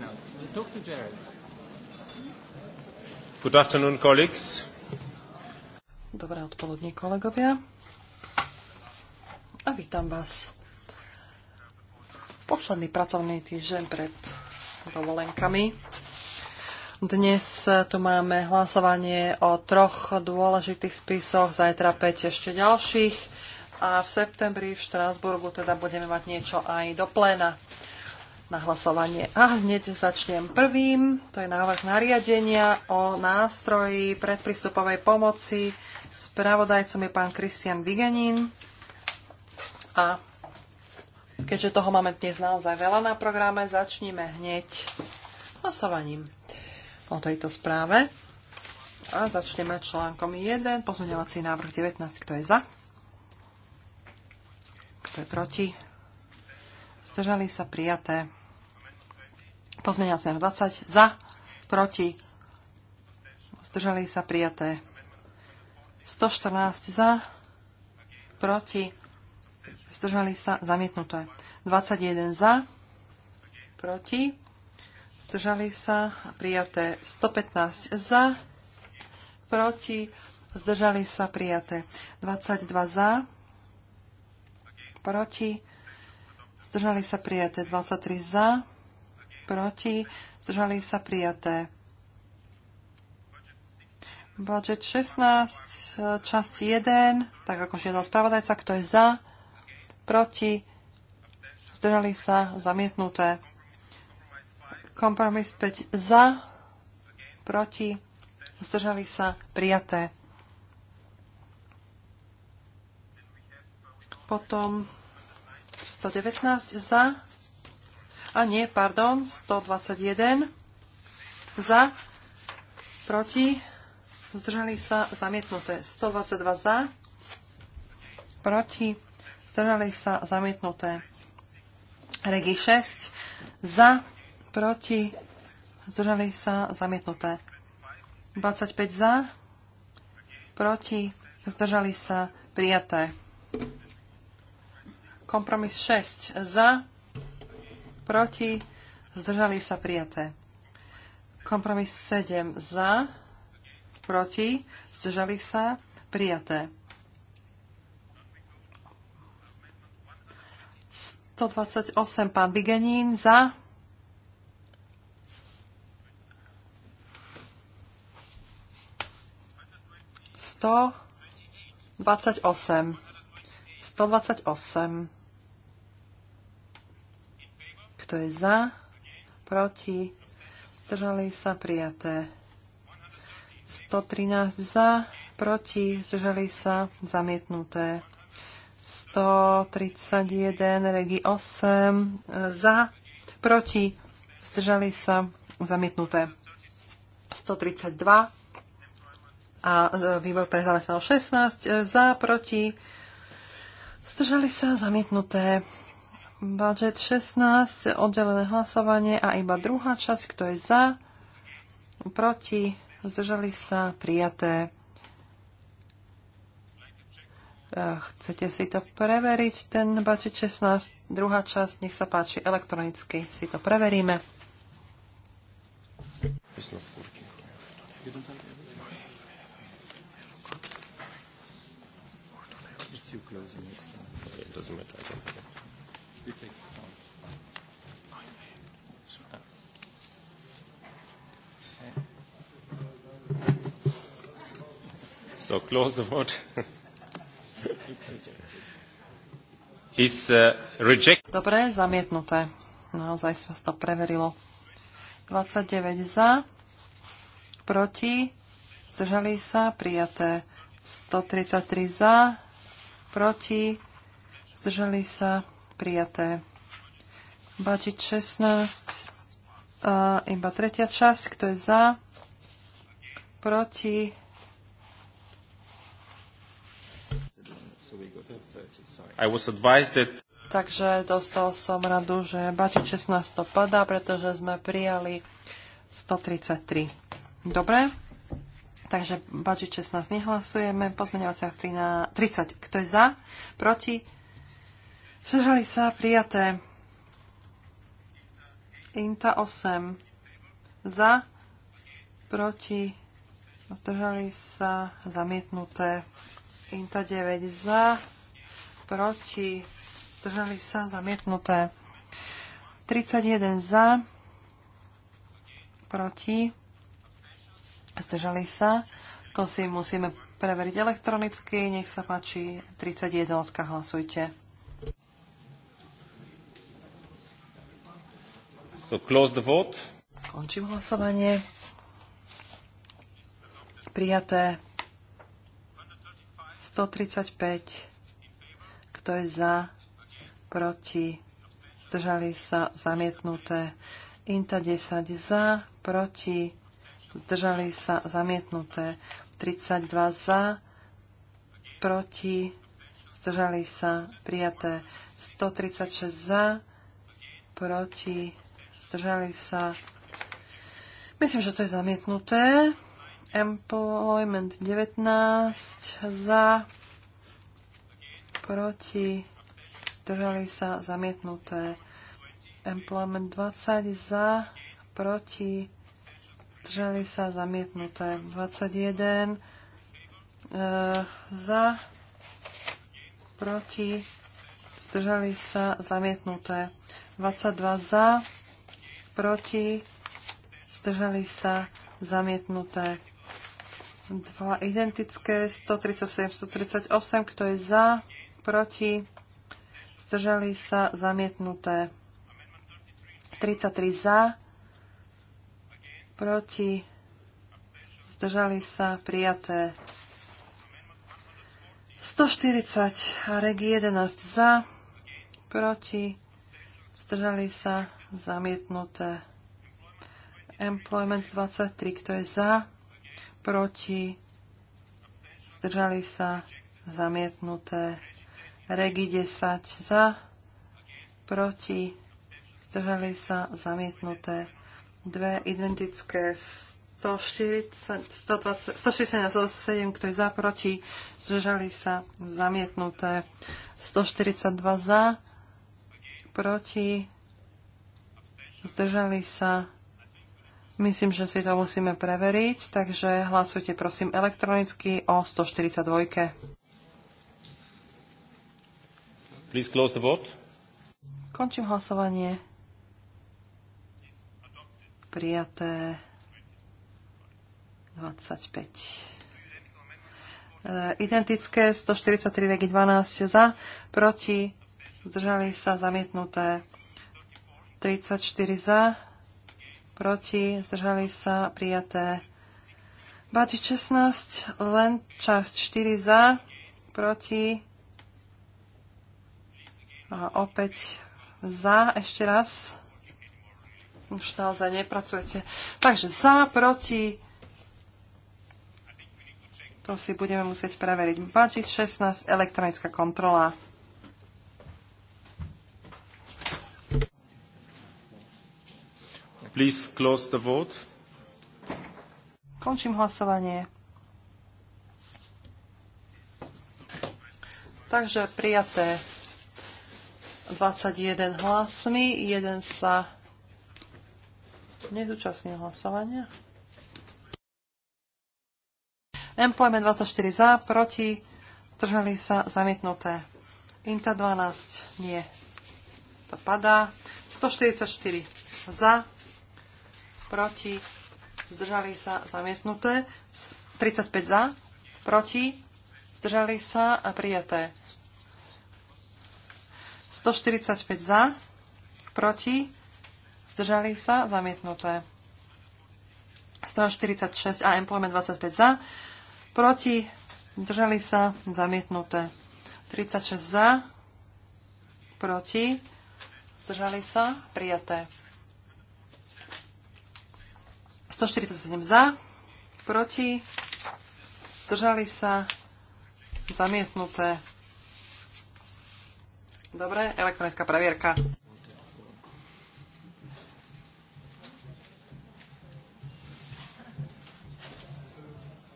now. Jared. Good afternoon, colleagues. Dobré odpoludne, kolegovia. A vítam vás. Posledný pracovný týždeň pred dovolenkami. Dnes tu máme hlasovanie o troch dôležitých spisoch, zajtra 5 ešte ďalších a v septembri v Štrásburgu teda budeme mať niečo aj do pléna na hlasovanie. A hneď začnem prvým. To je návrh nariadenia o nástroji predpristupovej pomoci. Spravodajcom je pán Kristian Viganín. A keďže toho máme dnes naozaj veľa na programe, začníme hneď hlasovaním o tejto správe. A začneme článkom 1, pozmeňovací návrh 19, kto je za, kto je proti, Zdržali sa prijaté. Pozmeňovací 20 za, proti, zdržali sa prijaté. 114 za, proti, zdržali sa zamietnuté. 21 za, proti, zdržali sa prijaté. 115 za, proti, zdržali sa prijaté. 22 za, proti, zdržali sa prijaté. 23 za, proti, zdržali sa prijaté. Budget 16, časť 1, tak ako žiadal spravodajca, kto je za, proti, zdržali sa, zamietnuté. Kompromis 5 za, proti, zdržali sa, prijaté. Potom 119 za, a nie, pardon, 121 za, proti, zdržali sa, zamietnuté. 122 za, proti, zdržali sa, zamietnuté. Regi 6 za, proti, zdržali sa, zamietnuté. 25 za, proti, zdržali sa, prijaté. Kompromis 6 za, proti, zdržali sa prijaté. Kompromis 7 za, proti, zdržali sa prijaté. 128 pán Bigenín za. Sto 128. Sto kto je za? Proti? Zdržali sa prijaté. 113 za, proti, zdržali sa, zamietnuté. 131, regi 8, e, za, proti, zdržali sa, zamietnuté. 132 a e, výbor pre zamestnanosť 16, e, za, proti, zdržali sa, zamietnuté. Budget 16, oddelené hlasovanie a iba druhá časť, kto je za, proti, zdržali sa, prijaté. E, chcete si to preveriť, ten budget 16, druhá časť, nech sa páči, elektronicky si to preveríme. It so close the vote. Is uh, reject... Dobre, zamietnuté. Naozaj sa to preverilo. 29 za, proti, zdržali sa, prijaté. 133 za, proti, zdržali sa, prijaté. Budget 16, uh, iba tretia časť, kto je za, proti. I was advised that Takže dostal som radu, že bači 16 to padá, pretože sme prijali 133. Dobre, takže bači 16 nehlasujeme. Pozmeňovacia 30. Kto je za? Proti? Zdržali sa prijaté. Inta 8. Za, proti, zdržali sa zamietnuté. Inta 9. Za, proti, zdržali sa zamietnuté. 31 za, proti, zdržali sa. To si musíme preveriť elektronicky. Nech sa páči, 31 hlasujte. So close the vote. Končím hlasovanie. Prijaté 135. Kto je za? Proti? Zdržali sa zamietnuté. Inta 10 za, proti, zdržali sa zamietnuté. 32 za, proti, zdržali sa prijaté. 136 za, proti, zdržali sa. Myslím, že to je zamietnuté. Employment 19 za, proti, zdržali sa, zamietnuté. Employment 20 za, proti, zdržali sa, zamietnuté. 21 uh, e, za, proti, zdržali sa, zamietnuté. 22 za, proti, zdržali sa, zamietnuté. Dva identické, 137, 138, kto je za, proti, zdržali sa, zamietnuté. 33 za, proti, zdržali sa, prijaté. 140 a regi 11 za, proti, zdržali sa, zamietnuté. Employment 23, kto je za, proti, zdržali sa, zamietnuté. Regi 10 za, proti, zdržali sa, zamietnuté. Dve identické 140, kto je za, proti, zdržali sa, zamietnuté. 142 za, proti, zdržali sa. Myslím, že si to musíme preveriť, takže hlasujte prosím elektronicky o 142. Please close the vote. Končím hlasovanie. Prijaté 25. E, identické 143 regi 12 za, proti, zdržali sa zamietnuté 34 za, proti, zdržali sa, prijaté. Báči 16, len časť 4 za, proti, a opäť za, ešte raz. Už naozaj nepracujete. Takže za, proti, to si budeme musieť preveriť. Báčiť 16, elektronická kontrola. Please close the vote. Končím hlasovanie. Takže prijaté 21 hlasmi, jeden sa nezúčastnil hlasovania. Employment 24 za, proti, držali sa zamietnuté. Inta 12 nie. To padá. 144 za, proti, zdržali sa zamietnuté, 35 za, proti, zdržali sa a prijaté. 145 za, proti, zdržali sa, zamietnuté. 146 a employment 25 za, proti, zdržali sa, zamietnuté. 36 za, proti, zdržali sa, prijaté. 147 za, proti, zdržali sa, zamietnuté. Dobre, elektronická previerka.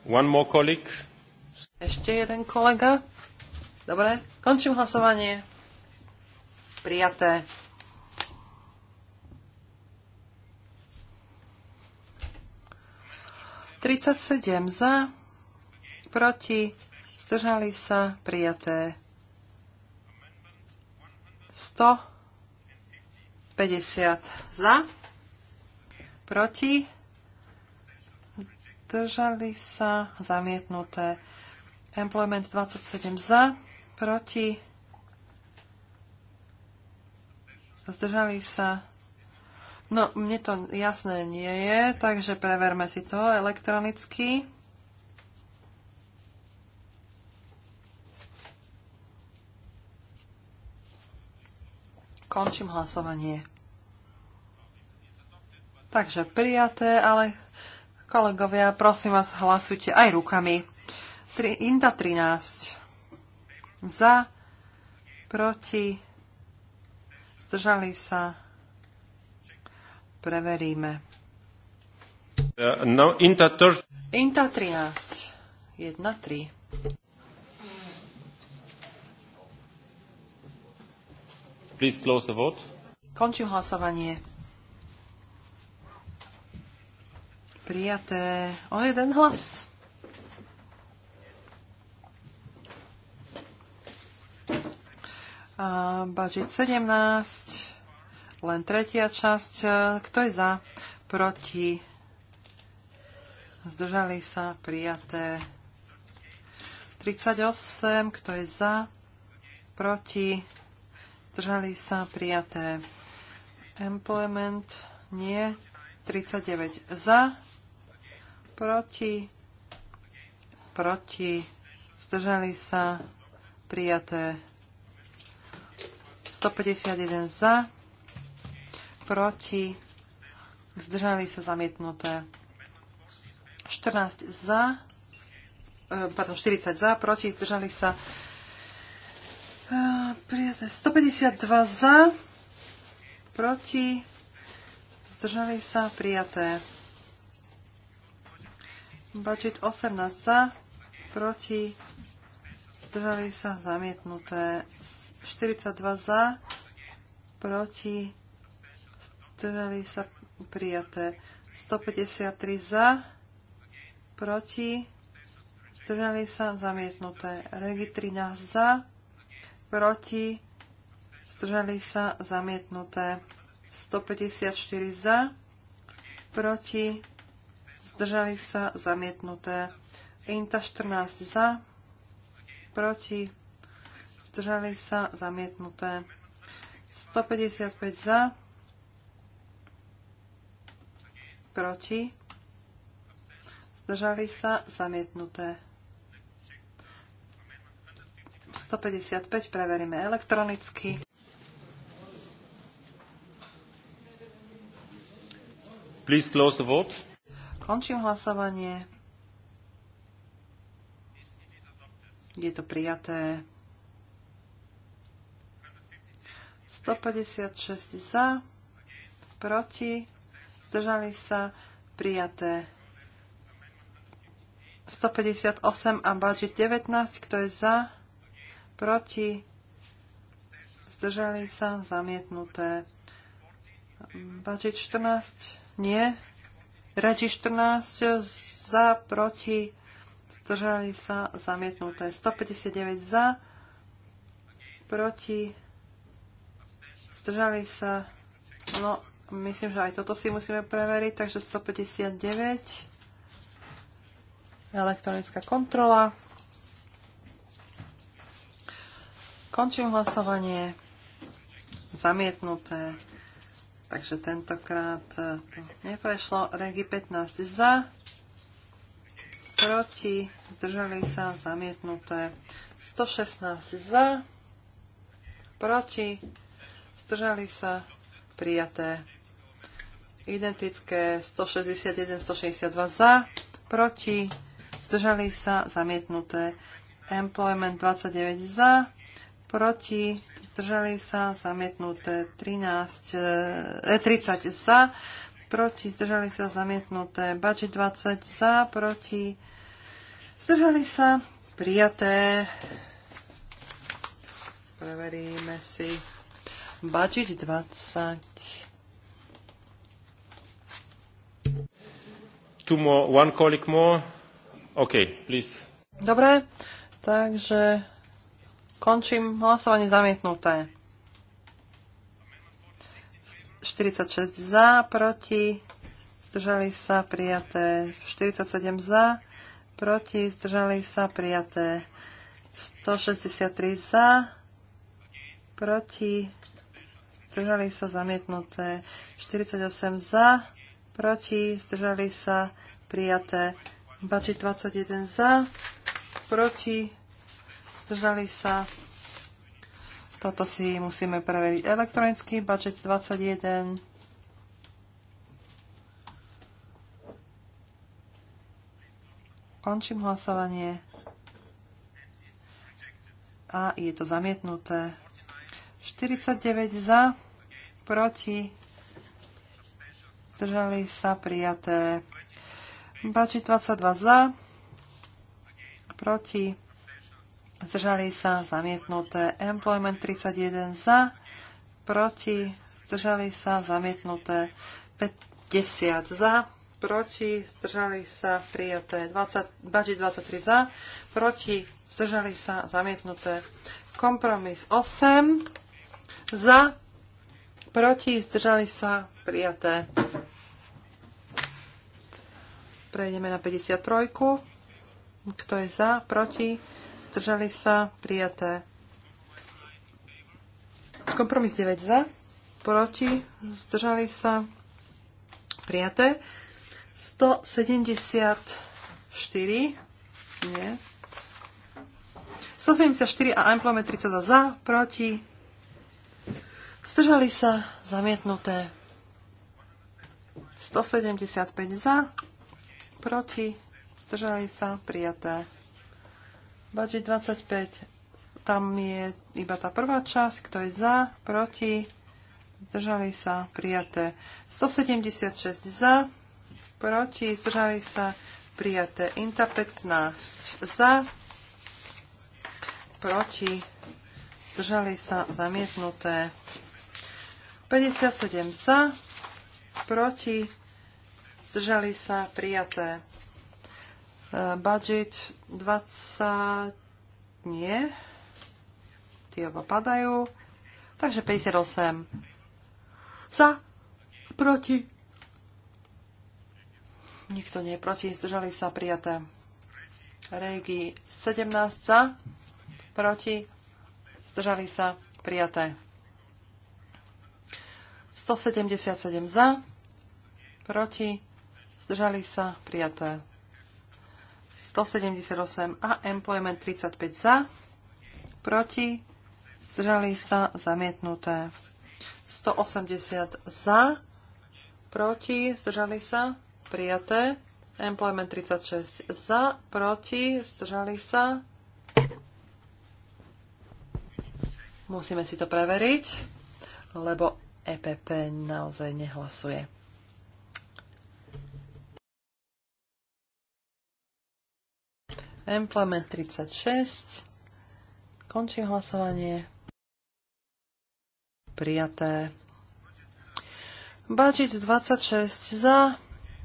One more colleague. Ešte jeden kolega. Dobre, končím hlasovanie. Prijaté. 37 za, proti, zdržali sa, prijaté. 150 za, proti, zdržali sa, zamietnuté. Employment 27 za, proti, zdržali sa, No, mne to jasné nie je, takže preverme si to elektronicky. Končím hlasovanie. Takže prijaté, ale kolegovia, prosím vás, hlasujte aj rukami. Tri, Inda 13. Za, proti, zdržali sa Preveríme. Uh, no, Inta, tož... Inta 13. 1, 3. Please close the vote. Končím hlasovanie. Prijaté o jeden hlas. A budget 17. Len tretia časť. E, kto je za? Proti? Zdržali sa prijaté. 38. Kto je za? Proti? Zdržali sa prijaté. Implement? Nie. 39 za. Proti? Proti? Zdržali sa prijaté. 151 za proti, zdržali sa zamietnuté. 14 za, e, pardon, 40 za, proti, zdržali sa e, prijaté 152 za, proti, zdržali sa prijaté. Budget 18 za, proti, zdržali sa zamietnuté. 42 za, proti, zdržali sa prijaté. 153 za, proti, zdržali sa zamietnuté. Regi 13 za, proti, zdržali sa zamietnuté. 154 za, proti, zdržali sa zamietnuté. Inta 14 za, proti, zdržali sa zamietnuté. 155 za, proti, zdržali sa, zamietnuté. 155 preveríme elektronicky. Please close the vote. Končím hlasovanie. Je to prijaté. 156 za, proti zdržali sa, prijaté. 158 a budget 19, kto je za, proti, zdržali sa, zamietnuté. Budget 14, nie. Regi 14, za, proti, zdržali sa, zamietnuté. 159 za, proti, zdržali sa, no, Myslím, že aj toto si musíme preveriť, takže 159. Elektronická kontrola. Končím hlasovanie. Zamietnuté. Takže tentokrát to neprešlo. Regi 15 za, proti, zdržali sa, zamietnuté. 116 za, proti, zdržali sa, prijaté identické 161, 162 za, proti, zdržali sa, zamietnuté. Employment 29 za, proti, zdržali sa, zamietnuté 13, eh, 30 za, proti, zdržali sa, zamietnuté budget 20 za, proti, zdržali sa, prijaté. Preveríme si budget 20. two more, one colleague more. please. Dobre, takže končím hlasovanie zamietnuté. 46 za, proti, zdržali sa prijaté. 47 za, proti, zdržali sa prijaté. 163 za, proti, zdržali sa zamietnuté. 48 za, proti, zdržali sa prijaté. Bači 21 za, proti, zdržali sa. Toto si musíme preveriť elektronicky. Budget 21. Končím hlasovanie. A je to zamietnuté. 49 za, proti, zdržali sa prijaté. Bači 22 za, proti, zdržali sa, zamietnuté. Employment 31 za, proti, zdržali sa, zamietnuté. 50 za, proti, zdržali sa, prijaté. 20, bači 23 za, proti, zdržali sa, zamietnuté. Kompromis 8 za, proti, zdržali sa, prijaté. Prejdeme na 53. Kto je za, proti, zdržali sa, prijaté. Kompromis 9 za, proti, zdržali sa, prijaté. 174, nie. 174 a Amplomet 30 za, proti, zdržali sa, zamietnuté. 175 za, proti, zdržali sa, prijaté. Budget 25, tam je iba tá prvá časť, kto je za, proti, zdržali sa, prijaté. 176 za, proti, zdržali sa, prijaté. Inta 15 za, proti, zdržali sa, zamietnuté. 57 za, proti, zdržali sa, prijaté. E, budget 20, nie, tie oba padajú, takže 58 za, proti. Nikto nie je proti, zdržali sa, prijaté. Regi 17 za, proti, zdržali sa, prijaté. 177 za, proti, zdržali sa, prijaté. 178 a employment 35 za, proti, zdržali sa, zamietnuté. 180 za, proti, zdržali sa, prijaté. Employment 36 za, proti, zdržali sa. Musíme si to preveriť, lebo EPP naozaj nehlasuje. Employment 36. Končím hlasovanie. Prijaté. Budget 26 za,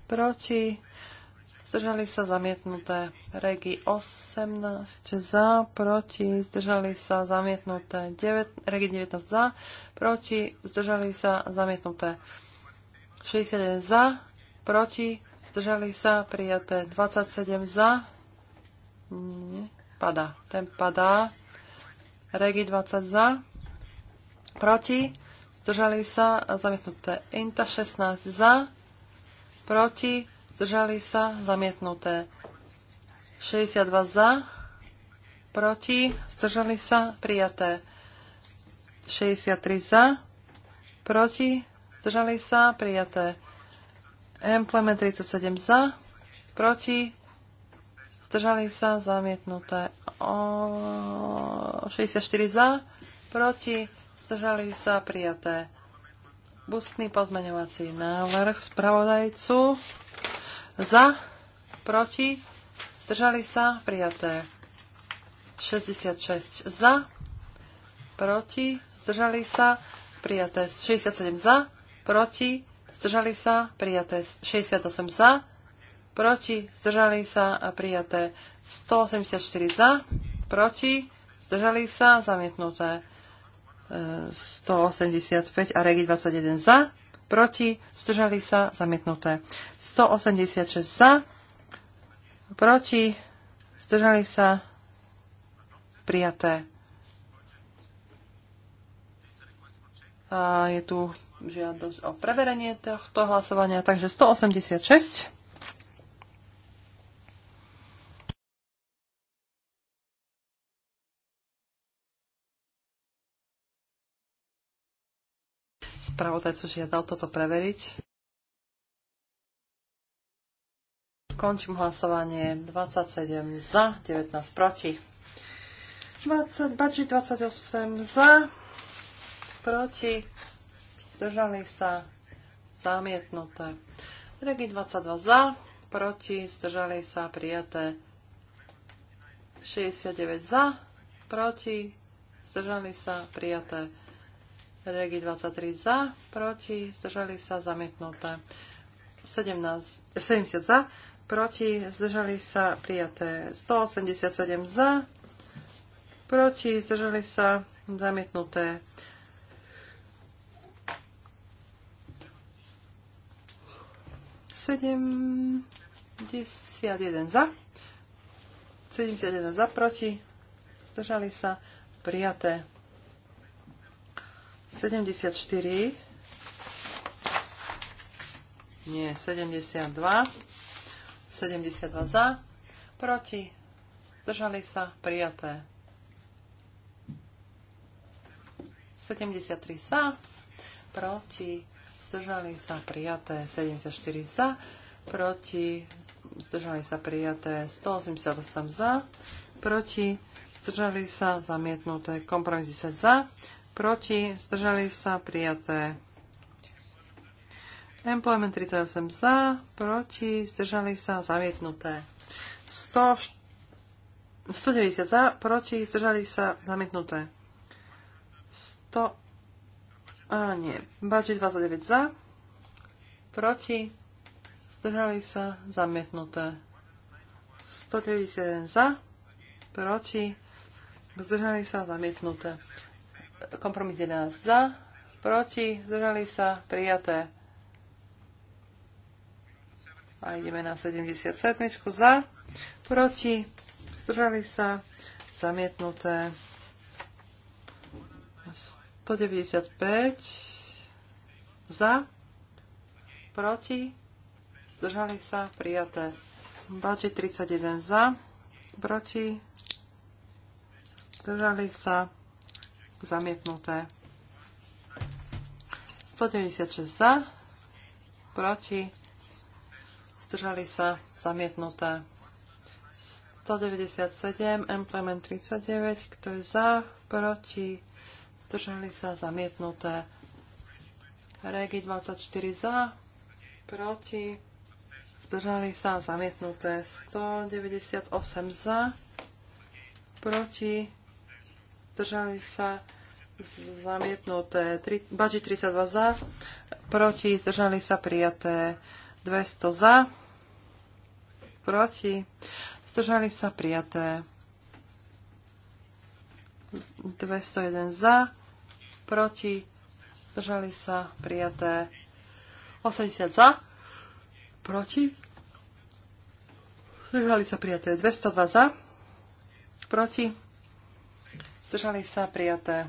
proti, zdržali sa zamietnuté. Regi 18 za, proti, zdržali sa zamietnuté. 9, regi 19 za, proti, zdržali sa zamietnuté. 61 za, proti, zdržali sa prijaté. 27 za, nie, padá. Ten padá. Regi 20 za. Proti. Zdržali sa. Zamietnuté. Inta 16 za. Proti. Zdržali sa. Zamietnuté. 62 za. Proti. Zdržali sa. Prijaté. 63 za. Proti. Zdržali sa. Prijaté. Emplement 37 za. Proti zdržali sa, zamietnuté. O, 64 za, proti, zdržali sa, prijaté. Bustný pozmeňovací návrh spravodajcu. Za, proti, zdržali sa, prijaté. 66 za, proti, zdržali sa, prijaté. 67 za, proti, zdržali sa, prijaté. 68 za, proti, zdržali sa a prijaté 184 za, proti, zdržali sa, zamietnuté 185 e, a regi 21 za, proti, zdržali sa, zamietnuté 186 za, proti, zdržali sa, prijaté. A je tu žiadosť o preverenie tohto hlasovania, takže 186. Spravodajcu žiadal toto preveriť. Končím hlasovanie 27 za, 19 proti. 20, bači 28 za, proti, zdržali sa, zamietnuté. Regi 22 za, proti, zdržali sa, prijaté. 69 za, proti, zdržali sa, prijaté. Regi 23 za, proti, zdržali sa, zamietnuté. 17, 70 za, proti, zdržali sa, prijaté. 187 za, proti, zdržali sa, zamietnuté. Sedemdesiat jeden za, 71 za proti, zdržali sa, prijaté. 74. Nie, 72. 72 za. Proti. Zdržali sa. Prijaté. 73 za. Proti. Zdržali sa. Prijaté. 74 za. Proti. Zdržali sa. Prijaté. 188 za. Proti. Zdržali sa. Zamietnuté. Kompromis 10 za proti, zdržali sa, prijaté. Employment 38 za, proti, zdržali sa, zamietnuté. 100, 190 za, proti, zdržali sa, zamietnuté. 100, a nie, budget 29 za, proti, zdržali sa, zamietnuté. 191 za, proti, zdržali sa, zamietnuté. Kompromis 11 za, proti, zdržali sa, prijaté. A ideme na 77 za, proti, zdržali sa, zamietnuté. 195 za, proti, zdržali sa, prijaté. Bači 31 za, proti, zdržali sa, zamietnuté. 196 za, proti, zdržali sa, zamietnuté. 197, implement 39, kto je za, proti, zdržali sa, zamietnuté. Regi 24 za, proti, zdržali sa, zamietnuté. 198 za, proti, zdržali sa, zamietnuté. Bači 32 za, proti, zdržali sa prijaté 200 za, proti, zdržali sa prijaté 201 za, proti, zdržali sa prijaté 80 za, proti, zdržali sa prijaté 202 za, proti, zdržali sa prijaté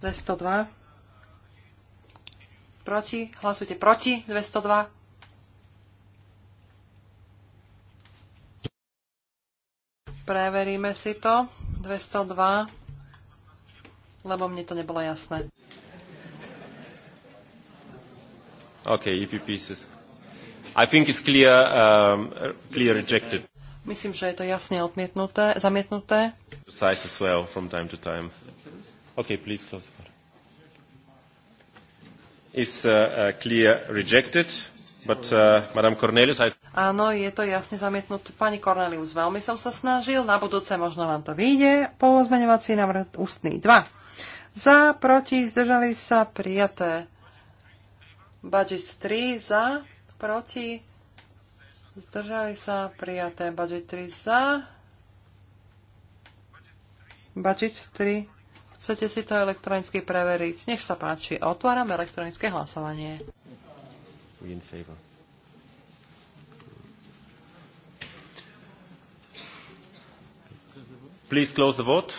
202. Proti. Hlasujte proti. 202. Preveríme si to. 202. Lebo mne to nebolo jasné. OK, EPP says. I think it's clear, um, clear rejected. Myslím, že je to jasne odmietnuté, zamietnuté. Size as well from time to time. Okay, please close the vote. It's uh, uh, clear rejected, but uh, Madame Cornelius... I... Áno, je to jasne zamietnuté. Pani Cornelius, veľmi som sa snažil. Na budúce možno vám to vyjde. Pozmeňovací návrh ústny 2. Za, proti, zdržali sa, prijaté. Budget 3 za, proti, zdržali sa, prijaté. Budget 3 za, budget 3 Chcete si to elektronicky preveriť? Nech sa páči. Otváram elektronické hlasovanie. Please close the vote.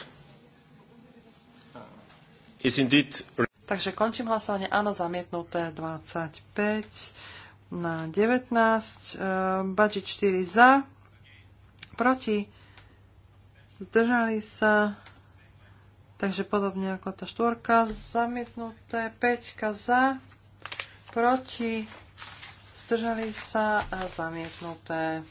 Is indeed... Takže končím hlasovanie. Áno, zamietnuté 25 na 19. Uh, budget 4 za. Proti. Zdržali sa Takže podobne ako tá štvorka, zamietnuté, 5 za, proti, zdržali sa a zamietnuté.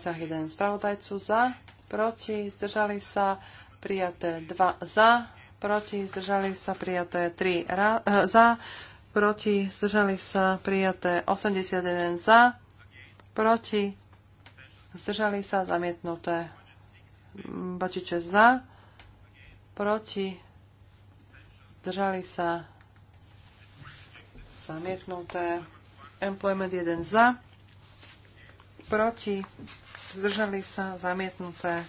sa 1 spravodajcu za, proti, zdržali sa, prijaté 2 za, proti, zdržali sa, prijaté 3 ra, e, za, proti, zdržali sa, prijaté 81 za, proti, zdržali sa, zamietnuté Bačiče za, proti, zdržali sa, zamietnuté. Employment 1 za, proti, zdržali sa, zamietnuté.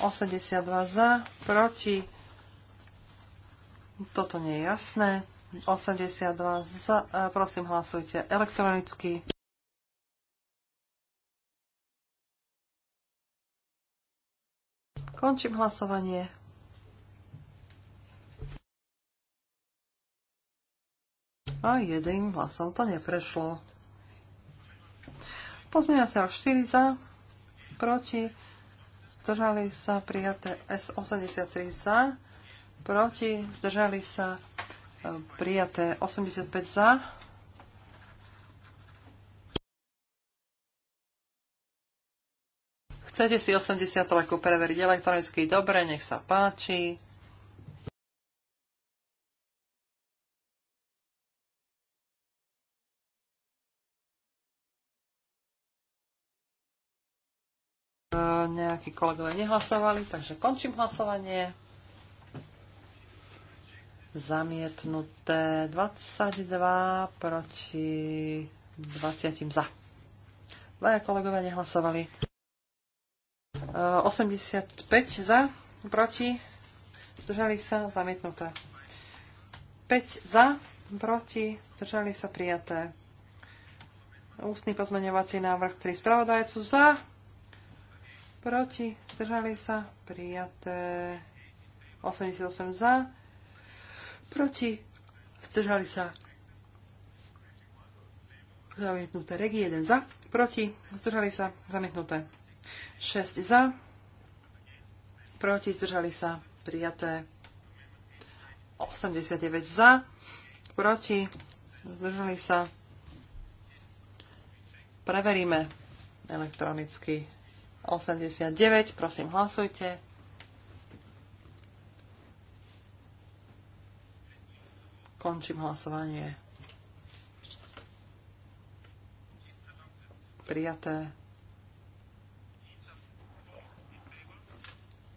82 za, proti, toto nie je jasné. 82 za, e, prosím hlasujte elektronicky. Končím hlasovanie. A jeden hlasom to neprešlo. Pozmeňa sa 4 za, proti, zdržali sa prijaté S83 za, proti, zdržali sa e, prijaté 85 za, Chcete si 80 traku preveriť elektronicky? Dobre, nech sa páči. E, nejakí kolegovia nehlasovali, takže končím hlasovanie. Zamietnuté 22 proti 20 za. Dvaja kolegovia nehlasovali. 85 za, proti, zdržali sa, zamietnuté. 5 za, proti, zdržali sa, prijaté. Ústny pozmeňovací návrh 3 spravodajcu za, proti, zdržali sa, prijaté. 88 za, proti, zdržali sa, zamietnuté. Regi 1 za, proti, zdržali sa, zamietnuté. 6 za, proti, zdržali sa, prijaté. 89 za, proti, zdržali sa. Preveríme elektronicky 89, prosím hlasujte. Končím hlasovanie. Prijaté.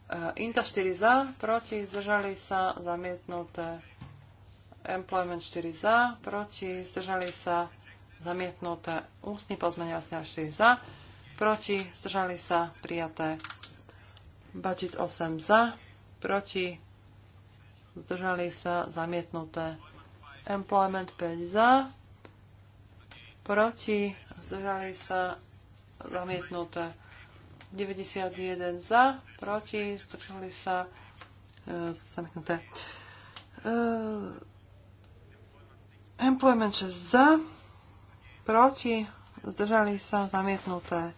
E, Inta 4 za, proti, zdržali sa, zamietnuté. Employment 4 za, proti, zdržali sa, zamietnuté. Ústny pozmeňovací návrh 4 za, proti, zdržali sa, prijaté. Budget 8 za, proti, zdržali sa, zamietnuté. Employment 5 za, proti, zdržali sa, zamietnuté. 91 za, proti, zdržali sa e, E, employment 6 za, proti, zdržali sa zamietnuté.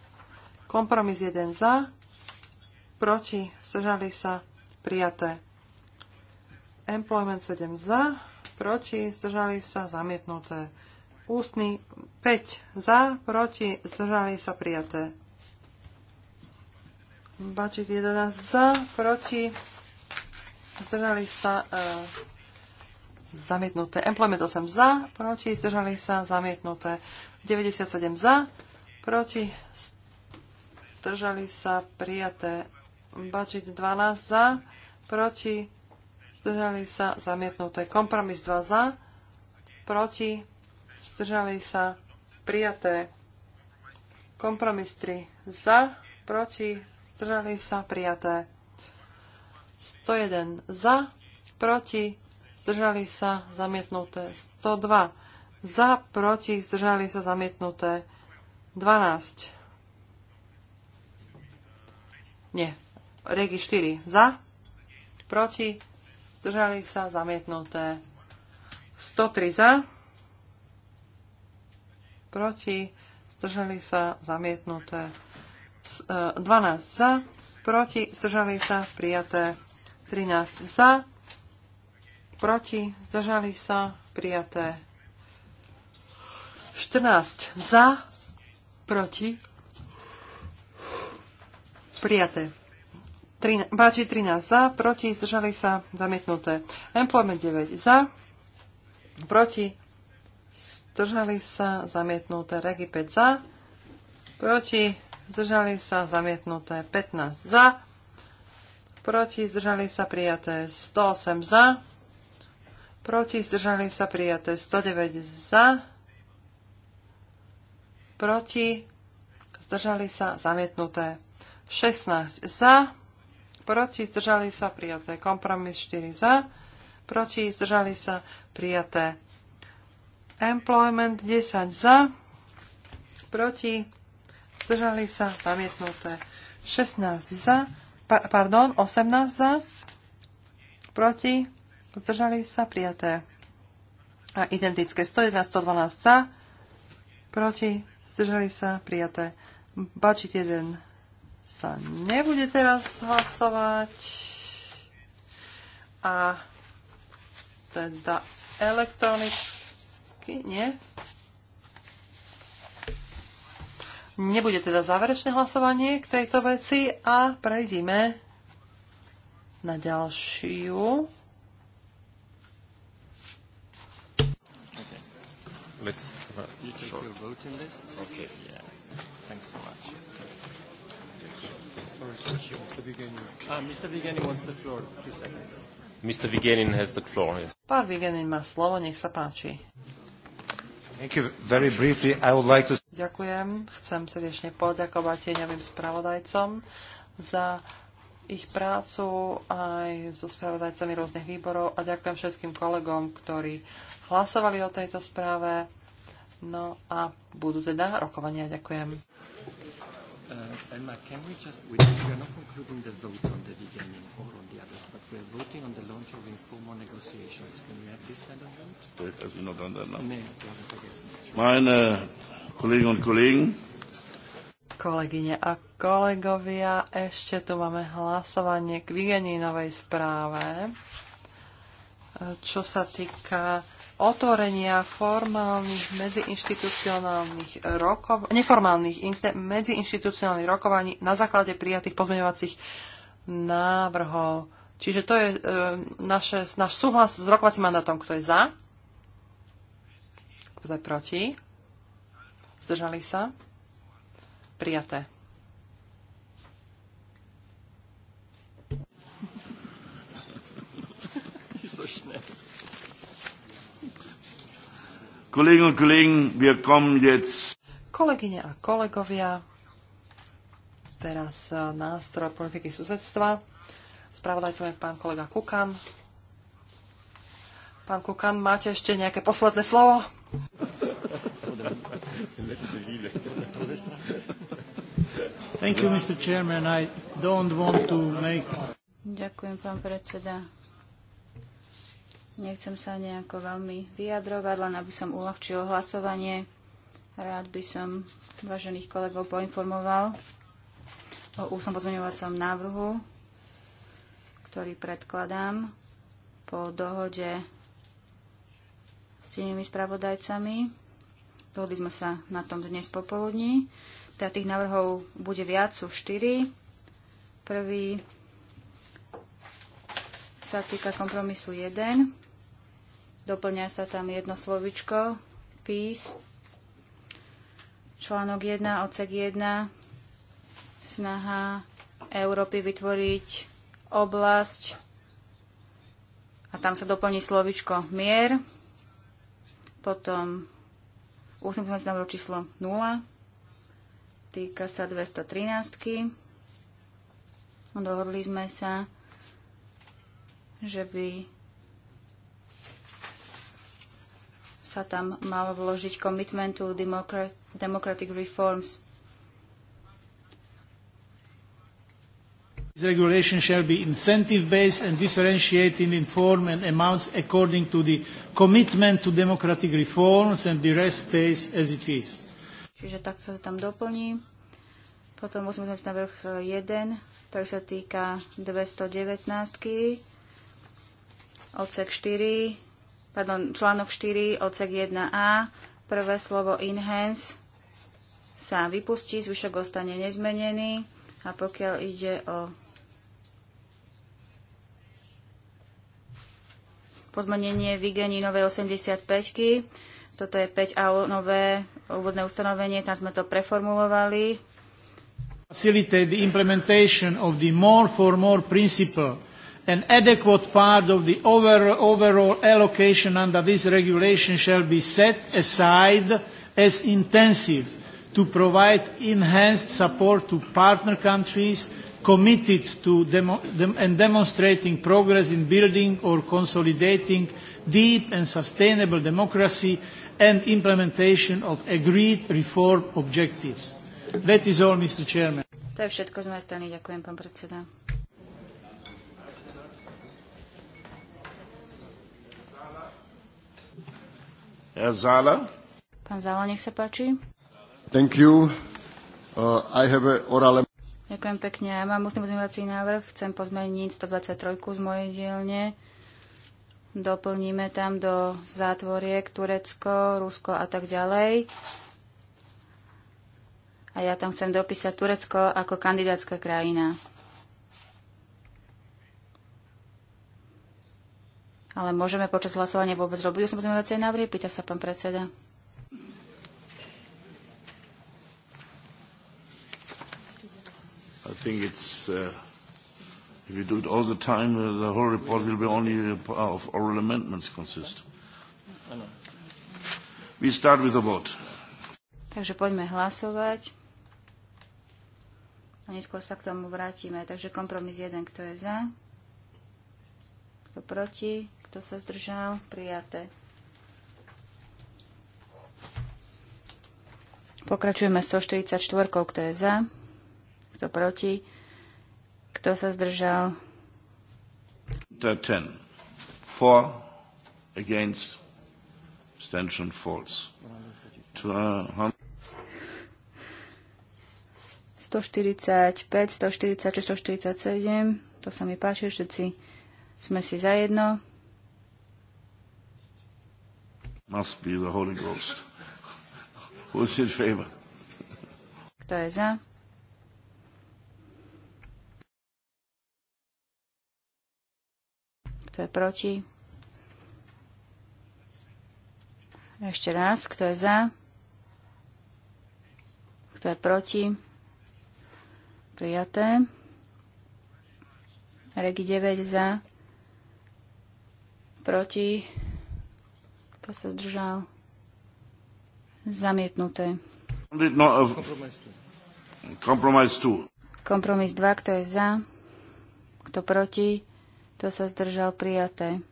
Kompromis 1 za, proti, zdržali sa prijaté. Employment 7 za, proti, zdržali sa zamietnuté. Ústny 5 za, proti, zdržali sa prijaté. Baček 11 za, proti, zdržali sa e, zamietnuté. Employment 8 za, proti, zdržali sa zamietnuté. 97 za, proti, zdržali sa prijaté. Bačik 12 za, proti, zdržali sa zamietnuté. Kompromis 2 za, proti, zdržali sa prijaté. Kompromis 3 za, proti, zdržali sa, prijaté. 101 za, proti, zdržali sa, zamietnuté. 102 za, proti, zdržali sa, zamietnuté. 12. Nie. Regi 4 za, proti, zdržali sa, zamietnuté. 103 za, proti, zdržali sa, zamietnuté. 12 e, za, proti, zdržali sa, prijaté 13 za, proti, zdržali sa, prijaté 14 za, proti, prijaté. Páči 13 za, proti, zdržali sa, zamietnuté. Employment 9 za, proti, zdržali sa, zamietnuté. Regi 5 za, proti, zdržali sa, zamietnuté 15 za, proti, zdržali sa, prijaté 108 za, proti, zdržali sa, prijaté 109 za, proti, zdržali sa, zamietnuté 16 za, proti, zdržali sa, prijaté kompromis 4 za, proti, zdržali sa, prijaté employment 10 za, proti, zdržali sa, zamietnuté. 16 za, pa, pardon, 18 za, proti, zdržali sa, prijaté. A identické 111, 112 za, proti, zdržali sa, prijaté. Bačiť 1 sa nebude teraz hlasovať. A teda elektronicky, nie? Nebude teda záverečné hlasovanie k tejto veci a prejdime na ďalšiu. Let's have a short. Okay. Yeah. Thanks so much. Mr. Uh, Pán Vigenin má slovo, nech sa páči. Ďakujem. Chcem srdečne poďakovať tieňovým spravodajcom za ich prácu aj so spravodajcami rôznych výborov a ďakujem všetkým kolegom, ktorí hlasovali o tejto správe. No a budú teda rokovania. Ďakujem. Uh, Emma, we are voting on the launch of informal negotiations. Can we have this kind of vote? Soll ich also noch dann danach? Nee, Meine Kolleginnen und Kollegen. Kolegyne a kolegovia, ešte tu máme hlasovanie k Vigeninovej správe, čo sa týka otvorenia formálnych medziinštitucionálnych rokov, neformálnych medziinštitucionálnych rokovaní na základe prijatých pozmeňovacích návrhov. Čiže to je e, naše, náš súhlas s rokovacím mandátom. Kto je za? Kto je proti? Zdržali sa? Prijaté. Kolegyne a kolegovia, teraz e, nástroj politiky susedstva. Spravodajcom je pán kolega Kukan. Pán Kukan, máte ešte nejaké posledné slovo? Thank you, Mr. Chairman. I don't want to make... Ďakujem, pán predseda. Nechcem sa nejako veľmi vyjadrovať, len aby som uľahčil hlasovanie. Rád by som vážených kolegov poinformoval o úsom pozmeňovacom návrhu ktorý predkladám po dohode s tými spravodajcami. Dohodli sme sa na tom dnes popoludní. Teda tých návrhov bude viac, sú štyri. Prvý sa týka kompromisu 1. Doplňa sa tam jedno slovičko, PIS, článok 1, odsek 1, snaha Európy vytvoriť oblasť a tam sa doplní slovičko mier, potom 8 návrh číslo 0, týka sa 213. No, dohodli sme sa, že by sa tam malo vložiť Commitment to Democratic Reforms This regulation shall be incentive-based and differentiated in form and amounts according to the commitment to democratic reforms and the rest stays as it is. Čiže takto sa tam doplní. Potom musíme na vrch 1, eh, ktorý sa týka 219 odsek 4, pardon, článok 4, odsek 1a, prvé slovo enhance sa vypustí, zvyšok ostane nezmenený a pokiaľ ide o pozmenenie vygení novej 85 -ky. Toto je 5 a nové úvodné ustanovenie, tam sme to preformulovali. Facilitate the implementation of the more for more principle an adequate part of the over, overall allocation under this regulation shall be set aside as intensive to provide enhanced support to partner countries committed to demo dem and demonstrating progress in building or consolidating deep and sustainable democracy and implementation of agreed reform objectives. That is all, Mr. Chairman. To je všetko z mojej strany. Ďakujem, pán predseda. Zala. Pán Zala, nech sa páči. Thank you. Uh, I have a oral... Ďakujem pekne. Ja mám ústny pozmeňovací návrh. Chcem pozmeniť 123 z mojej dielne. Doplníme tam do zátvoriek Turecko, Rusko a tak ďalej. A ja tam chcem dopísať Turecko ako kandidátska krajina. Ale môžeme počas hlasovania vôbec robiť usmozňovacie návrhy? Pýta sa pán predseda. think it's, uh, if you do it all the time, uh, the whole report will be only uh, of oral amendments consist. We start with the vote. Takže poďme hlasovať. A neskôr sa k tomu vrátime. Takže kompromis jeden, kto je za, kto proti, kto sa zdržal, prijaté. Pokračujeme 144, kto je za, kto proti? Kto sa zdržal? 10. For, against, abstention false. 145, 146, 147. To sa mi páči, všetci sme si zajedno. Must be the Holy Ghost. Who's in favor? Kto je za? Kto je proti? Ešte raz. Kto je za? Kto je proti? Prijaté. Regi 9 za. Proti. Kto sa zdržal? Zamietnuté. Kompromis 2. Kompromis 2. Kto je za? Kto proti? Kto sa zdržal? Prijaté.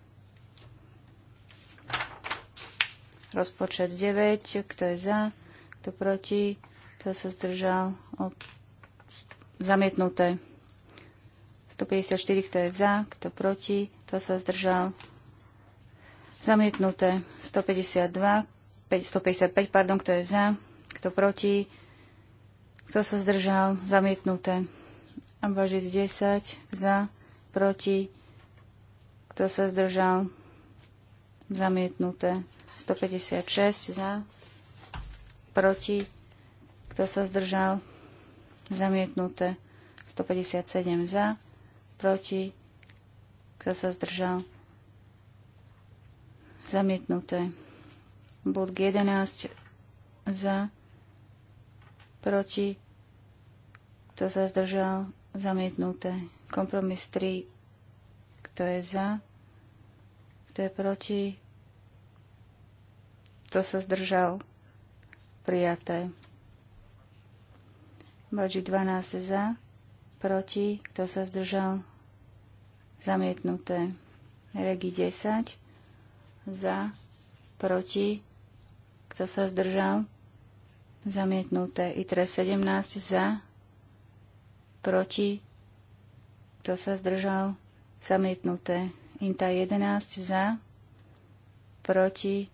Rozpočet 9. Kto je za? Kto proti? Kto sa zdržal? Ob... Zamietnuté. 154. Kto je za? Kto proti? Kto sa zdržal? Zamietnuté. 152. 155, pardon, kto je za? Kto proti? Kto sa zdržal? Zamietnuté. Ambažic 10. Za. Proti. Kto sa zdržal? Zamietnuté. 156 za. Proti. Kto sa zdržal? Zamietnuté. 157 za. Proti. Kto sa zdržal? Zamietnuté. Bod 11 za. Proti. Kto sa zdržal? Zamietnuté. Kompromis 3. Kto je za? Kto je proti? to sa zdržal? Prijaté. Bodži 12 za. Proti. Kto sa zdržal? Zamietnuté. Regi 10. Za. Proti. Kto sa zdržal? Zamietnuté. ITRE 17 za. Proti. Kto sa zdržal? Zamietnuté. Inta 11 za, proti,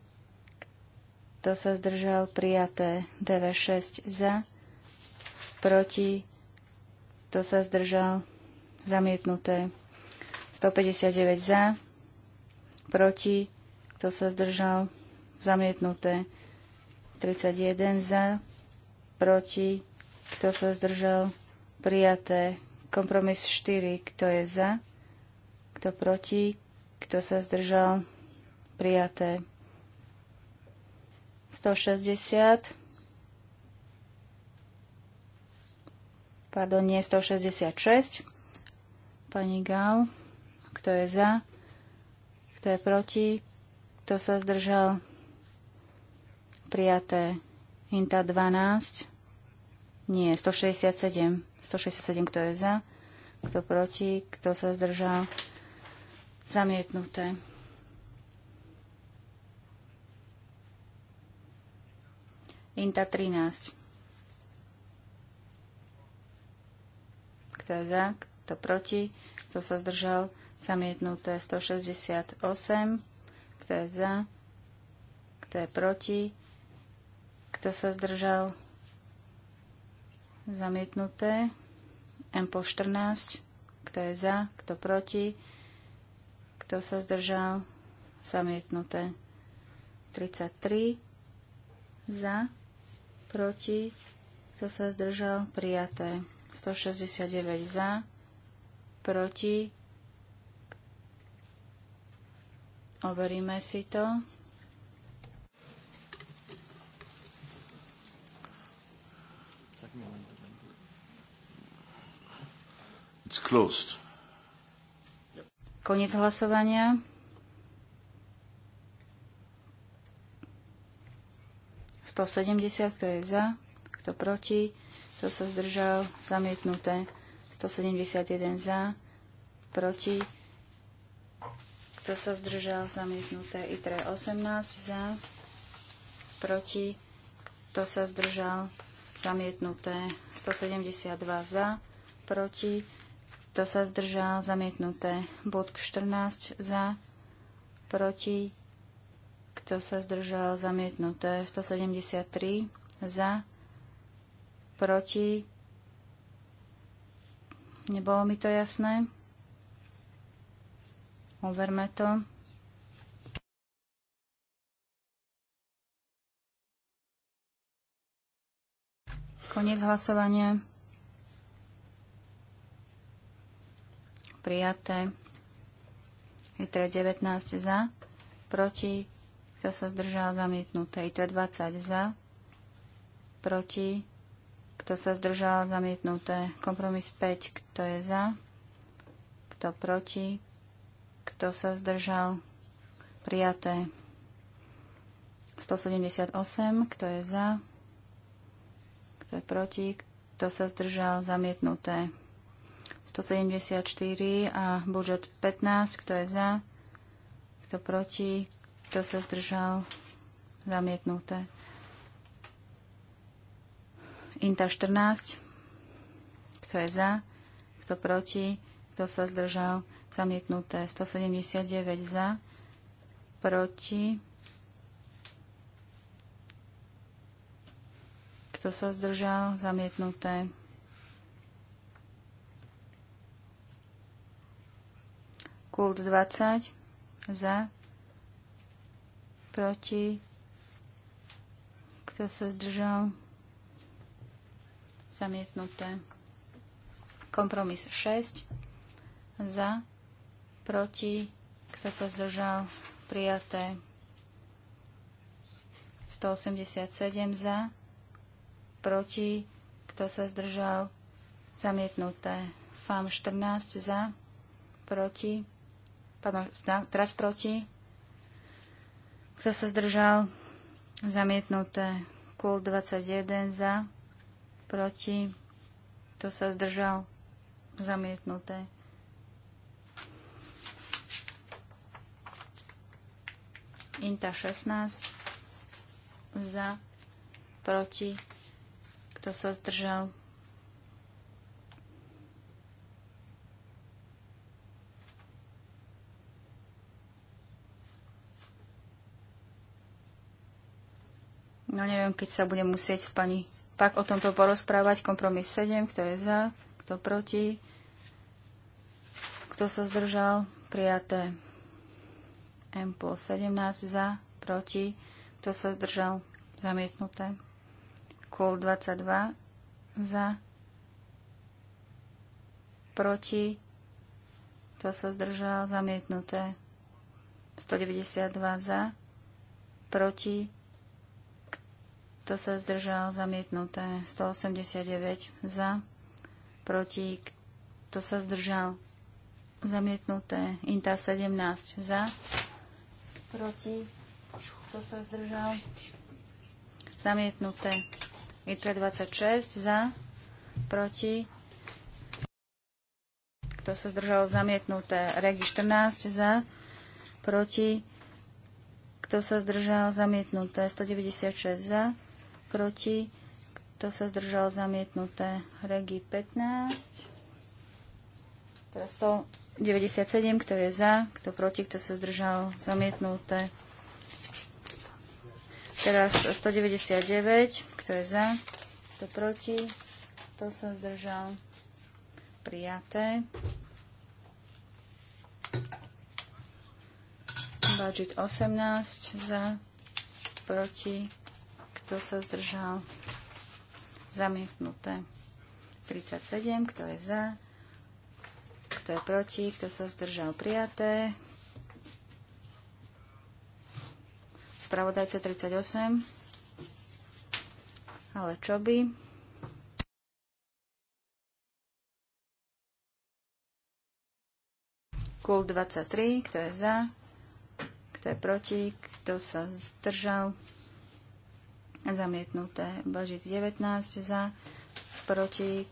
kto sa zdržal, prijaté. DV6 za, proti, kto sa zdržal, zamietnuté. 159 za, proti, kto sa zdržal, zamietnuté. 31 za, proti, kto sa zdržal, prijaté. Kompromis 4, kto je za, kto proti? Kto sa zdržal? Prijaté. 160. Pardon, nie 166. Pani Gau. Kto je za? Kto je proti? Kto sa zdržal? Prijaté. Hinta 12. Nie, 167. 167, kto je za? Kto proti? Kto sa zdržal? Zamietnuté. Inta 13. Kto je za, kto proti, kto sa zdržal, zamietnuté 168. Kto je za, kto je proti, kto sa zdržal, zamietnuté. M po 14. Kto je za, kto proti, kto sa zdržal? Zamietnuté. 33 za, proti, kto sa zdržal? Prijaté. 169 za, proti. Overíme si to. It's closed. Koniec hlasovania. Sto sedemdesiat, kto je za, kto proti, kto sa zdržal, zamietnuté. 171 za, proti, kto sa zdržal, zamietnuté. ITRE 18 za, proti, kto sa zdržal, zamietnuté. 172 za, proti, kto sa zdržal? Zamietnuté. Bod 14 za. Proti. Kto sa zdržal? Zamietnuté. 173 za. Proti. Nebolo mi to jasné. Overme to. Koniec hlasovania. prijaté. ITRE 19 za, proti, kto sa zdržal, zamietnuté. ITRE 20 za, proti, kto sa zdržal, zamietnuté. Kompromis 5, kto je za, kto proti, kto sa zdržal, prijaté. 178, kto je za, kto je proti, kto sa zdržal, zamietnuté. 174 a budžet 15, kto je za, kto proti, kto sa zdržal, zamietnuté. Inta 14, kto je za, kto proti, kto sa zdržal, zamietnuté. 179 za, proti, kto sa zdržal, zamietnuté. Kult 20 za, proti, kto sa zdržal, zamietnuté. Kompromis 6 za, proti, kto sa zdržal, prijaté. 187 za, proti, kto sa zdržal, zamietnuté. FAM 14 za, proti, Pardon, teraz proti. Kto sa zdržal? Zamietnuté. Kul 21 za. Proti. Kto sa zdržal? Zamietnuté. Inta 16 za. Proti. Kto sa zdržal? No neviem, keď sa budem musieť s pani pak o tomto porozprávať. Kompromis 7, kto je za, kto proti, kto sa zdržal, prijaté. M po 17 za, proti, kto sa zdržal, zamietnuté. Kul 22 za, proti, kto sa zdržal, zamietnuté. 192 za, proti, kto sa zdržal? Zamietnuté. 189 za. Proti. Kto sa zdržal? Zamietnuté. Inta 17 za. Proti. Kto sa zdržal? Zamietnuté. Itre 26 za. Proti. Kto sa zdržal? Zamietnuté. Regi 14 za. Proti. Kto sa zdržal? Zamietnuté. 196 za proti, kto sa zdržal zamietnuté. Regi 15. Teraz 197, kto je za, kto proti, kto sa zdržal zamietnuté. Teraz 199, kto je za, kto proti, kto sa zdržal prijaté. Budget 18 za, proti, kto sa zdržal? Zamietnuté. 37. Kto je za? Kto je proti? Kto sa zdržal? Prijaté. Spravodajce 38. Ale čo by? Kul 23. Kto je za? Kto je proti? Kto sa zdržal? zamietnuté. Božic 19 za, proti,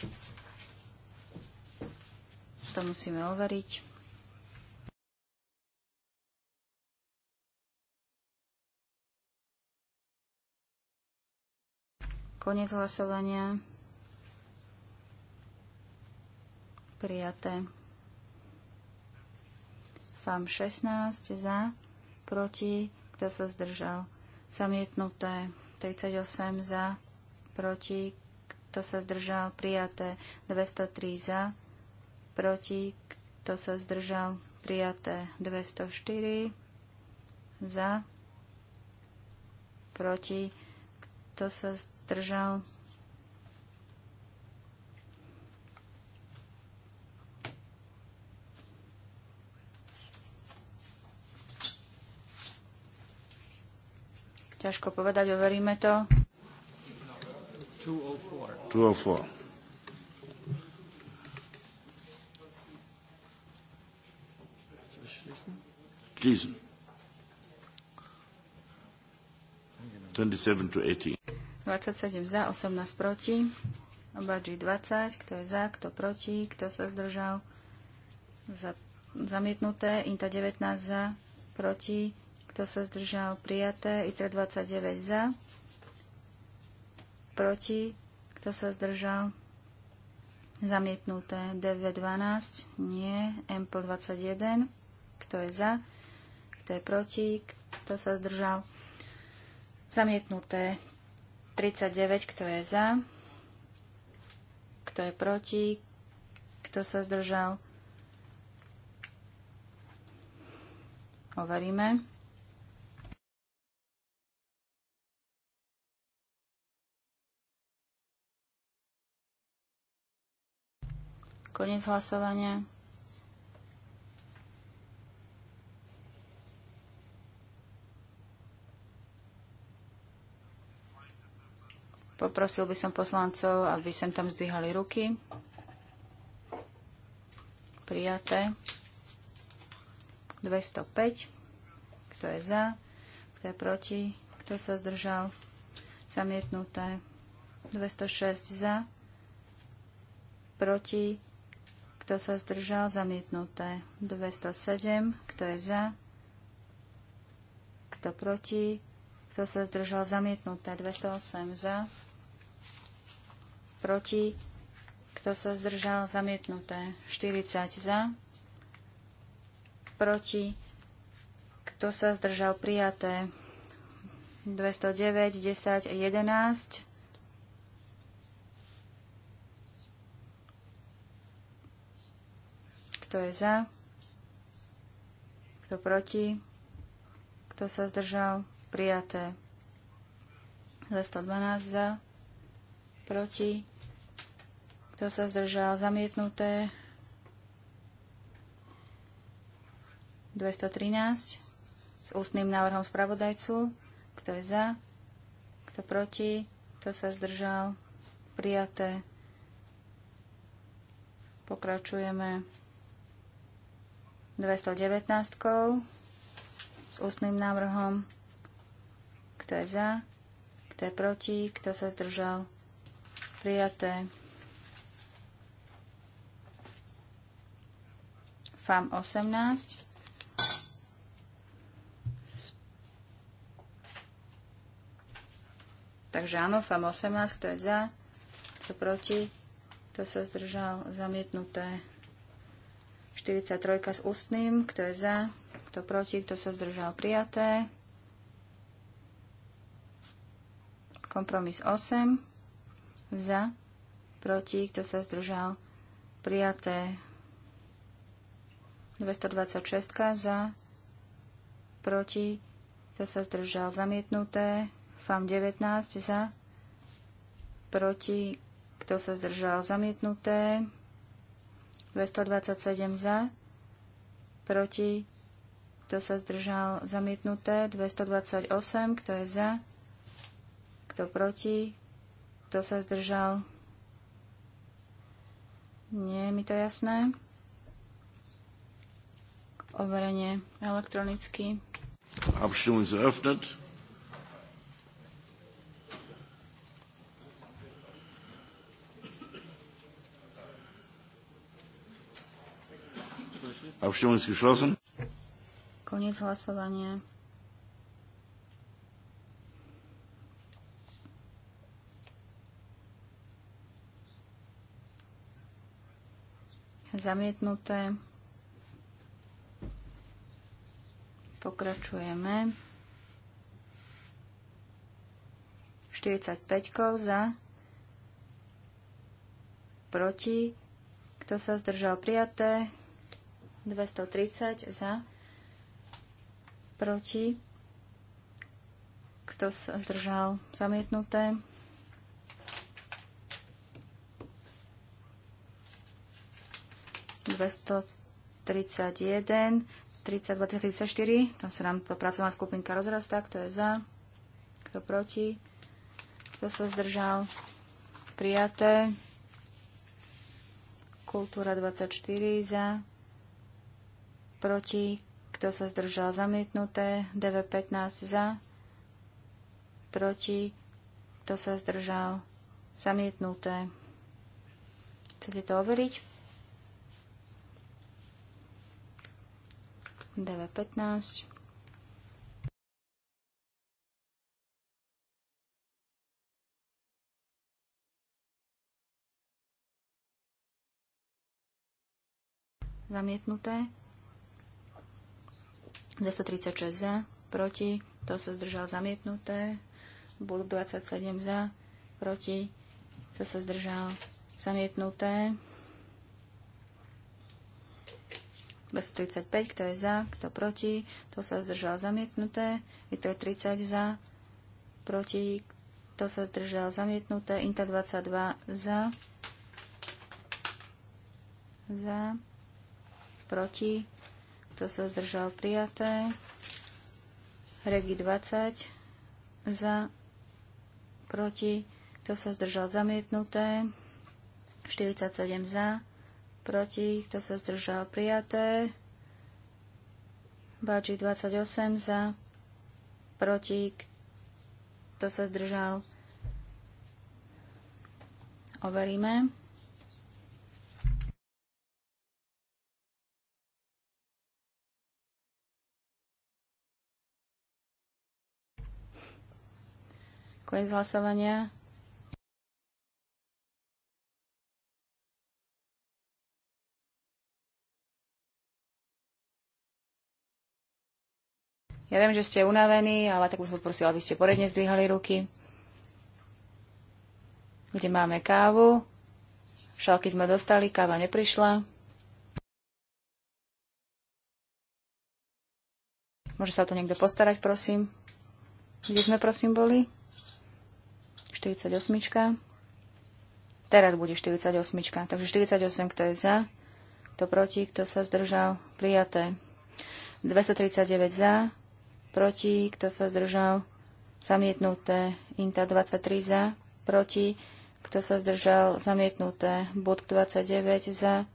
to musíme overiť. Konec hlasovania. Prijaté. FAM 16 za, proti, kto sa zdržal. Zamietnuté. 38 za, proti, kto sa zdržal, prijaté 203 za, proti, kto sa zdržal, prijaté 204 za, proti, kto sa zdržal, Ťažko povedať, overíme to. 204. 204. 27 27 za, 18 proti. Obadži 20, kto je za, kto proti, kto sa zdržal. Za, zamietnuté, Inta 19 za, proti, kto sa zdržal? Prijaté. ITRE 29 za. Proti. Kto sa zdržal? Zamietnuté. DV 12. Nie. MPL 21. Kto je za? Kto je proti? Kto sa zdržal? Zamietnuté. 39. Kto je za? Kto je proti? Kto sa zdržal? Overíme. Koniec hlasovania. Poprosil by som poslancov, aby sem tam zdvíhali ruky. Prijaté. 205. Kto je za? Kto je proti? Kto sa zdržal? Zamietnuté. 206 za. Proti kto sa zdržal? Zamietnuté. 207. Kto je za? Kto proti? Kto sa zdržal? Zamietnuté. 208 za. Proti? Kto sa zdržal? Zamietnuté. 40 za. Proti? Kto sa zdržal? Prijaté. 209, 10, 11 Kto je za? Kto proti? Kto sa zdržal? Prijaté. 212 za. Proti. Kto sa zdržal? Zamietnuté. 213 s ústnym návrhom spravodajcu. Kto je za? Kto proti? Kto sa zdržal? Prijaté. Pokračujeme. 219 s ústnym návrhom. Kto je za? Kto je proti? Kto sa zdržal? Prijaté. FAM 18. Takže áno, FAM 18, kto je za, kto proti, kto sa zdržal, zamietnuté. 43 s ústnym, kto je za, kto proti, kto sa zdržal prijaté. Kompromis 8, za, proti, kto sa zdržal prijaté. 226 za, proti, kto sa zdržal zamietnuté. FAM 19 za, proti, kto sa zdržal zamietnuté. 227 za, proti, kto sa zdržal, zamietnuté, 228, kto je za, kto proti, kto sa zdržal, nie je mi to jasné. Overenie elektronicky. Abstimmung ist eröffnet. Abstimmung ist geschlossen. Koniec hlasovania. Zamietnuté. Pokračujeme. 45 za, proti, kto sa zdržal prijaté, 230 za, proti, kto sa zdržal, zamietnuté. Dvesto 31, 32, 34, tam sa nám to pracovná skupinka rozrastá, kto je za, kto proti, kto sa zdržal, prijaté, kultúra 24 za, proti, kto sa zdržal zamietnuté, DV15 za, proti, kto sa zdržal zamietnuté. Chcete to overiť? DV15. Zamietnuté. 236 za, proti, to sa zdržal zamietnuté. Blok 27 za, proti, to sa zdržal zamietnuté. 235, kto je za, kto proti, to sa zdržal zamietnuté. Vitro 30 za, proti, to sa zdržal zamietnuté. Inta 22 za, za, proti, kto sa zdržal prijaté. Regi 20 za, proti, kto sa zdržal zamietnuté. 47 za, proti, kto sa zdržal prijaté. Báči 28 za, proti, kto sa zdržal. Overíme. Koniec hlasovania. Ja viem, že ste unavení, ale tak by som prosila, aby ste poredne zdvíhali ruky. Kde máme kávu? Šalky sme dostali, káva neprišla. Môže sa o to niekto postarať, prosím? Kde sme, prosím, boli? 48. Teraz bude 48. Takže 48, kto je za, kto proti, kto sa zdržal, prijaté. 239 za, proti, kto sa zdržal, zamietnuté. Inta 23 za, proti, kto sa zdržal, zamietnuté. Bod 29 za,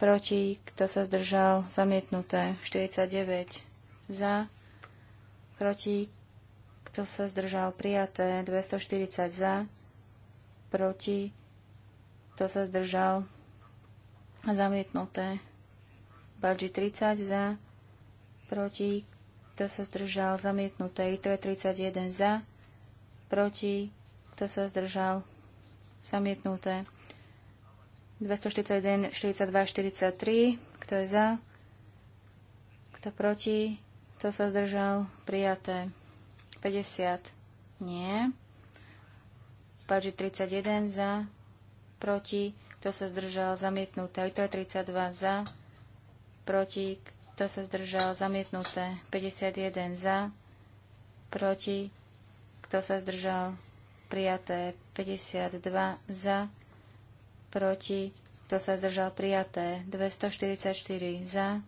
proti, kto sa zdržal, zamietnuté. 49 za, proti, kto sa zdržal? Prijaté. 240 za. Proti. Kto sa zdržal? Zamietnuté. Badži 30 za. Proti. Kto sa zdržal? Zamietnuté. ITRE 31 za. Proti. Kto sa zdržal? Zamietnuté. 241, 42, 43. Kto je za? Kto proti? Kto sa zdržal? Prijaté. 50. Nie. Páči 31 za. Proti. Kto sa zdržal? Zamietnuté. to je 32 za. Proti. Kto sa zdržal? Zamietnuté. 51 za. Proti. Kto sa zdržal? Prijaté. 52 za. Proti. Kto sa zdržal? Prijaté. 244 za.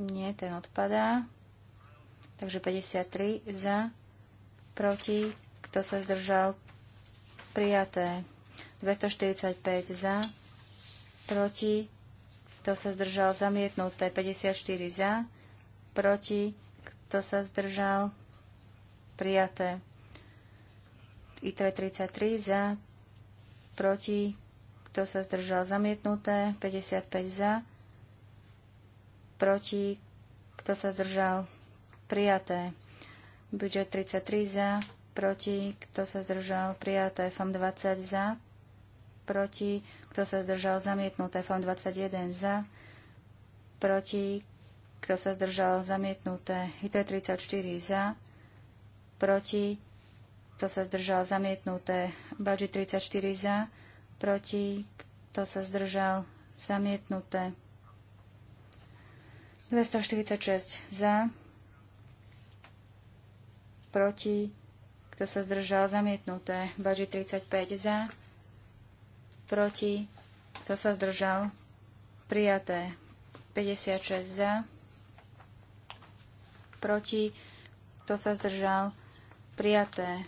Nie, ten odpadá. Takže 53 za, proti, kto sa zdržal, prijaté. 245 za, proti, kto sa zdržal, zamietnuté. 54 za, proti, kto sa zdržal, prijaté. ITRE 33 za, proti, kto sa zdržal, zamietnuté. 55 za, proti, kto sa zdržal, prijaté. Budžet 33 za, proti, kto sa zdržal, prijaté. FAM 20 za, proti, kto sa zdržal, zamietnuté. FAM 21 za, proti, kto sa zdržal, zamietnuté. IT 34 za, proti, kto sa zdržal, zamietnuté. Budget 34 za, proti, kto sa zdržal, zamietnuté. 246 za, proti, kto sa zdržal, zamietnuté. baži 35 za, proti, kto sa zdržal, prijaté. 56 za, proti, kto sa zdržal, prijaté.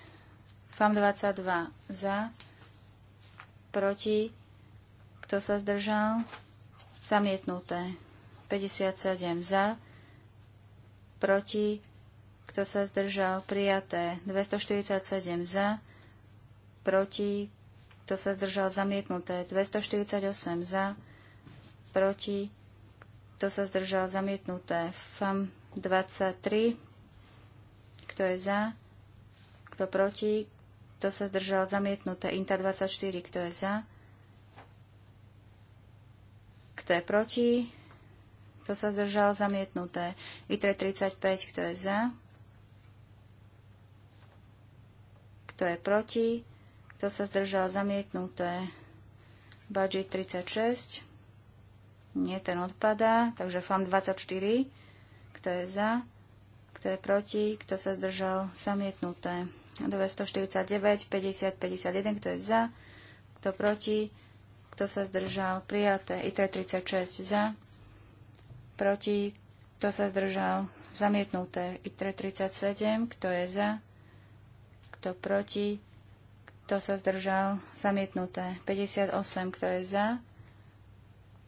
FAM 22 za, proti, kto sa zdržal, zamietnuté. 57 za, proti, kto sa zdržal? Prijaté. 247 za. Proti. Kto sa zdržal? Zamietnuté. 248 za. Proti. Kto sa zdržal? Zamietnuté. FAM 23. Kto je za? Kto proti? Kto sa zdržal? Zamietnuté. INTA 24. Kto je za? Kto je proti? Kto sa zdržal? Zamietnuté. ITRE 35. Kto je za? Kto je proti? Kto sa zdržal? Zamietnuté. Budget 36. Nie, ten odpadá. Takže FAM 24. Kto je za? Kto je proti? Kto sa zdržal? Zamietnuté. 249, 50, 51. Kto je za? Kto proti? Kto sa zdržal? Prijaté. IT 36 za. Proti? Kto sa zdržal? Zamietnuté. IT 37. Kto je za? Kto proti? Kto sa zdržal? Zamietnuté. 58. Kto je za?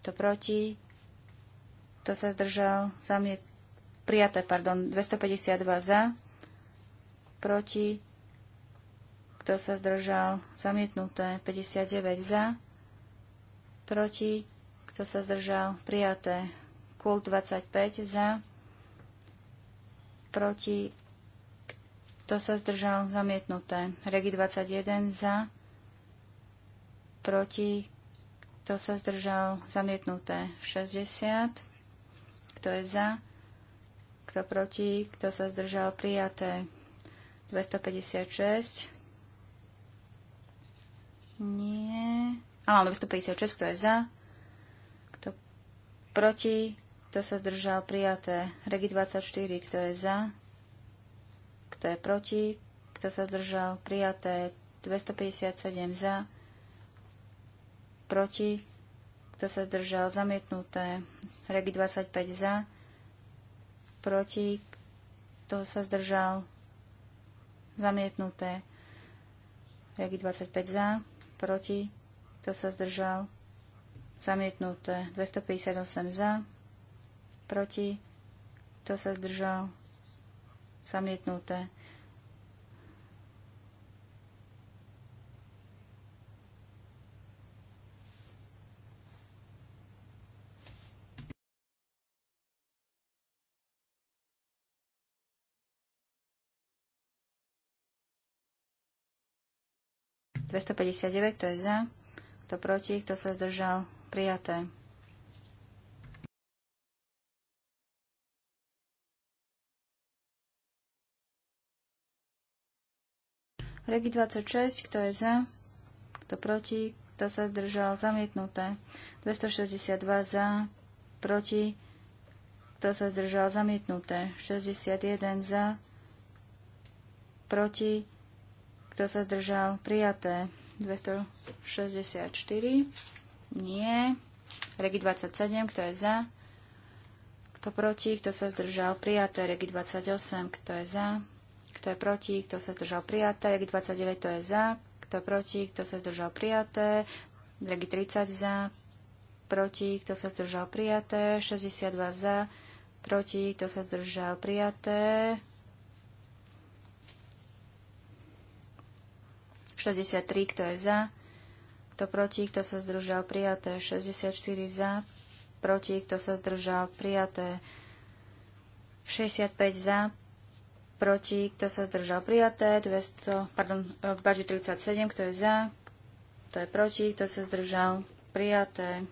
Kto proti? Kto sa zdržal? Zamiet... Prijaté, pardon. 252 za. Proti? Kto sa zdržal? Zamietnuté. 59 za. Proti? Kto sa zdržal? Prijaté. Kult 25 za. Proti? Kto sa zdržal? Zamietnuté. Regi 21 za. Proti. Kto sa zdržal? Zamietnuté. 60. Kto je za? Kto proti? Kto sa zdržal? Prijaté. 256. Nie. Áno, 256. Kto je za? Kto proti? Kto sa zdržal? Prijaté. Regi 24. Kto je za? kto je proti, kto sa zdržal, prijaté 257 za, proti, kto sa zdržal, zamietnuté regi 25 za, proti, kto sa zdržal, zamietnuté regi 25 za, proti, kto sa zdržal, zamietnuté 258 za, proti, kto sa zdržal, Zamietnuté. Dvestopäťdesiatdeväť, to je za, kto proti, kto sa zdržal, prijaté. Regi 26, kto je za, kto proti, kto sa zdržal, zamietnuté. 262 za, proti, kto sa zdržal, zamietnuté. 61 za, proti, kto sa zdržal, prijaté. 264, nie. Regi 27, kto je za, kto proti, kto sa zdržal, prijaté. Regi 28, kto je za, kto je proti, kto sa zdržal prijaté, reg 29 to je za, kto proti, kto sa zdržal prijaté, reg 30 za, proti, kto sa zdržal prijaté, 62 za, proti, kto sa zdržal prijaté, 63, kto je za, kto proti, kto sa zdržal, prijaté. 64 za, proti, kto sa zdržal, prijaté. 65 za, proti, kto sa zdržal prijaté, 200, pardon, eh, baži 37, kto je za, kto je proti, kto sa zdržal prijaté.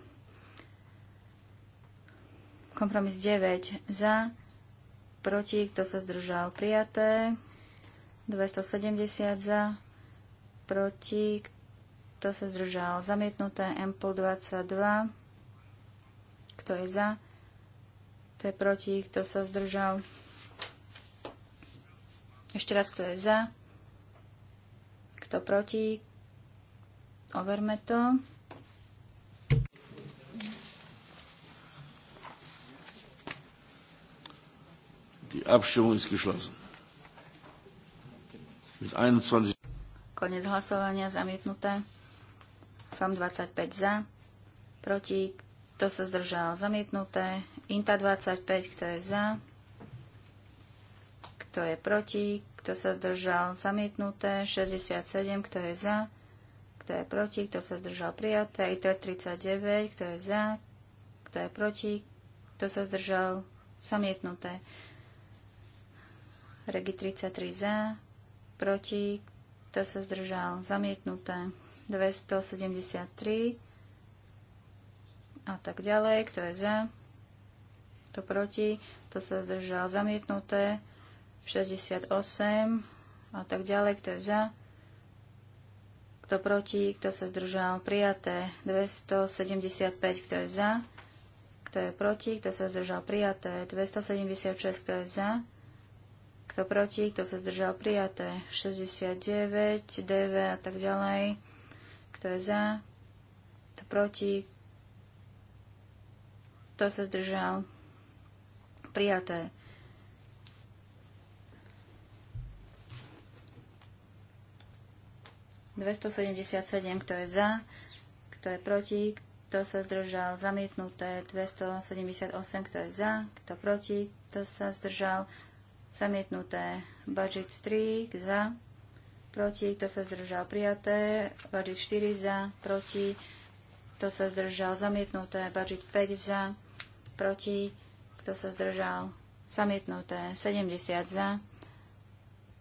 Kompromis 9 za, proti, kto sa zdržal prijaté, 270 za, proti, kto sa zdržal zamietnuté, MPL 22, kto je za, kto je proti, kto sa zdržal prijaté ešte raz, kto je za, kto proti, overme to. Die Abstimmung ist geschlossen. Mit 21. Konec hlasovania zamietnuté. FAM 25 za. Proti. Kto sa zdržal? Zamietnuté. INTA 25. Kto je za? kto je proti, kto sa zdržal, zamietnuté, 67, kto je za, kto je proti, kto sa zdržal, prijaté, ITR 39, kto je za, kto je proti, kto sa zdržal, zamietnuté, Regi 33 za, proti, kto sa zdržal, zamietnuté, 273 a tak ďalej, kto je za, kto proti, kto sa zdržal, zamietnuté, 68 a tak ďalej, kto je za, kto proti, kto sa zdržal, prijaté 275, kto je za, kto je proti, kto sa zdržal, prijaté 276, kto je za, kto proti, kto sa zdržal, prijaté 69, 9 a tak ďalej, kto je za, kto proti, kto sa zdržal, prijaté 277, kto je za, kto je proti, kto sa zdržal, zamietnuté 278, kto je za, kto proti, kto sa zdržal, zamietnuté budget 3, za, proti, kto sa zdržal, prijaté, budget 4 za, proti, kto sa zdržal, zamietnuté, budget 5 za, proti, kto sa zdržal, zamietnuté, 70 za,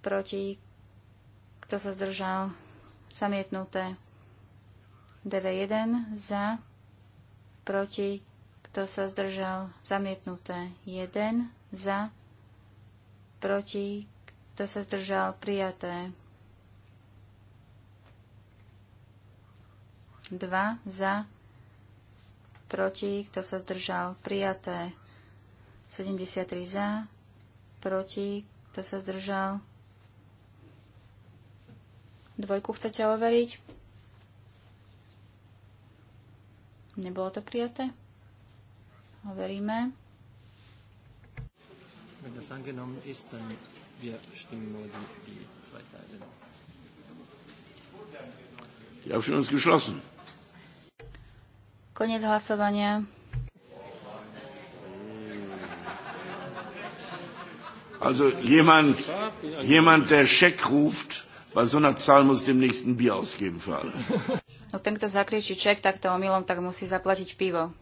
proti, kto sa zdržal, zamietnuté. DV1 za, proti, kto sa zdržal, zamietnuté. 1 za, proti, kto sa zdržal, prijaté. 2 za, proti, kto sa zdržal, prijaté. 73 za, proti, kto sa zdržal, Dvojku chcete overiť? Nebolo to prijaté? Overíme. Wenn das angenommen ist, dann wir stimmen nur die, die zwei Teile. Die Abstimmung ist geschlossen. Koniec hlasovania. Also jemand, jemand, der Scheck ruft, Bei so einer Zahl muss demnächst ein Bier ausgeben für alle. No ten, kto zakričí ček takto omylom, tak musí zaplatiť pivo.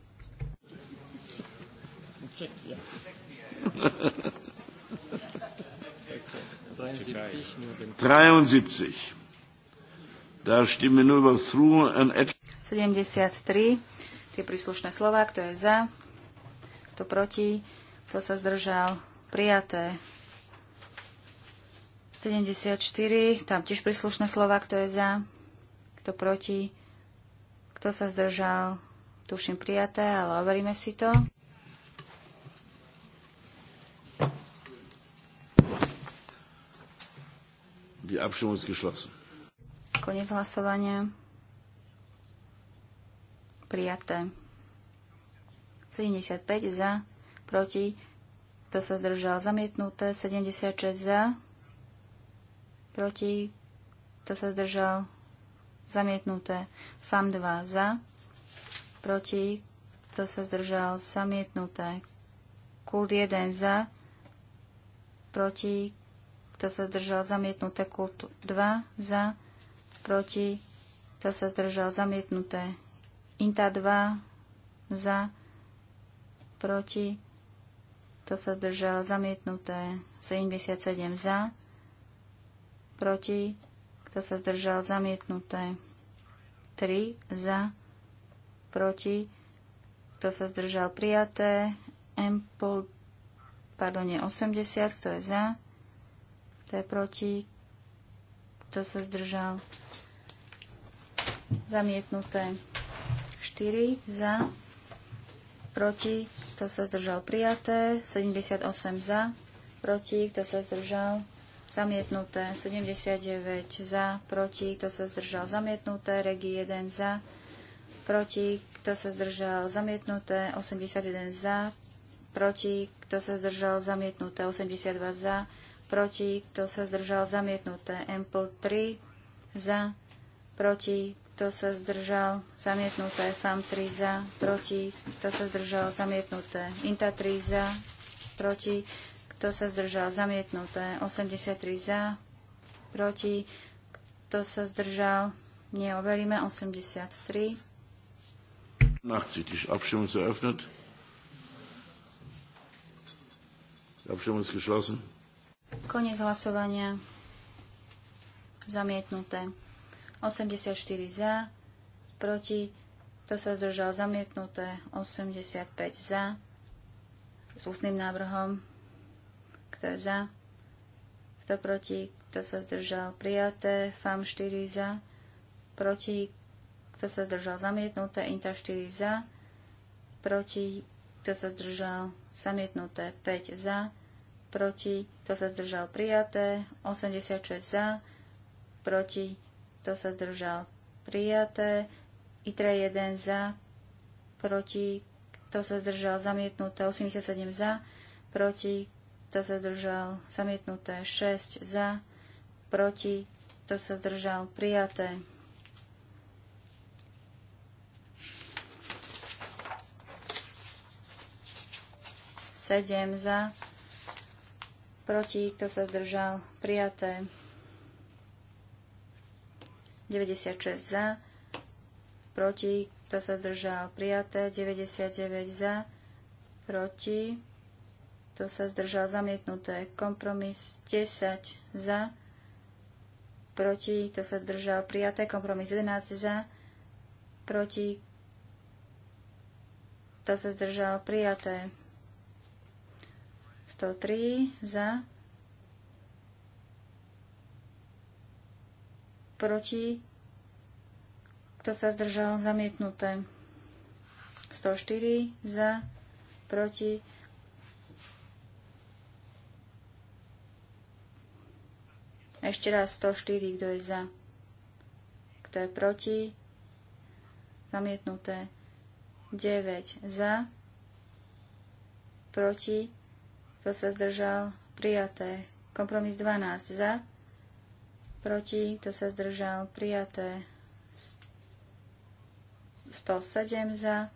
Dreiundsiebzig. Da stimmen nur über through and at 73. Tie príslušné slova, kto je za, kto proti, kto sa zdržal, prijaté. 74, tam tiež príslušné slova, kto je za, kto proti, kto sa zdržal, tuším prijaté, ale overíme si to. Konec hlasovania. Prijaté. 75 za, proti, kto sa zdržal, zamietnuté, 76 za, proti, kto sa zdržal, zamietnuté. FAM 2 za, proti, kto sa zdržal, zamietnuté. Kult 1 za, proti, kto sa zdržal, zamietnuté. Kult 2 za, proti, kto sa zdržal, zamietnuté. Inta 2 za, proti, kto sa zdržal, zamietnuté. 77 za, proti, kto sa zdržal, zamietnuté. 3 za, proti, kto sa zdržal, prijaté. M pol, pardon, nie, 80, kto je za, kto je proti, kto sa zdržal, zamietnuté. 4 za, proti, kto sa zdržal, prijaté. 78 za, proti, kto sa zdržal, zamietnuté, 79 za, proti, kto sa zdržal, zamietnuté, regi 1 za, proti, kto sa zdržal, zamietnuté, 81 za, proti, kto sa zdržal, zamietnuté, 82 za, proti, kto sa zdržal, zamietnuté, MPL 3 za, proti, kto sa zdržal, zamietnuté, FAM 3 za, proti, kto sa zdržal, zamietnuté, INTA 3 za, proti, kto sa zdržal? Zamietnuté. 83 za. Proti. Kto sa zdržal? Neoveríme. 83. 80. Abstimmung ist eröffnet. Abstimmung ist geschlossen. Konec hlasovania. Zamietnuté. 84 za. Proti. Kto sa zdržal? Zamietnuté. 85 za. S ústnym návrhom kto je za? Kto proti? Kto sa zdržal? Prijaté. FAM 4 za. Proti? Kto sa zdržal? Zamietnuté. INTA 4 za. Proti? Kto sa zdržal? Zamietnuté. 5 za. Proti? Kto sa zdržal? Prijaté. 86 za. Proti? Kto sa zdržal? Prijaté. ITRE 1 za. Proti? Kto sa zdržal? Zamietnuté. 87 za. Proti? To sa zdržal, zamietnuté 6 za, proti, to sa zdržal, prijaté. Sedem za, proti, kto sa zdržal, prijaté. 96 za, proti, kto sa zdržal, prijaté. 99 za, proti, kto sa zdržal zamietnuté? Kompromis 10 za. Proti. Kto sa zdržal prijaté? Kompromis 11 za. Proti. Kto sa zdržal prijaté? 103 za. Proti. Kto sa zdržal zamietnuté? 104 za. Proti Ešte raz 104, kto je za, kto je proti, zamietnuté. 9 za, proti, kto sa zdržal, prijaté. Kompromis 12 za, proti, kto sa zdržal, prijaté. 107 za,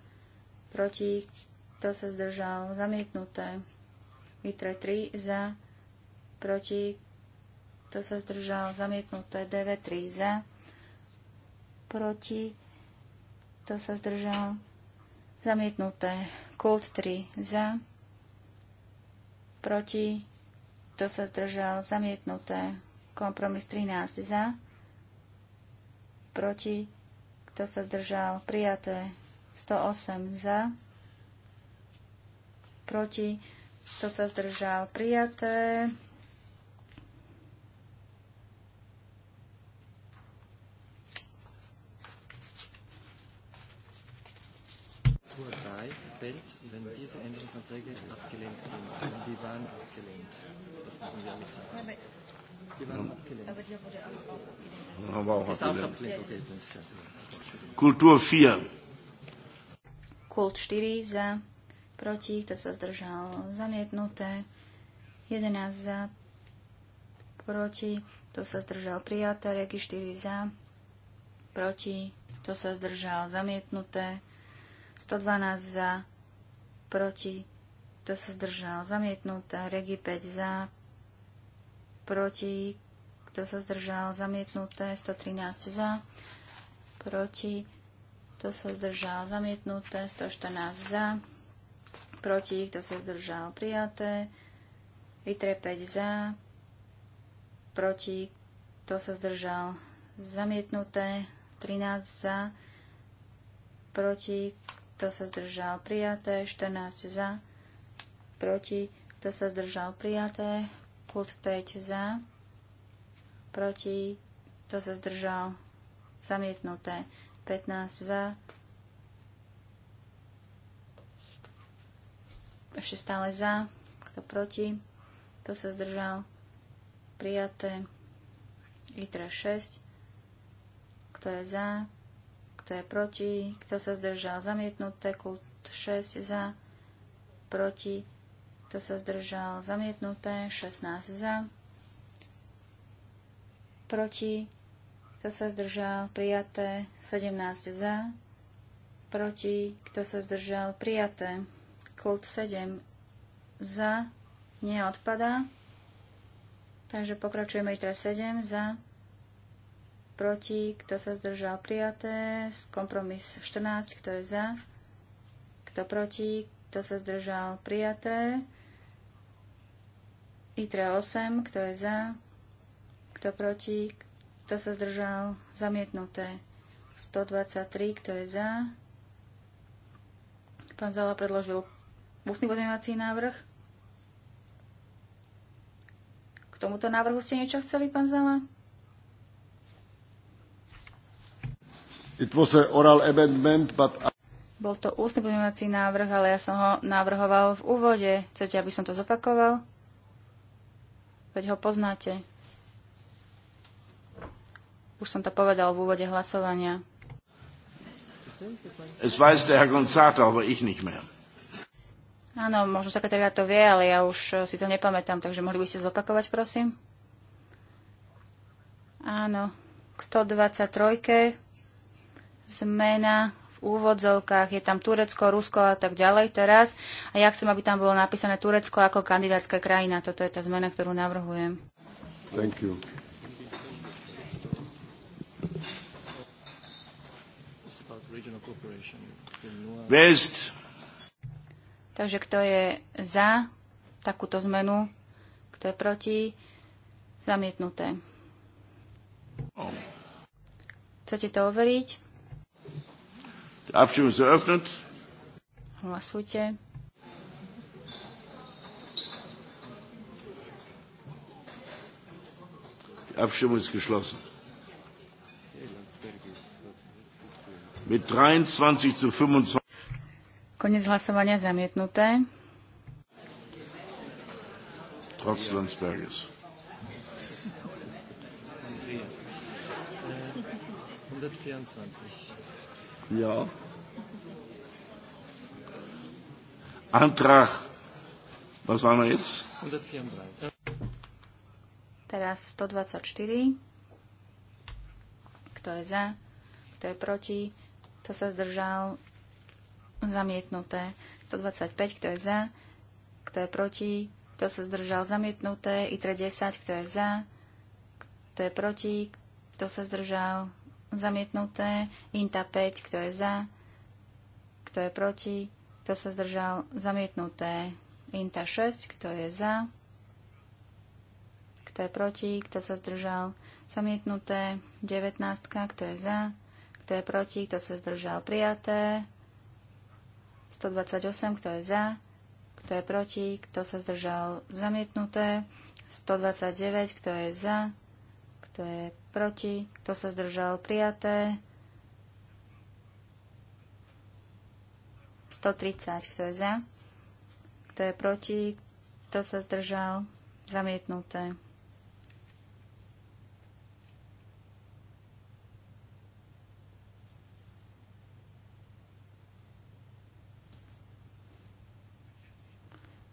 proti, kto sa zdržal, zamietnuté. ITRE 3 za, proti, kto sa zdržal, zamietnuté. DV3 za, proti, kto sa zdržal, zamietnuté. Kult 3 za, proti, kto sa zdržal, zamietnuté. Kompromis 13 za, proti, kto sa zdržal, prijaté. 108 za, proti, kto sa zdržal, prijaté. fällt, wenn diese Änderungsanträge abgelehnt sind. Und die waren abgelehnt. Das müssen wir nicht sagen. Die waren ja. abgelehnt. Aber die wurde auch abgelehnt. Aber wir auch abgelehnt. Ist auch abgelehnt. Okay, ist Kultur 4. Kult 4 za, proti, kto sa zdržal, zamietnuté. 11 za, proti, kto sa zdržal, prijaté. Reky 4 za, proti, kto sa zdržal, zamietnuté. 112 za, proti, kto sa zdržal, zamietnuté, regi 5 za, proti, kto sa zdržal, zamietnuté, 113 za, proti, kto sa zdržal, zamietnuté, 114 za, proti, kto sa zdržal, prijaté, vytre 5 za, proti, kto sa zdržal, zamietnuté, 13 za, proti, kto sa zdržal prijaté, 14 za, proti, kto sa zdržal prijaté, kult 5 za, proti, kto sa zdržal zamietnuté, 15 za, ešte stále za, kto proti, kto sa zdržal prijaté, ITRA 6, kto je za, kto je proti, kto sa zdržal zamietnuté, kult 6 za, proti, kto sa zdržal zamietnuté, 16 za, proti, kto sa zdržal prijaté, 17 za, proti, kto sa zdržal prijaté, kult 7 za, neodpadá, takže pokračujeme teraz 7 za, proti, kto sa zdržal prijaté, kompromis 14, kto je za, kto proti, kto sa zdržal prijaté, Itra 8, kto je za, kto proti, kto sa zdržal zamietnuté, 123, kto je za, pán Zala predložil ústny pozmeňovací návrh. K tomuto návrhu ste niečo chceli, pán Zala? It was oral amendment, but... Bol to ústny pozmeňovací návrh, ale ja som ho návrhoval v úvode. Chcete, aby som to zopakoval? Veď ho poznáte. Už som to povedal v úvode hlasovania. Es weiß der Herr Gonzato, aber ich nicht mehr. Áno, možno sekretariat to vie, ale ja už eh, si to nepamätám, takže mohli by ste zopakovať, prosím? Áno, k 123 zmena v úvodzovkách, je tam Turecko, Rusko a tak ďalej teraz. A ja chcem, aby tam bolo napísané Turecko ako kandidátska krajina. Toto je tá zmena, ktorú navrhujem. Thank you. Best. Takže kto je za takúto zmenu, kto je proti, zamietnuté. Oh. Chcete to overiť? Abstimmung ist eröffnet. Hlasujte. Die Abstimmung ist geschlossen. Mit 23 zu 25. Konec hlasovania zamietnuté. Trotz Landsbergis. Andreas. 124. Ja. Antrag, was waren wir jetzt? 134. Teraz 124. Kto je za? Kto je proti? Kto sa zdržal? Zamietnuté. 125. Kto je za? Kto je proti? Kto sa zdržal? Zamietnuté. I 10. Kto je za? Kto je proti? Kto sa zdržal? zamietnuté, Inta 5, kto je za, kto je proti, kto sa zdržal, zamietnuté, Inta 6, kto je za, kto je proti, kto sa zdržal, zamietnuté, 19, kto je za, kto je proti, kto sa zdržal, prijaté, 128, kto je za, kto je proti, kto sa zdržal, zamietnuté, 129, kto je za, kto je proti, kto sa zdržal, prijaté. 130, kto je za, kto je proti, kto sa zdržal, zamietnuté.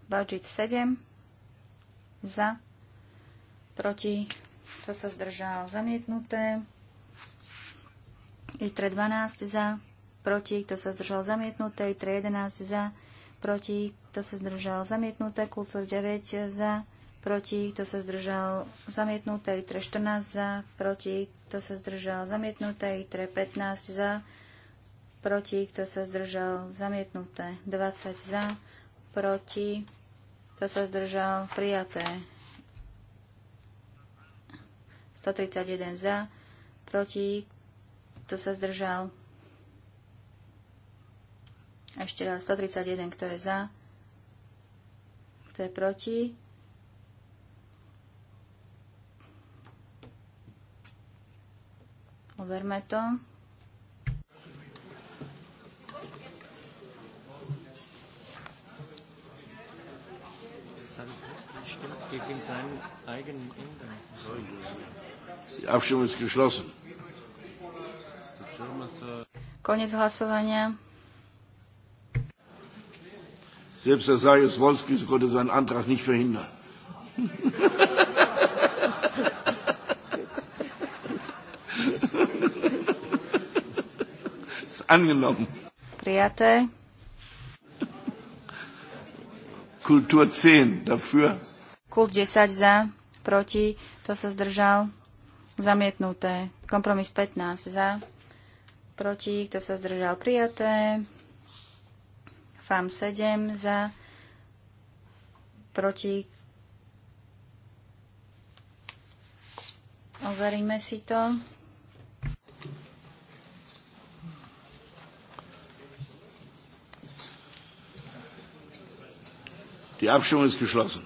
Budget 7 za, proti, to sa zdržal, zamietnuté. ITRE 12 za, proti, kto sa zdržal, zamietnuté. ITRE 11 za, proti, kto sa zdržal, zamietnuté. Kultúr 9 za, proti, to sa zdržal, zamietnuté. ITRE 14 za, proti, to sa zdržal, zamietnuté. ITRE 15 za, proti, kto sa zdržal, zamietnuté. 20 za, proti, to sa zdržal, prijaté. 131 za, proti, kto sa zdržal. Ešte raz 131, kto je za, kto je proti. Overme to. Das stimmt gegen seinen eigenen Index. Die Abstimmung ist geschlossen. Konec hlasovania. Selbst der Sajus Wolski konnte seinen Antrag nicht verhindern. ist angenommen. Priate. Kultur 10 dafür. Kult 10 za, proti, to sa zdržal zamietnuté. Kompromis 15 za, proti, kto sa zdržal prijaté. FAM 7 za, proti. Overíme si to. Die Abstimmung ist geschlossen.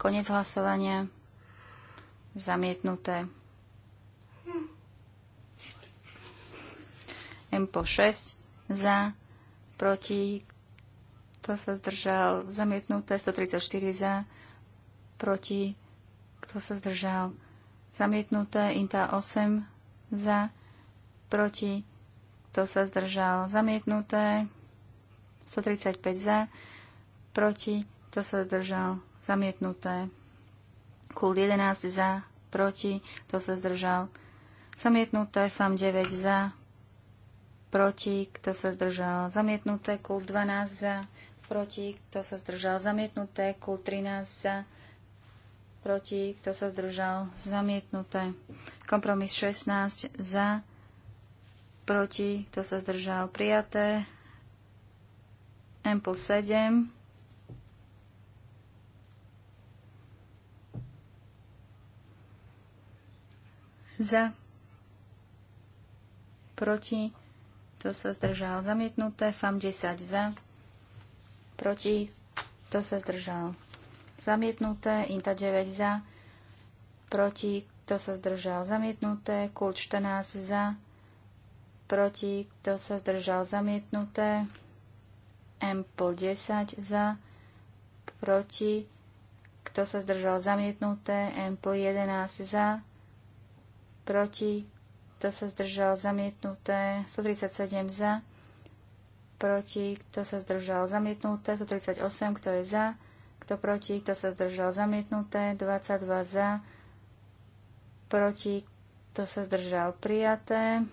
Konec hlasovania. Zamietnuté. MPO 6 za, proti, kto sa zdržal, zamietnuté 134 za, proti, kto sa zdržal, zamietnuté INTA 8 za, proti, kto sa zdržal, zamietnuté 135 za, proti, kto sa zdržal, zamietnuté KUL 11 za, proti, kto sa zdržal, zamietnuté FAM 9 za, proti, kto sa zdržal zamietnuté, kult 12 za, proti, kto sa zdržal zamietnuté, kult 13 za, proti, kto sa zdržal zamietnuté, kompromis 16 za, proti, kto sa zdržal prijaté, M plus 7, za, proti, kto sa zdržal? Zamietnuté. FAM 10 za. Proti. Kto sa zdržal? Zamietnuté. INTA 9 za. Proti. Kto sa zdržal? Zamietnuté. KULT 14 za. Proti. Kto sa zdržal? Zamietnuté. MPL 10 za. Proti. Kto sa zdržal? Zamietnuté. MPL 11 za. Proti kto sa zdržal, zamietnuté. 137 za, proti, kto sa zdržal, zamietnuté. 138, kto je za, kto proti, kto sa zdržal, zamietnuté. 22 za, proti, kto sa zdržal, prijaté.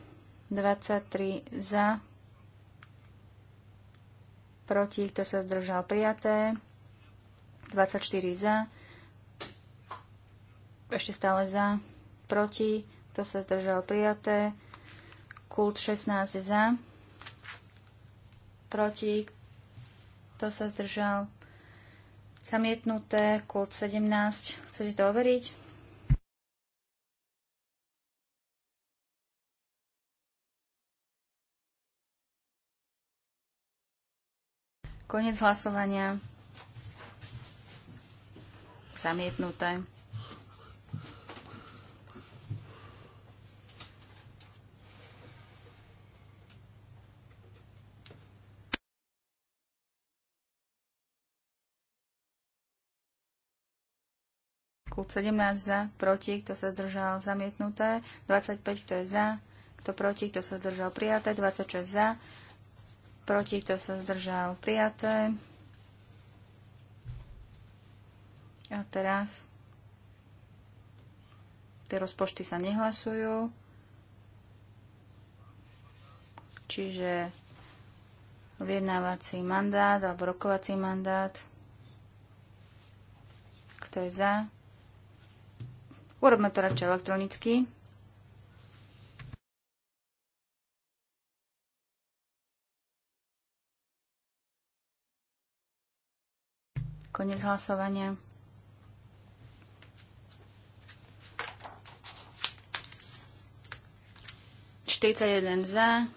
23 za, proti, kto sa zdržal, prijaté. 24 za, ešte stále za, proti, kto sa zdržal? Prijaté. Kult 16 za. Proti. Kto sa zdržal? Zamietnuté. Kult 17. Chcete to overiť? Konec hlasovania. Zamietnuté. Kult 17 za, proti, kto sa zdržal, zamietnuté. 25, kto je za, kto proti, kto sa zdržal, prijaté. 26 za, proti, kto sa zdržal, prijaté. A teraz tie rozpočty sa nehlasujú. Čiže vyjednávací mandát alebo rokovací mandát. Kto je za? Urobme to radšej elektronicky. Konec hlasovania. jeden za,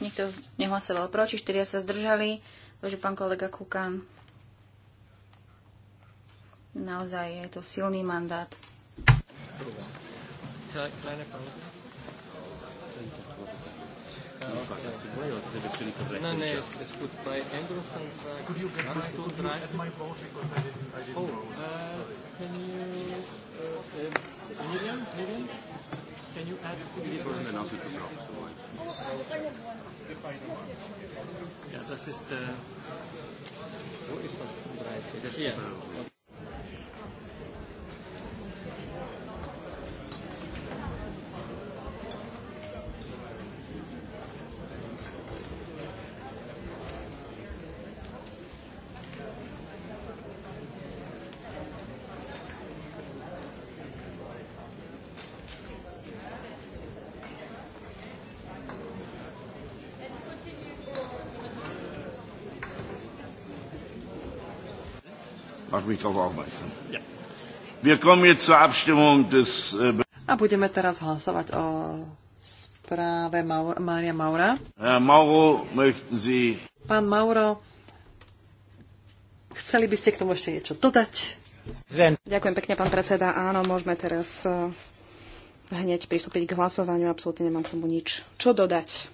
nikto nehlasoval proti, 4 sa zdržali, takže pán kolega Kukan Naozaj je to silný mandát. No, it's by could you get vote because I didn't, I didn't oh, know. Uh, can you, uh, um, can you add? Yeah, this is the what is das? Hier. Äh, A budeme teraz hlasovať o správe Maur- Mária Maura. Mauro, Sie... Pán Mauro, chceli by ste k tomu ešte niečo dodať? Ďakujem pekne, pán predseda. Áno, môžeme teraz e, hneď pristúpiť k hlasovaniu. Absolutne nemám k tomu nič. Čo dodať?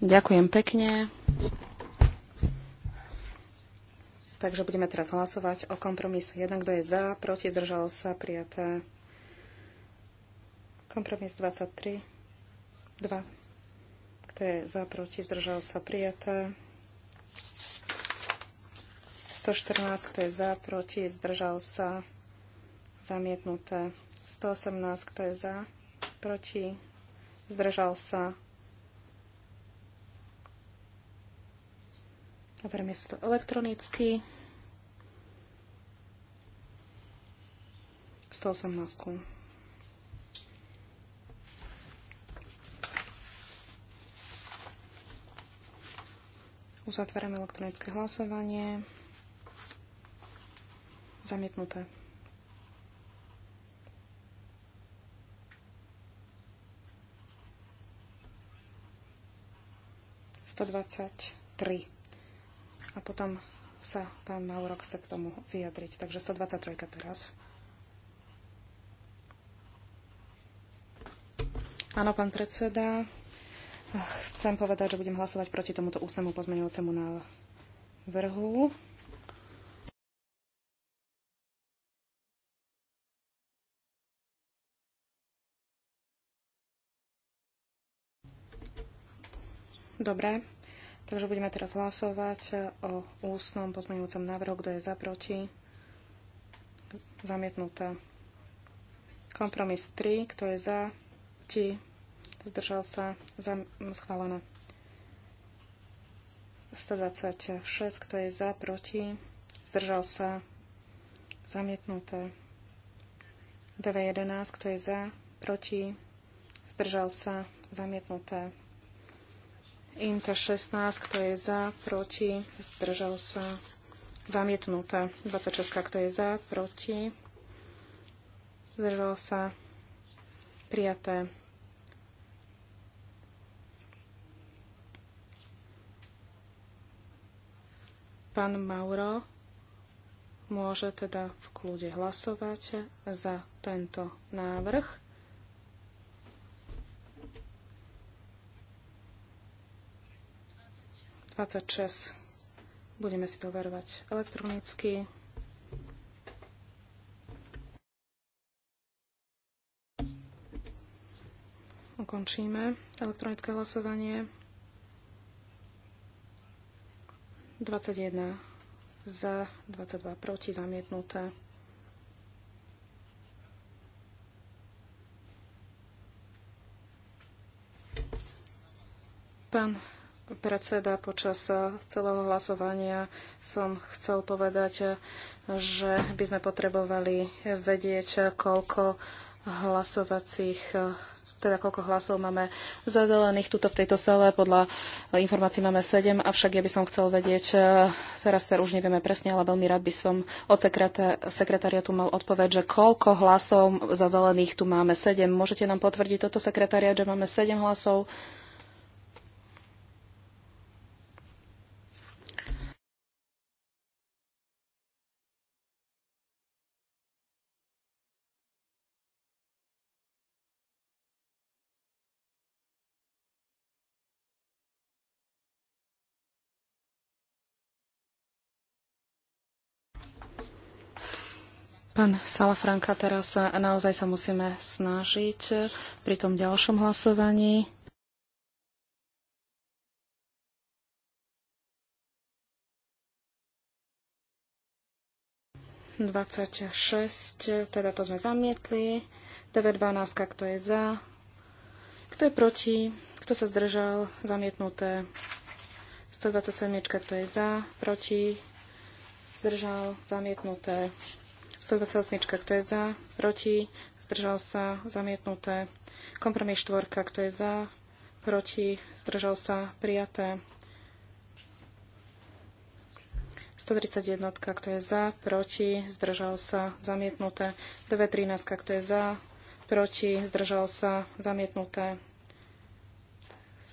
Ďakujem pekne. Takže budeme teraz hlasovať o kompromise 1, kto je za, proti, zdržalo sa, prijaté. Kompromis 23, 2, kto je za, proti, zdržalo sa, prijaté. 114, kto je za, proti, zdržal sa, zamietnuté. 118, kto je za, proti, zdržal sa, Overme si to elektronicky. 118. Uzatvárame elektronické hlasovanie. Zamietnuté. Sto dvadsať tri a potom sa pán Maurok chce k tomu vyjadriť. Takže 123 teraz. Áno, pán predseda. Chcem povedať, že budem hlasovať proti tomuto ústnemu pozmeňujúcemu návrhu. Dobre. Takže budeme teraz hlasovať e, o ústnom pozmeňujúcom návrhu, kto je za, proti. Zamietnuté. Kompromis 3, kto je za, proti, zdržal sa, zam, schválené. 126, kto je za, proti, zdržal sa, zamietnuté. 911, kto je za, proti, zdržal sa, zamietnuté. Inta 16, kto je za, proti, zdržal sa, zamietnuté. 26, kto je za, proti, zdržal sa, prijaté. Pán Mauro môže teda v kľude hlasovať za tento návrh. 26. Budeme si to verovať elektronicky. Ukončíme elektronické hlasovanie. 21 za, 22 proti, zamietnuté. Pán predseda, počas eh, celého hlasovania som chcel povedať, eh, že by sme potrebovali vedieť, eh, koľko hlasovacích teda koľko hlasov máme za zelených tuto v tejto sale. Podľa informácií máme 7, avšak ja by som chcel vedieť, teraz sa teda už nevieme presne, ale veľmi rád by som od sekretariatu mal odpoveď, že koľko hlasov za zelených tu máme 7. Môžete nám potvrdiť toto sekretariat, že máme 7 hlasov? Pán Salafranka, teraz naozaj sa musíme snažiť pri tom ďalšom hlasovaní. 26, teda to sme zamietli. 9.12, kto je za, kto je proti, kto sa zdržal, zamietnuté. 127, kto je za, proti, zdržal, zamietnuté. 128. Kto je za? Proti? Zdržal sa? Zamietnuté. Kompromis 4. Kto je za? Proti? Zdržal sa? Prijaté. 131. Kto je za? Proti? Zdržal sa? Zamietnuté. 213, Kto je za? Proti? Zdržal sa? Zamietnuté.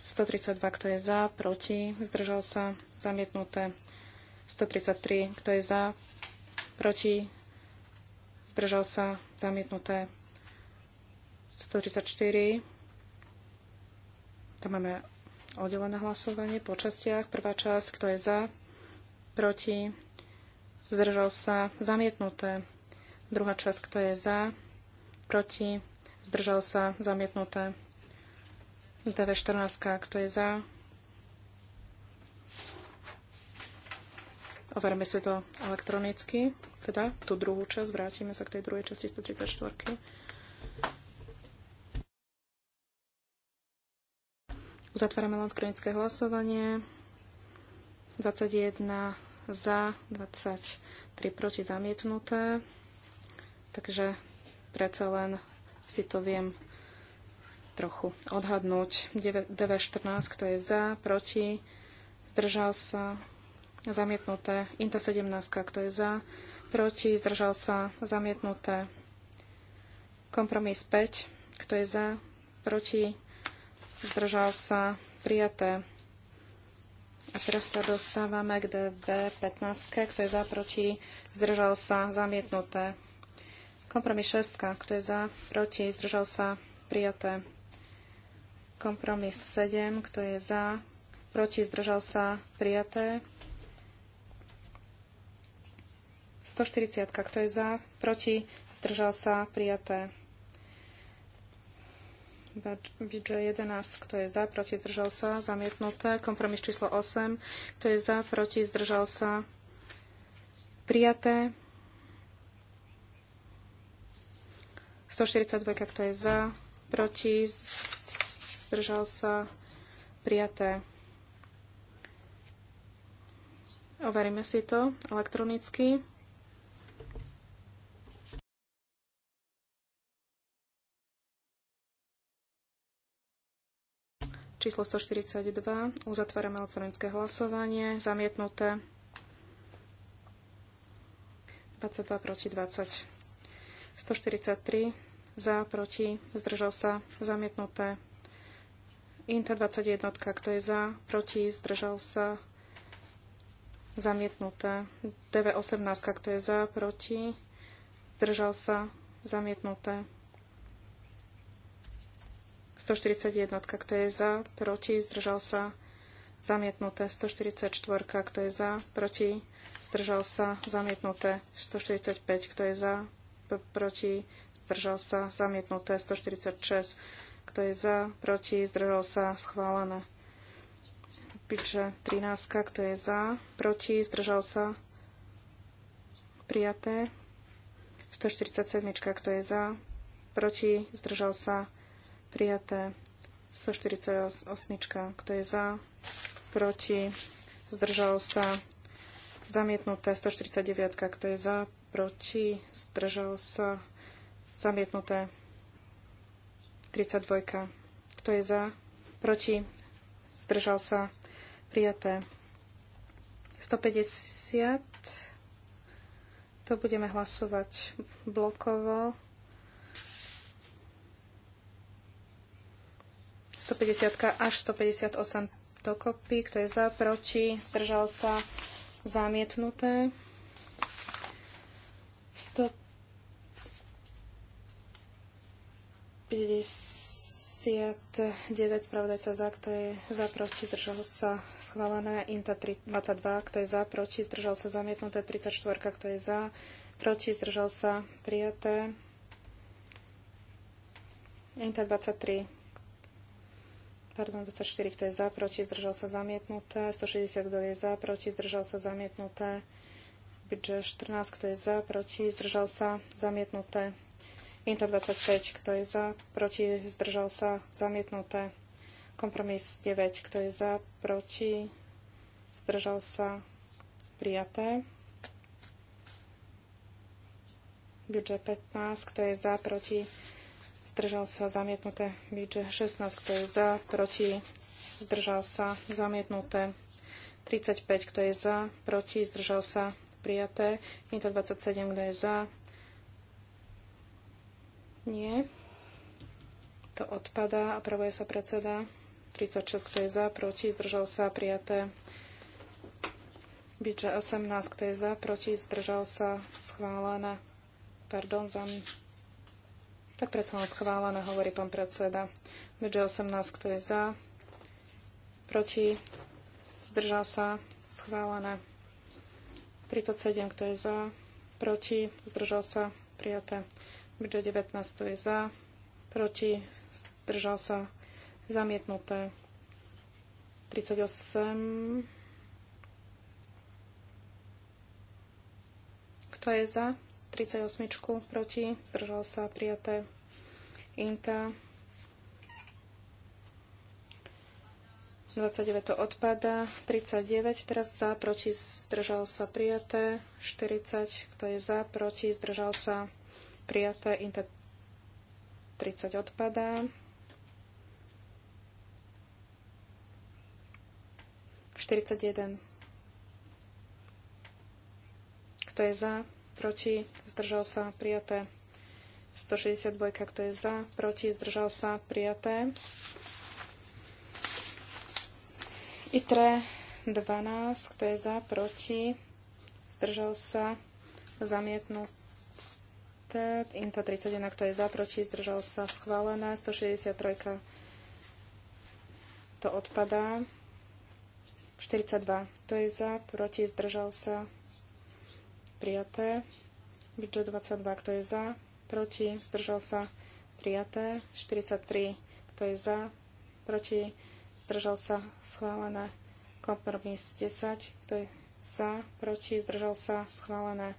132. Kto je za? Proti? Zdržal sa? Zamietnuté. 133. Kto je za? Proti? zdržal sa, zamietnuté 134. Tam máme oddelené hlasovanie po častiach. Prvá časť, kto je za, proti, zdržal sa, zamietnuté. Druhá časť, kto je za, proti, zdržal sa, zamietnuté. DV14, kto je za, overme si to elektronicky teda tú druhú časť, vrátime sa k tej druhej časti 134. Uzatvárame elektronické hlasovanie. 21 za, 23 proti zamietnuté. Takže predsa len si to viem trochu odhadnúť. 9,14, 14 kto je za, proti, zdržal sa, zamietnuté. INTA 17, kto je za, proti, zdržal sa, zamietnuté. Kompromis 5, kto je za, proti, zdržal sa, prijaté. A teraz sa dostávame k DB15, kto je za, proti, zdržal sa, zamietnuté. Kompromis 6, kto je za, proti, zdržal sa, prijaté. Kompromis 7, kto je za, proti, zdržal sa, prijaté. 140. Kto je za? Proti? Zdržal sa? Prijaté. BJ 11. Kto je za? Proti? Zdržal sa? Zamietnuté. Kompromis číslo 8. Kto je za? Proti? Zdržal sa? Prijaté. 142. Kto je za? Proti? Zdržal sa? Prijaté. Overíme si to elektronicky. číslo 142. Uzatvárame elektronické hlasovanie. Zamietnuté. 22 proti 20. 143 za, proti, zdržal sa, zamietnuté. Inta 21, kto je za, proti, zdržal sa, zamietnuté. DV18, kto je za, proti, zdržal sa, zamietnuté. 141, kto je za, proti, zdržal sa, zamietnuté. 144, kto je za, proti, zdržal sa, zamietnuté. 145, kto je za, proti, zdržal sa, zamietnuté. 146, kto je za, proti, zdržal sa, schválené. Píče 13, kto je za, proti, zdržal sa, prijaté. 147, kto je za, proti, zdržal sa, prijaté 148, kto je za, proti, zdržal sa, zamietnuté 149, kto je za, proti, zdržal sa, zamietnuté 32, kto je za, proti, zdržal sa, prijaté 150, to budeme hlasovať blokovo 150 až 158 dokopy. Kto je za, proti, zdržal sa, zamietnuté. 159 spravodajca za, kto je za, proti, zdržal sa, schválené. Inta 22, kto je za, proti, zdržal sa, zamietnuté. 34, kto je za, proti, zdržal sa, prijaté. Inta 23, pardon, 24, kto je za, proti, zdržal sa zamietnuté, 160, kto je za, proti, zdržal sa zamietnuté, budget 14, kto je za, proti, zdržal sa zamietnuté, Inter 25, kto je za, proti, zdržal sa zamietnuté, kompromis 9, kto je za, proti, zdržal sa prijaté. Budget 15, kto je za, proti, zdržal sa, zamietnuté. Budget 16, kto je za, proti, zdržal sa, zamietnuté. 35, kto je za, proti, zdržal sa, prijaté. Mito 27, kto je za, nie. To odpada. Opravuje sa predseda. 36, kto je za, proti, zdržal sa, prijaté. Bidže 18, kto je za, proti, zdržal sa, schválené. Pardon, zamietnuté. Tak predsa len schválené, hovorí pán predseda. BG18, kto je za? Proti? Zdržal sa? Schválené. 37, kto je za? Proti? Zdržal sa? Prijaté. BG19, kto je za? Proti? Zdržal sa? Zamietnuté. 38. Kto je za? 38, proti, zdržal sa, prijaté. Inta 29 to odpada, 39 teraz za, proti, zdržal sa, prijaté. 40, kto je za, proti, zdržal sa, prijaté. Inta 30 odpadá. 41. Kto je za? proti, zdržal sa, prijaté. 162, kto je za, proti, zdržal sa, prijaté. ITRE 12, kto je za, proti, zdržal sa, zamietnuté. INTA 31, kto je za, proti, zdržal sa, schválené. 163, to odpadá. 42, kto je za, proti, zdržal sa, prijaté. Budget 22, kto je za, proti, zdržal sa, prijaté. 43, kto je za, proti, zdržal sa, schválené. Kompromis 10, kto je za, proti, zdržal sa, schválené.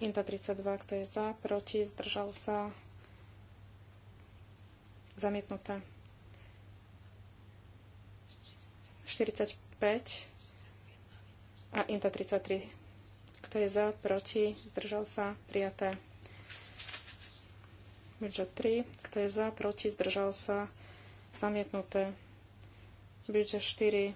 Inta 32, kto je za, proti, zdržal sa, zamietnuté. 45, a INTA 33. Kto je za, proti, zdržal sa, prijaté. Budget 3. Kto je za, proti, zdržal sa, zamietnuté. Budget 4.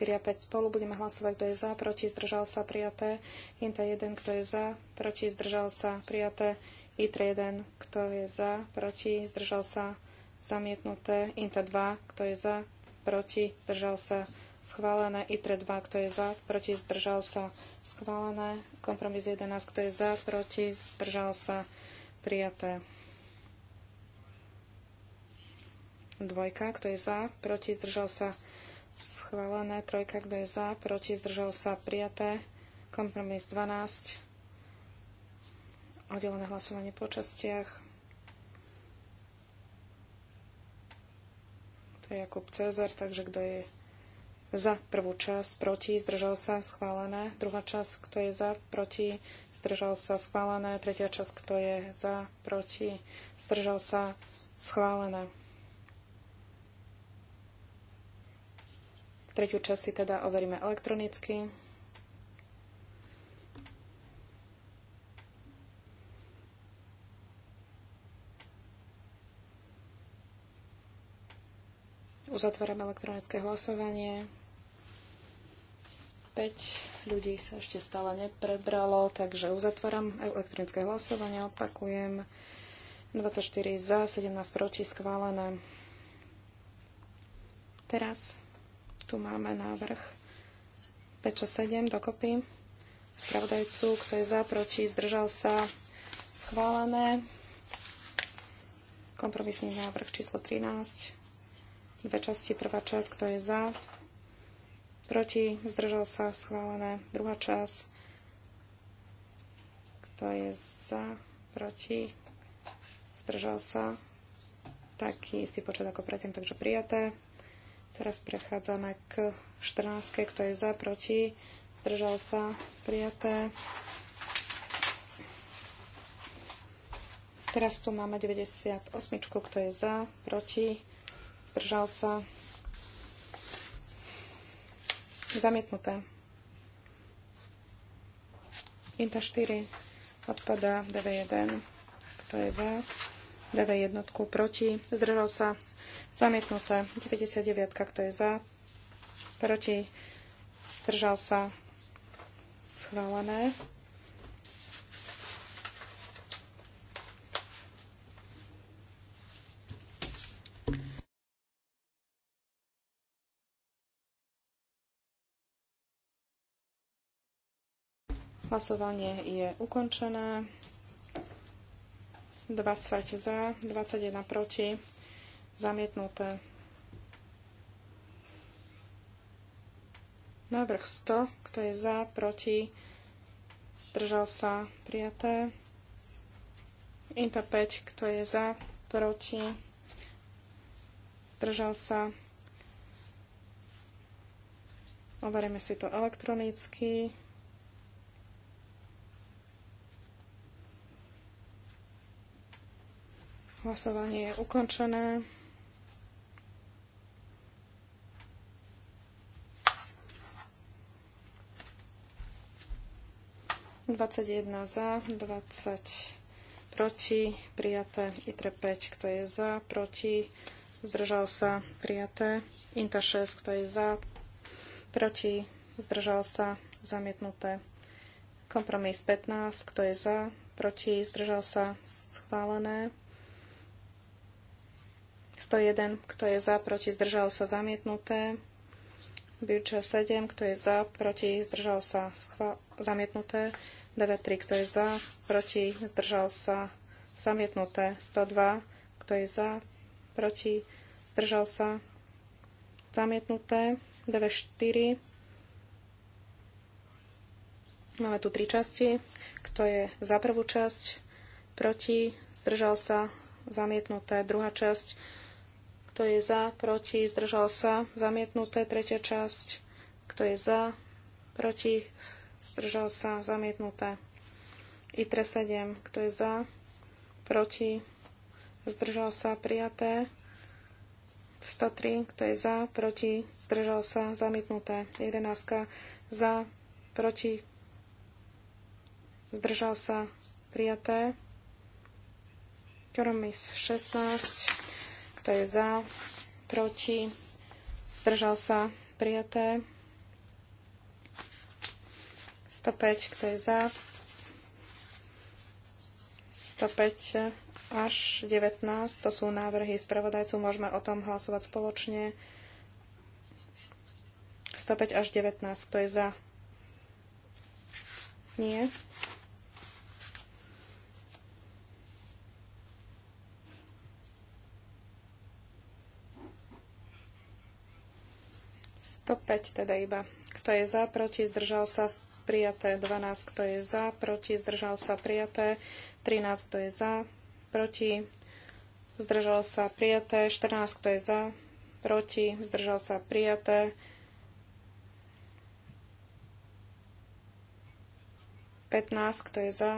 a 5 spolu budeme hlasovať, kto je za, proti, zdržal sa, prijaté. Inta 1, kto je za, proti, zdržal sa, prijaté. ITR 1, kto je za, proti, zdržal sa, prijaté zamietnuté, INTA 2, kto je za, proti, zdržal sa, schválené, ITRE 2, kto je za, proti, zdržal sa, schválené, kompromis 11, kto je za, proti, zdržal sa, prijaté. Dvojka, kto je za, proti, zdržal sa, schválené, trojka, kto je za, proti, zdržal sa, prijaté, kompromis 12, oddelené hlasovanie po častiach, Jakub Cezar, takže kto je za prvú časť, proti, zdržal sa, schválené. Druhá časť, kto je za, proti, zdržal sa, schválené. Tretia časť, kto je za, proti, zdržal sa, schválené. Tretiu časť si teda overíme elektronicky. Uzatváram elektronické hlasovanie. 5 ľudí sa ešte stále neprebralo, takže uzatváram elektronické hlasovanie. Opakujem. 24 za, 17 proti, schválené. Teraz tu máme návrh 5 6, 7 dokopy. Spravodajcu, kto je za, proti, zdržal sa, schválené. Kompromisný návrh číslo 13 Dve časti, prvá časť, kto je za, proti, zdržal sa, schválené. Druhá časť, kto je za, proti, zdržal sa, taký istý počet ako predtým, takže prijaté. Teraz prechádzame k 14, kto je za, proti, zdržal sa, prijaté. Teraz tu máme 98, kto je za, proti, zdržal sa, zamietnuté. Inta 4 odpada DV1, To je za, DV1 proti, zdržal sa, zamietnuté. 99, kto je za, proti, zdržal sa, schválené. Hlasovanie je ukončené. 20 za, 21 proti, zamietnuté. Návrh 100, kto je za, proti, zdržal sa, prijaté. Inta 5, kto je za, proti, zdržal sa. Overíme si to elektronicky. Hlasovanie je ukončené. Dvadsať jedna za, dvadsať proti, prijaté. ITRE 5, kto je za, proti, zdržal sa, prijaté. INTA 6, kto je za, proti, zdržal sa, zamietnuté. Kompromis 15, kto je za, proti, zdržal sa, schválené. 101, kto je za, proti, zdržal sa, zamietnuté. Budžet 7, kto je za, proti, zdržal sa, zamietnuté. Dada 3 kto je za, proti, zdržal sa, zamietnuté. 102, kto je za, proti, zdržal sa, zamietnuté. DD4, Máme tu tri časti. Kto je za prvú časť, proti, zdržal sa, zamietnuté. Druhá časť, kto je za, proti, zdržal sa, zamietnuté. Tretia časť. Kto je za, proti, zdržal sa, zamietnuté. ITRE 7. Kto je za, proti, zdržal sa, prijaté. 103, kto je za, proti, zdržal sa, zamietnuté. 11, za, proti, zdržal sa, prijaté. Kromis 16, kto je za, proti, zdržal sa, prijaté. 105, kto je za, 105 až 19, to sú návrhy spravodajcu, môžeme o tom hlasovať spoločne. 105 až 19, kto je za? Nie. 105 teda iba. Kto je za, proti, zdržal sa, prijaté. 12, kto je za, proti, zdržal sa, prijaté. 13, kto je za, proti, zdržal sa, prijaté. 14, kto je za, proti, zdržal sa, prijaté. 15, kto je za,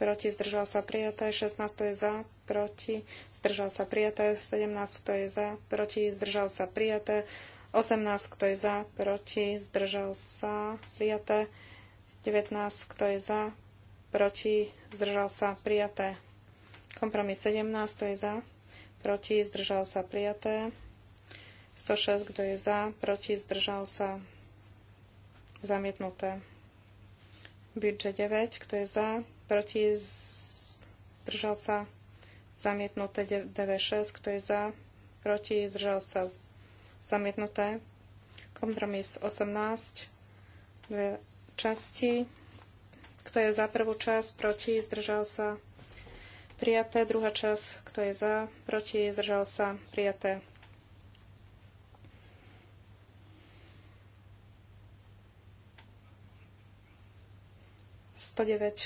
proti, zdržal sa prijaté, 16, kto je za, proti, zdržal sa prijaté, 17, kto je za, proti, zdržal sa prijaté, 18, kto je za, proti, zdržal sa, prijaté. 19, kto je za, proti, zdržal sa, prijaté. Kompromis 17, kto je za, proti, zdržal sa, prijaté. 106, kto je za, proti, zdržal sa, zamietnuté. Budget 9, kto je za, proti, zdržal sa, zamietnuté 96, kto je za, proti, zdržal sa, zamietnuté. Kompromis 18, dve časti. Kto je za prvú časť, proti, zdržal sa, prijaté. Druhá časť, kto je za, proti, zdržal sa, prijaté.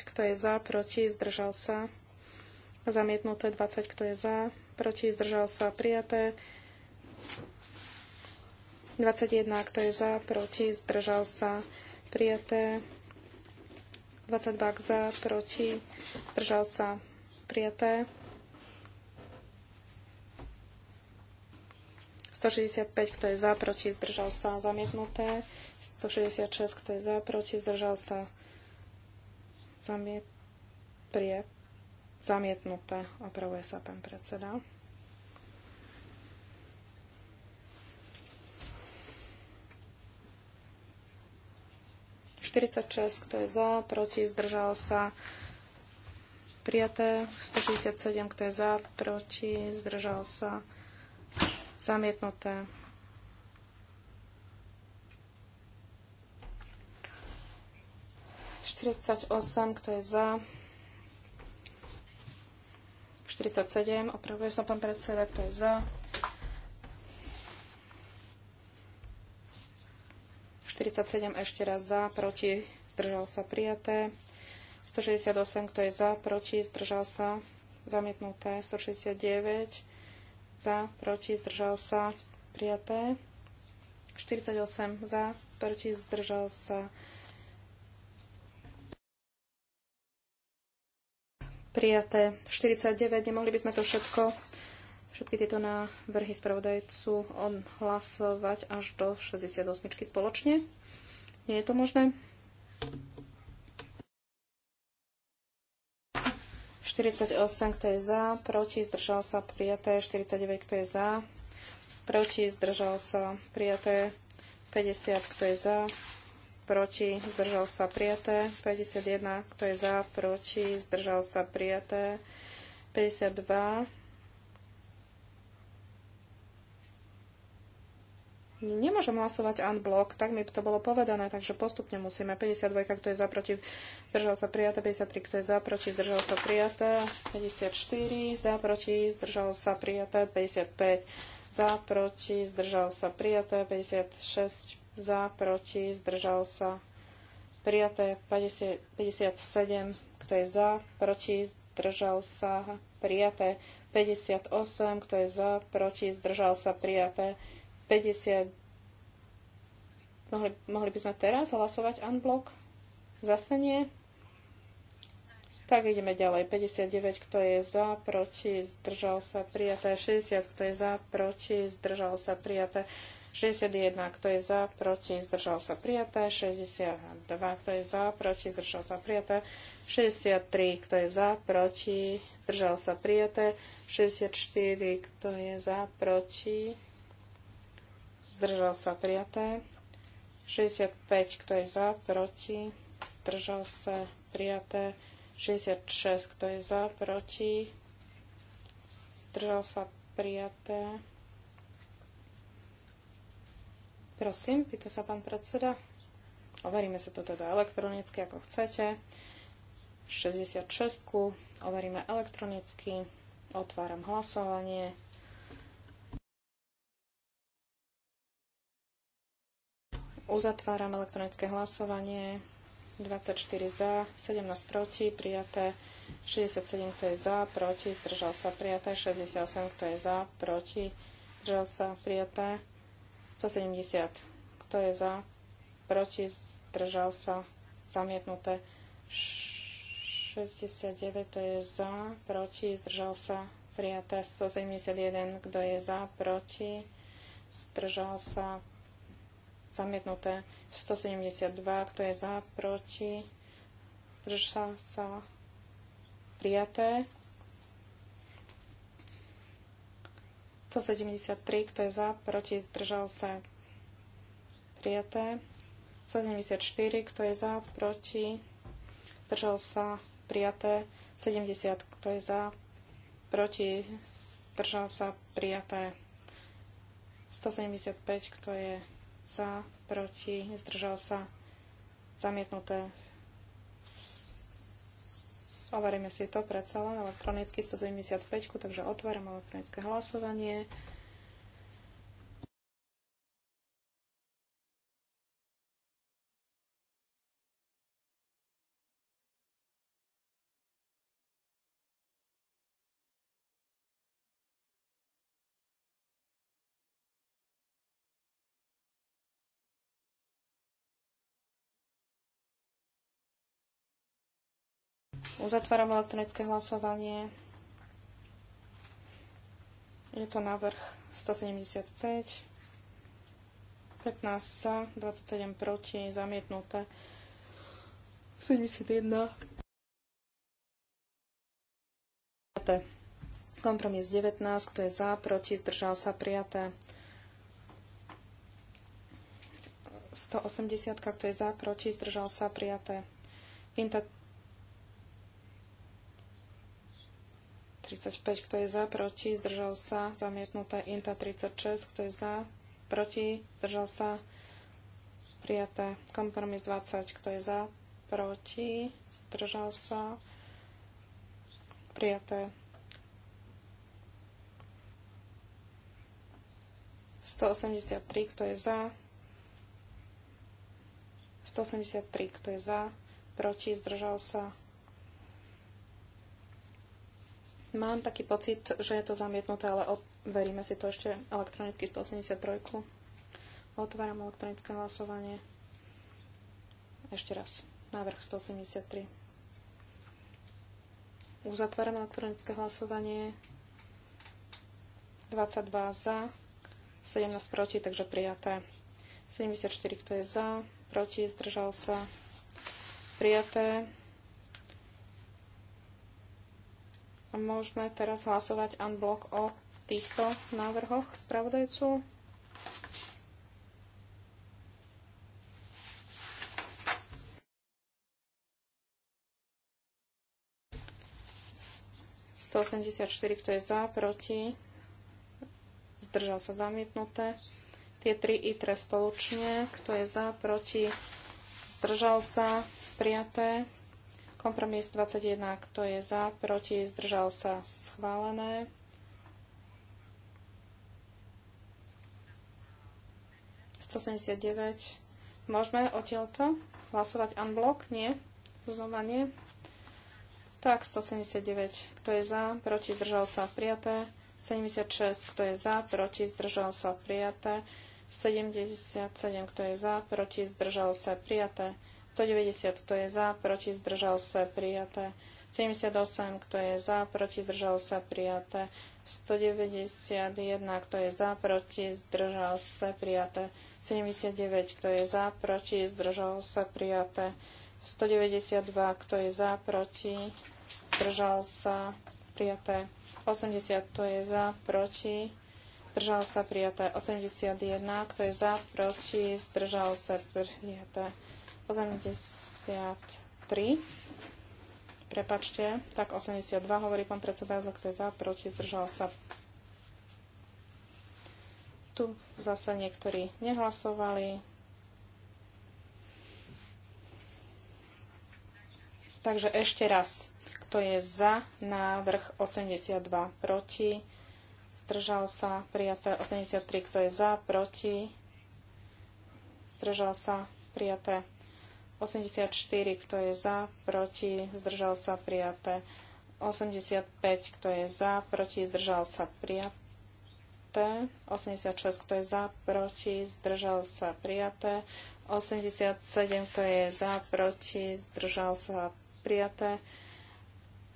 kto je za, proti, zdržal sa. Zamietnuté 20, kto je za, proti, zdržal sa, prijaté. 21, kto je za, proti, zdržal sa, prijaté. 22 za, proti, zdržal sa, prijaté. 165, kto je za, proti, zdržal sa, zamietnuté. 166, kto je za, proti, zdržal sa, zamiet, prijet, zamietnuté. Opravuje sa pán predseda. 46, kto je za, proti, zdržal sa, prijaté. 167, kto je za, proti, zdržal sa, zamietnuté. Štyridsaťosem, kto je za? 47, opravuje sa pán predseda, kto je za? 47 ešte raz za, proti, zdržal sa prijaté. 168, kto je za, proti, zdržal sa, zamietnuté. 169, za, proti, zdržal sa, prijaté. 48 za, proti, zdržal sa, prijaté. 49, nemohli by sme to všetko všetky tieto návrhy spravodajcu odhlasovať až do 68 spoločne. Nie je to možné? 48, kto je za, proti, zdržal sa, prijaté. 49, kto je za, proti, zdržal sa, prijaté. 50, kto je za, proti, zdržal sa, prijaté. 51, kto je za, proti, zdržal sa, prijaté. 52, nemôžem hlasovať blok, tak mi to bolo povedané, takže postupne musíme. 52, kto je za, proti, zdržal sa prijaté, 53, kto je za, proti, zdržal sa prijaté, 54, za, proti, zdržal sa prijaté, 55, za, proti, zdržal sa prijaté, 56, za, proti, zdržal sa prijaté, 57, kto je za, proti, zdržal sa prijaté, 58, kto je za, proti, zdržal sa prijaté, 50... Mohli, mohli by sme teraz hlasovať unblock? Zase nie. Tak ideme ďalej. 59, kto je za, proti, zdržal sa, prijaté. 60, kto je za, proti, zdržal sa, prijaté. 61, kto je za, proti, zdržal sa, prijaté. 62, kto je za, proti, zdržal sa, prijaté. 63, kto je za, proti, zdržal sa, prijaté. 64, kto je za, proti, zdržal sa prijaté. 65, kto je za, proti, zdržal sa prijaté. 66, kto je za, proti, zdržal sa prijaté. Prosím, pýta sa pán predseda. Overíme sa to teda elektronicky, ako chcete. 66. Overíme elektronicky. Otváram hlasovanie. Uzatváram elektronické hlasovanie. 24 za, 17 proti, prijaté 67, kto je za, proti, zdržal sa prijaté, 68, kto je za, proti, zdržal sa prijaté, 170, kto je za, proti, zdržal sa zamietnuté, 69, kto je za, proti, zdržal sa prijaté, 171, kto je za, proti, zdržal sa zamietnuté 172, kto je za, proti, zdrža sa, prijaté 173, kto je za, proti, zdržal sa, prijaté 174, kto je za, proti, zdržal sa, prijaté 70, kto je za, proti, zdržal sa, prijaté 175, kto je za, proti, zdržal sa, zamietnuté. Overíme si to predsa len elektronicky 175, takže otváram elektronické hlasovanie. Uzatváram elektronické hlasovanie. Je to návrh 175. 15 za, 27 proti, zamietnuté. 71. Kompromis 19, kto je za, proti, zdržal sa, prijaté. 180, kto je za, proti, zdržal sa, prijaté. Inta 35, kto je za, proti, zdržal sa, zamietnuté. Inta 36, kto je za, proti, zdržal sa, prijaté. Kompromis 20, kto je za, proti, zdržal sa, prijaté. 183, kto je za, 183, kto je za, proti, zdržal sa, prijaté. Mám taký pocit, že je to zamietnuté, ale veríme si to ešte elektronicky 183. Otváram elektronické hlasovanie. Ešte raz. Návrh 183. Uzatváram elektronické hlasovanie. 22 za, 17 proti, takže prijaté. 74, kto je za, proti, zdržal sa, prijaté. Môžeme teraz hlasovať blok o týchto návrhoch spravodajcu. kto je za, proti, zdržal sa zamietnuté. Tie tri ITRE spoločne, kto je za, proti, zdržal sa, prijaté. Kompromis 21, kto je za, proti, zdržal sa, schválené. Môžeme odtiaľto hlasovať unblock? Nie? Znova nie? Tak, 179. Kto je za? Proti? Zdržal sa? Prijaté. 76. Kto je za? Proti? Zdržal sa? Prijaté. 77. Kto je za? Proti? Zdržal sa? Prijaté. 190, kto je za, proti, zdržal sa, prijaté. 78, kto je za, proti, zdržal sa, prijaté. 191, kto je za, proti, zdržal sa, prijaté. 79, kto je za, proti, zdržal sa, prijaté. 192, kto je za, proti, zdržal sa, prijaté. 80, kto je za, proti, zdržal sa, prijaté. 81, kto je za, proti, zdržal sa, prijaté. 83. Prepačte, tak 82 hovorí pán predseda, za kto je za, proti, zdržal sa. Tu zase niektorí nehlasovali. Takže ešte raz, kto je za návrh 82 proti, zdržal sa, prijaté 83, kto je za, proti, zdržal sa, prijaté 84, kto je za, proti, zdržal sa prijaté. 85, kto je za, proti, zdržal sa prijaté. 86, kto je za, proti, zdržal sa prijaté. 87, kto je za, proti, zdržal sa prijaté.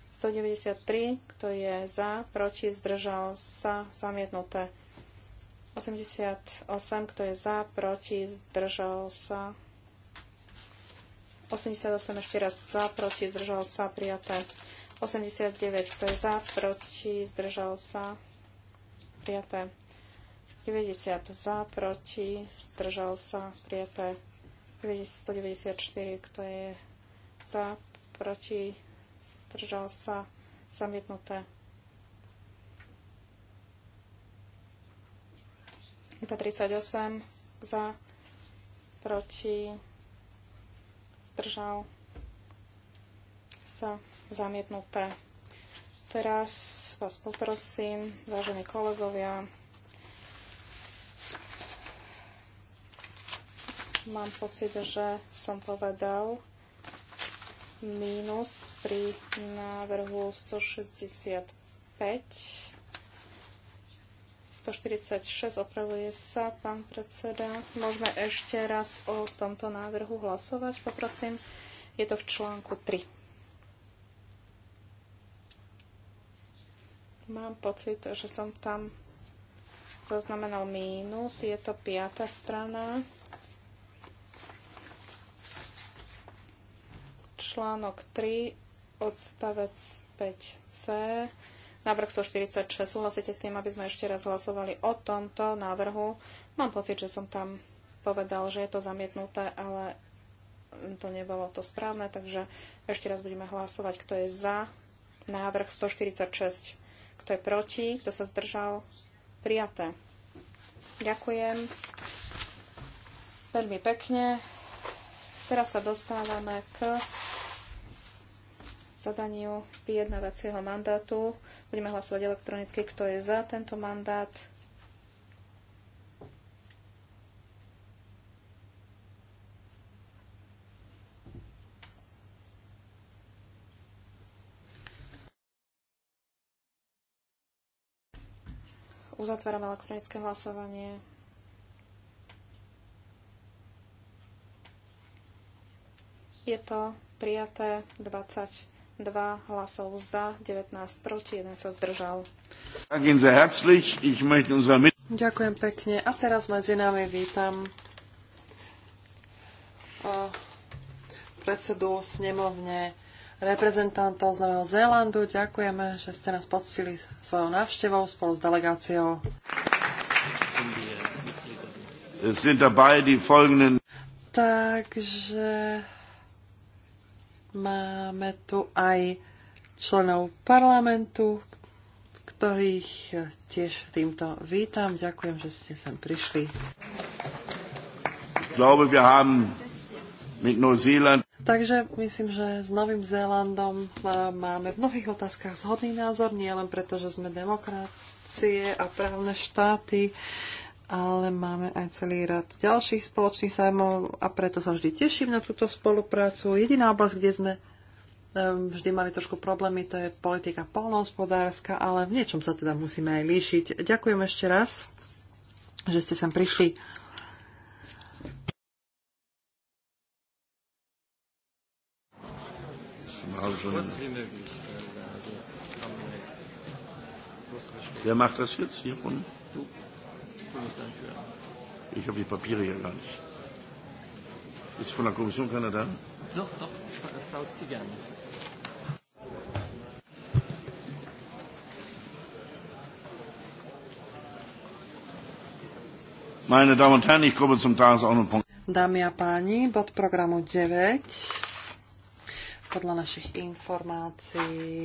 193, kto je za, proti, zdržal sa, zamietnuté. 88, kto je za, proti, zdržal sa, 88 ešte raz za, proti, zdržal sa, prijaté. 89, kto je za, proti, zdržal sa, prijaté. 90 za, proti, zdržal sa, prijaté. 194, kto je za, proti, zdržal sa, zamietnuté. Iba 38 za, proti, zdržal sa zamietnuté. Teraz vás poprosím, vážení kolegovia, mám pocit, že som povedal mínus pri návrhu 165 146 opravuje sa pán predseda. Môžeme ešte raz o tomto návrhu hlasovať, poprosím. Je to v článku 3. Mám pocit, že som tam zaznamenal mínus. Je to piata strana. Článok 3, odstavec 5c Návrh 146. Súhlasíte s tým, aby sme ešte raz hlasovali o tomto návrhu? Mám pocit, že som tam povedal, že je to zamietnuté, ale to nebolo to správne, takže ešte raz budeme hlasovať, kto je za návrh 146, kto je proti, kto sa zdržal, prijaté. Ďakujem veľmi pekne. Teraz sa dostávame k zadaniu vyjednávacieho mandátu. Budeme hlasovať elektronicky, kto je za tento mandát. Uzatváram elektronické hlasovanie. Je to prijaté 20 2 hlasov za, 19 proti, 1 sa zdržal. Ďakujem pekne. A teraz medzi nami vítam e, predsedu snemovne reprezentantov z Nového Zélandu. Ďakujeme, že ste nás poctili svojou návštevou spolu s delegáciou. Takže Máme tu aj členov parlamentu, ktorých tiež týmto vítam. Ďakujem, že ste sem prišli. Takže myslím, že s Novým Zélandom eh, máme v mnohých otázkach zhodný názor, nie len preto, že sme demokracie a právne štáty, ale máme aj celý rad ďalších spoločných sajmov a preto sa vždy teším na túto spoluprácu. Jediná oblasť, kde sme ehm, vždy mali trošku problémy, to je politika polnohospodárska, ale v niečom sa teda musíme aj líšiť. Ďakujem ešte raz, že ste sem prišli. Wer macht das jetzt hier von? Ich habe die Papiere hier gar nicht. Ist von der Kommission keiner da? Doch, doch, äh, Frau Zigan. Meine Damen und Herren, ich komme zum Tagesordnungspunkt. Dámy a páni, bod programu 9. Podľa našich informácií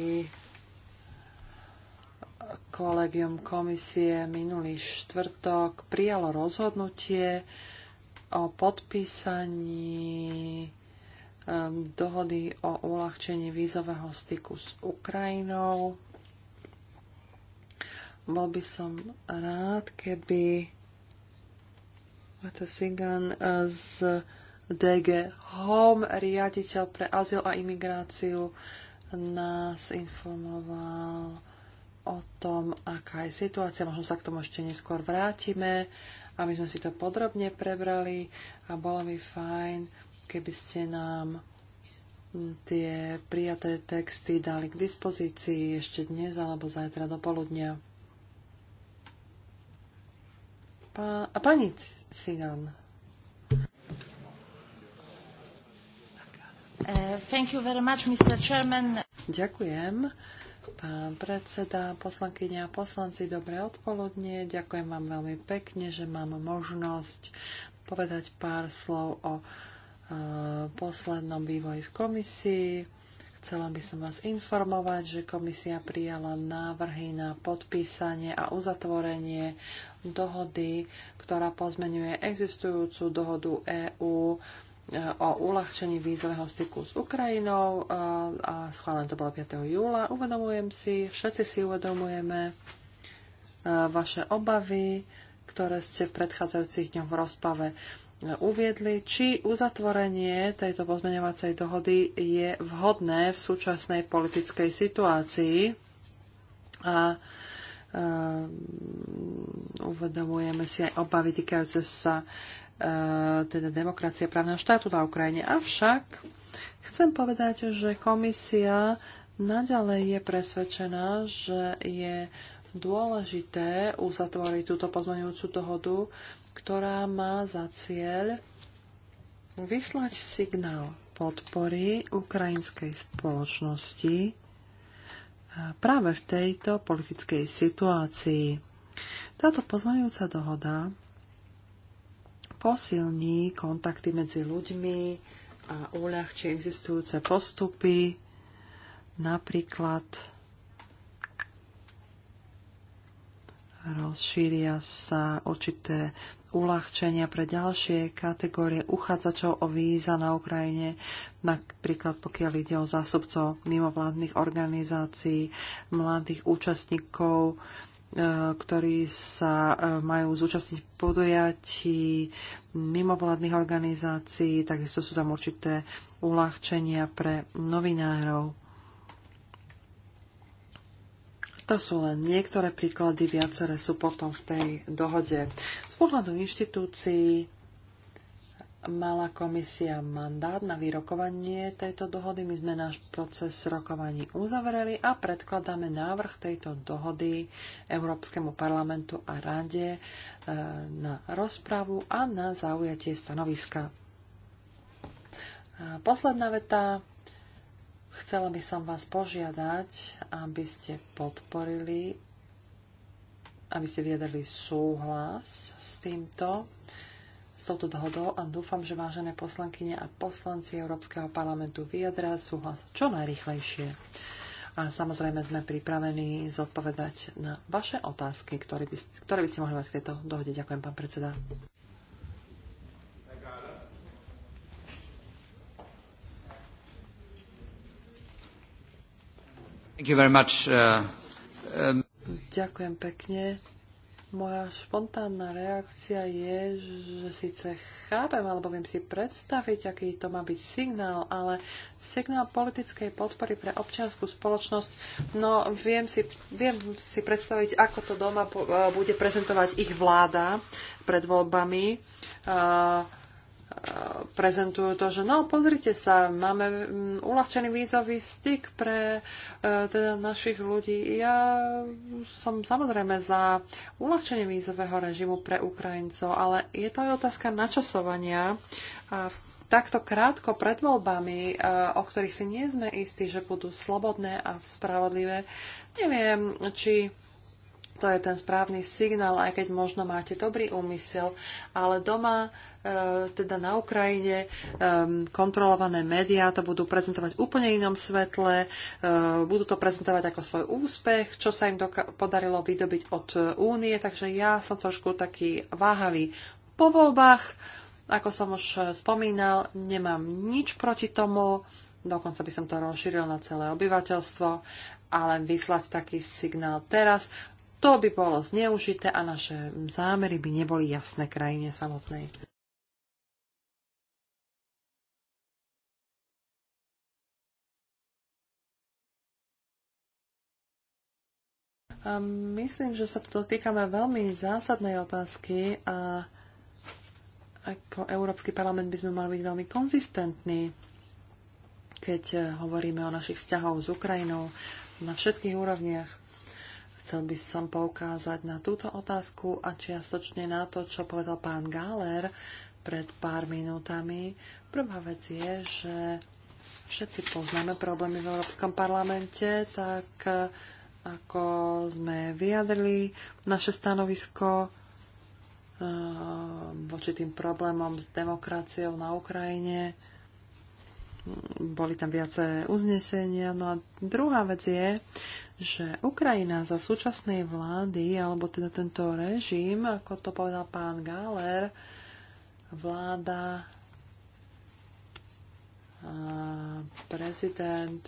kolegium komisie minulý štvrtok prijalo rozhodnutie o podpísaní ehm, dohody o uľahčení vízového styku s Ukrajinou. Bol by som rád, keby Mata Sigan e, z DG Home, riaditeľ pre azyl a imigráciu, nás informoval o tom, aká je situácia. Možno sa k tomu ešte neskôr vrátime, aby sme si to podrobne prebrali a bolo by fajn, keby ste nám tie prijaté texty dali k dispozícii ešte dnes alebo zajtra do poludnia. Pa, A pani Cigan. Uh, eh, much, Ďakujem pán predseda, poslankyňa a poslanci, dobré odpoludne. Ďakujem vám veľmi pekne, že mám možnosť povedať pár slov o e, poslednom vývoji v komisii. Chcela by som vás informovať, že komisia prijala návrhy na podpísanie a uzatvorenie dohody, ktorá pozmenuje existujúcu dohodu EÚ Eh, o uľahčení vízového styku s Ukrajinou eh, a schválené to bolo 5. júla. Uvedomujem si, všetci si uvedomujeme eh, vaše obavy, ktoré ste v predchádzajúcich dňoch v rozpave uviedli, či uzatvorenie tejto pozmeňovacej dohody je vhodné v súčasnej politickej situácii. A uvedomujeme si aj obavy týkajúce sa E, teda demokracie právneho štátu na Ukrajine. Avšak chcem povedať, že komisia naďalej je presvedčená, že je dôležité uzatvoriť túto pozmeňujúcu dohodu, ktorá má za cieľ vyslať signál podpory ukrajinskej spoločnosti práve v tejto politickej situácii. Táto pozmeňujúca dohoda posilní kontakty medzi ľuďmi a uľahčí existujúce postupy, napríklad rozšíria sa určité uľahčenia pre ďalšie kategórie uchádzačov o víza na Ukrajine, napríklad pokiaľ ide o zásobcov mimovládnych organizácií, mladých účastníkov E, ktorí sa e, majú zúčastniť podujatí mimovládnych organizácií, takisto sú tam určité uľahčenia pre novinárov. To sú len niektoré príklady, viaceré sú potom v tej dohode. Z pohľadu inštitúcií mala komisia mandát na vyrokovanie tejto dohody. My sme náš proces rokovaní uzavreli a predkladáme návrh tejto dohody Európskemu parlamentu a rade e, na rozpravu a na zaujatie stanoviska. E, posledná veta. Chcela by som vás požiadať, aby ste podporili, aby ste vyjadrili súhlas s týmto s touto dohodou a dúfam, že vážené poslankyne a poslanci Európskeho parlamentu vyjadra súhlas čo najrychlejšie. A samozrejme sme pripravení zodpovedať na vaše otázky, ktoré by, ktoré by ste mohli mať k tejto dohode. Ďakujem, pán predseda. Thank you very much. Uh, um... Ďakujem pekne. Moja spontánna reakcia je, že síce chápem alebo viem si predstaviť, aký to má byť signál, ale signál politickej podpory pre občianskú spoločnosť, no viem si, viem si predstaviť, ako to doma eh, bude prezentovať ich vláda pred voľbami. Uh, prezentujú to, že no, pozrite sa, máme mm, uľahčený vízový styk pre e, teda našich ľudí. Ja som samozrejme za uľahčenie vízového režimu pre Ukrajincov, ale je to aj otázka načasovania. A takto krátko pred voľbami, e, o ktorých si nie sme istí, že budú slobodné a spravodlivé, neviem, či to je ten správny signál, aj keď možno máte dobrý úmysel, ale doma E, teda na Ukrajine e, kontrolované médiá to budú prezentovať v úplne inom svetle, e, budú to prezentovať ako svoj úspech, čo sa im podarilo vydobiť od únie, takže ja som trošku taký váhavý po voľbách. Ako som už spomínal, nemám nič proti tomu, dokonca by som to rozšíril na celé obyvateľstvo, ale vyslať taký signál teraz, to by bolo zneužité a naše zámery by neboli jasné krajine samotnej. Myslím, že sa tu dotýkame veľmi zásadnej otázky a ako Európsky parlament by sme mali byť veľmi konzistentní, keď hovoríme o našich vzťahov s Ukrajinou na všetkých úrovniach. Chcel by som poukázať na túto otázku a čiastočne na to, čo povedal pán Gáler pred pár minútami. Prvá vec je, že všetci poznáme problémy v Európskom parlamente, tak ako sme vyjadrili naše stanovisko eh, voči tým problémom s demokraciou na Ukrajine. Boli tam viaceré uznesenia. No a druhá vec je, že Ukrajina za súčasnej vlády, alebo teda tento režim, ako to povedal pán Gáler, vláda, eh, prezident,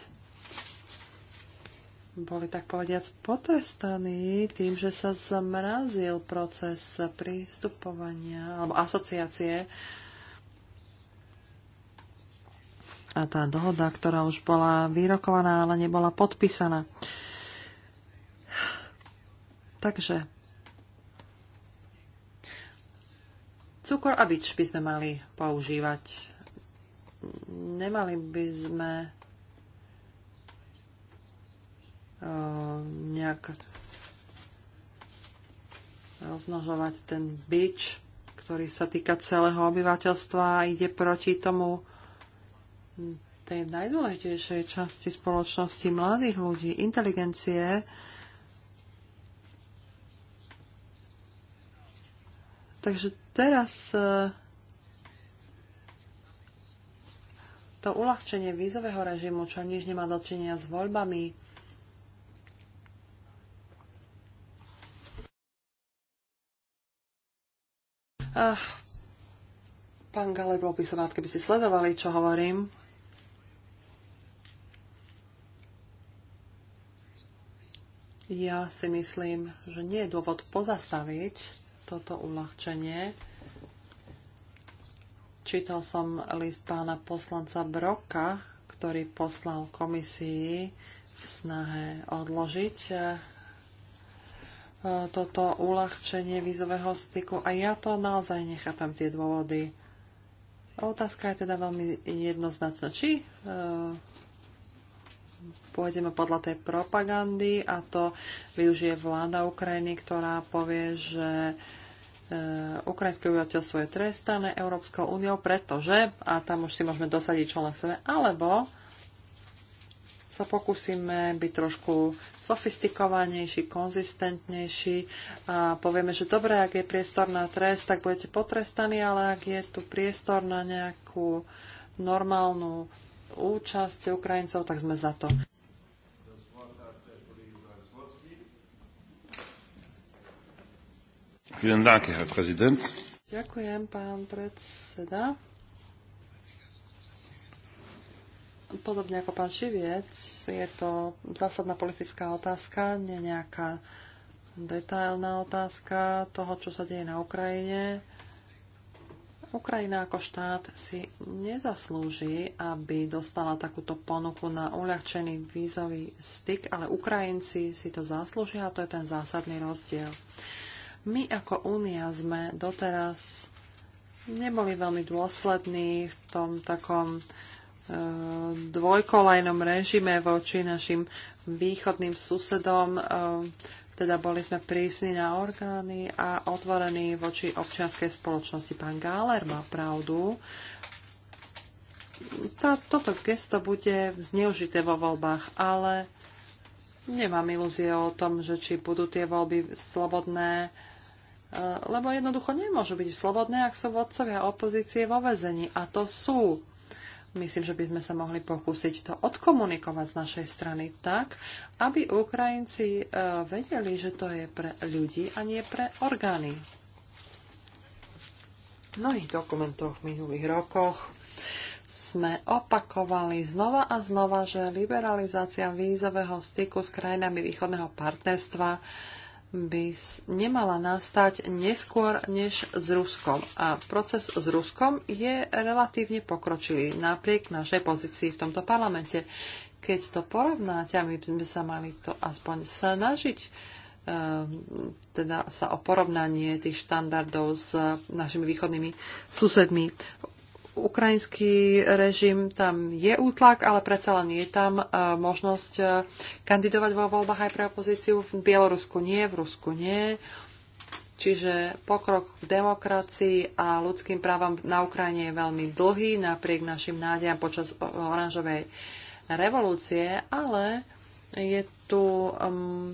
boli tak povediac potrestaní tým, že sa zmrazil proces prístupovania alebo asociácie. A tá dohoda, ktorá už bola vyrokovaná, ale nebola podpísaná. Takže cukor a bič by sme mali používať. Nemali by sme Ehm, nejak rozmnožovať ten bič, ktorý sa týka celého obyvateľstva a ide proti tomu tej najdôležitejšej časti spoločnosti mladých ľudí, inteligencie. Takže teraz eh, to uľahčenie vízového režimu, čo nič nemá dočinenia s voľbami, Uh, pán Galer, bol by som rád, keby ste sledovali, čo hovorím. Ja si myslím, že nie je dôvod pozastaviť toto uľahčenie. Čítal som list pána poslanca Broka, ktorý poslal komisii v snahe odložiť E, toto uľahčenie vízového styku a ja to naozaj nechápem tie dôvody. Otázka je teda veľmi jednoznačná. Či e, pôjdeme podľa tej propagandy a to využije vláda Ukrajiny, ktorá povie, že e, ukrajinské obyvateľstvo je trestané Európskou úniou, pretože, a tam už si môžeme dosadiť čo len chceme, alebo sa pokúsime byť trošku sofistikovanejší, konzistentnejší a povieme, že dobre, ak je priestor na trest, tak budete potrestaní, ale ak je tu priestor na nejakú normálnu účasť Ukrajincov, tak sme za to. Ďakujem, pán predseda. Podobne ako pán Šiviec, je to zásadná politická otázka, nie nejaká detailná otázka toho, čo sa deje na Ukrajine. Ukrajina ako štát si nezaslúži, aby dostala takúto ponuku na uľahčený vízový styk, ale Ukrajinci si to zaslúžia a to je ten zásadný rozdiel. My ako Únia sme doteraz neboli veľmi dôslední v tom takom Eh, dvojkolajnom režime voči našim východným susedom. Eh, teda boli sme prísni na orgány a otvorení voči občianskej spoločnosti. Pán Gáler má pravdu. Tá, toto gesto bude zneužité vo voľbách, ale nemám ilúzie o tom, že či budú tie voľby slobodné, eh, lebo jednoducho nemôžu byť slobodné, ak sú vodcovia opozície vo vezení. A to sú Myslím, že by sme sa mohli pokúsiť to odkomunikovať z našej strany tak, aby Ukrajinci e, vedeli, že to je pre ľudí a nie pre orgány. V mnohých dokumentoch v minulých rokoch sme opakovali znova a znova, že liberalizácia vízového styku s krajinami východného partnerstva by nemala nastať neskôr než s Ruskom. A proces s Ruskom je relatívne pokročilý napriek našej pozícii v tomto parlamente. Keď to porovnáte, a my by sme sa mali to aspoň snažiť, ehm, teda sa o porovnanie tých štandardov s našimi východnými susedmi ukrajinský režim, tam je útlak, ale predsa len je tam e, možnosť e, kandidovať vo voľbách aj pre opozíciu. V Bielorusku nie, v Rusku nie. Čiže pokrok v demokracii a ľudským právam na Ukrajine je veľmi dlhý, napriek našim nádejam počas oranžovej revolúcie, ale je tu um,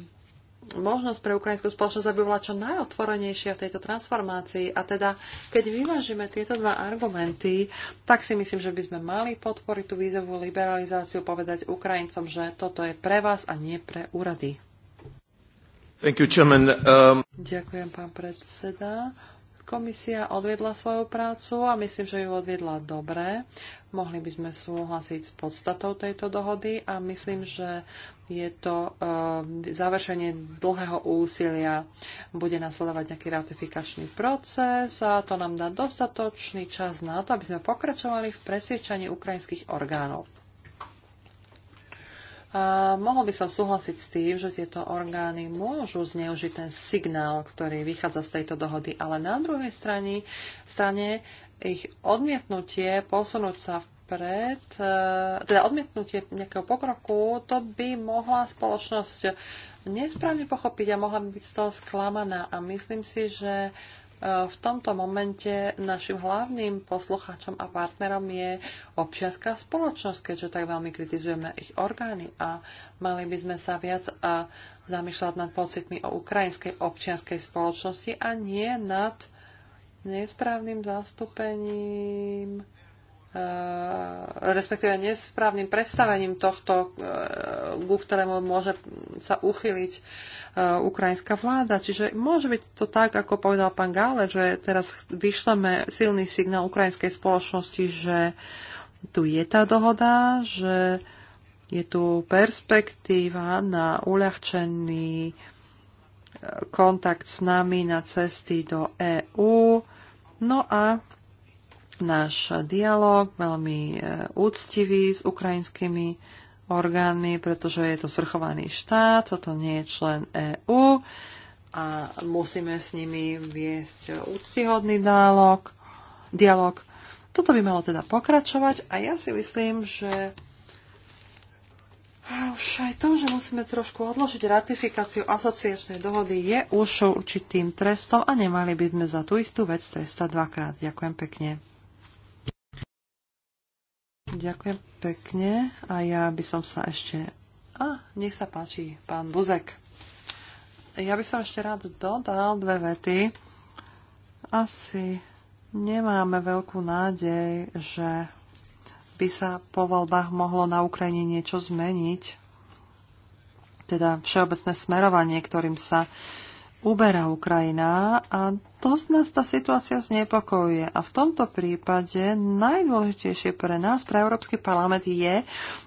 možnosť pre ukrajinskú spoločnosť, aby bola čo najotvorenejšia v tejto transformácii. A teda, keď vyvážime tieto dva argumenty, tak si myslím, že by sme mali podporiť tú výzovú liberalizáciu, povedať Ukrajincom, že toto je pre vás a nie pre úrady. Thank you, Um... Ďakujem, pán predseda. Komisia odviedla svoju prácu a myslím, že ju odviedla dobre. Mohli by sme súhlasiť s podstatou tejto dohody a myslím, že je to e, završenie dlhého úsilia. Bude nasledovať nejaký ratifikačný proces a to nám dá dostatočný čas na to, aby sme pokračovali v presvedčaní ukrajinských orgánov. A mohol by som súhlasiť s tým, že tieto orgány môžu zneužiť ten signál, ktorý vychádza z tejto dohody, ale na druhej strane, strane ich odmietnutie posunúť sa vpred, e, teda odmietnutie nejakého pokroku, to by mohla spoločnosť nesprávne pochopiť a mohla by byť z toho sklamaná. A myslím si, že e, v tomto momente našim hlavným poslucháčom a partnerom je občianská spoločnosť, keďže tak veľmi kritizujeme ich orgány a mali by sme sa viac a zamýšľať nad pocitmi o ukrajinskej občianskej spoločnosti a nie nad nesprávnym zastúpením, e, eh, respektíve nesprávnym predstavením tohto, e, ku ktorému môže sa uchyliť e, ukrajinská vláda. Čiže môže byť to tak, ako povedal pán Gále, že teraz vyšleme silný signál ukrajinskej spoločnosti, že tu je tá dohoda, že je tu perspektíva na uľahčený kontakt s nami na cesty do EÚ No a náš dialog veľmi e, úctivý s ukrajinskými orgánmi, pretože je to zvrchovaný štát, toto nie je člen EÚ a musíme s nimi viesť úctihodný dialog. dialog. Toto by malo teda pokračovať a ja si myslím, že už aj to, že musíme trošku odložiť ratifikáciu asociačnej dohody, je už určitým trestom a nemali by sme za tú istú vec trestať dvakrát. Ďakujem pekne. Ďakujem pekne a ja by som sa ešte... A, nech sa páči, pán Buzek. Ja by som ešte rád dodal dve vety. Asi nemáme veľkú nádej, že by sa po voľbách mohlo na Ukrajine niečo zmeniť, teda všeobecné smerovanie, ktorým sa uberá Ukrajina a dosť nás tá situácia znepokojuje. A v tomto prípade najdôležitejšie pre nás, pre Európsky parlament, je,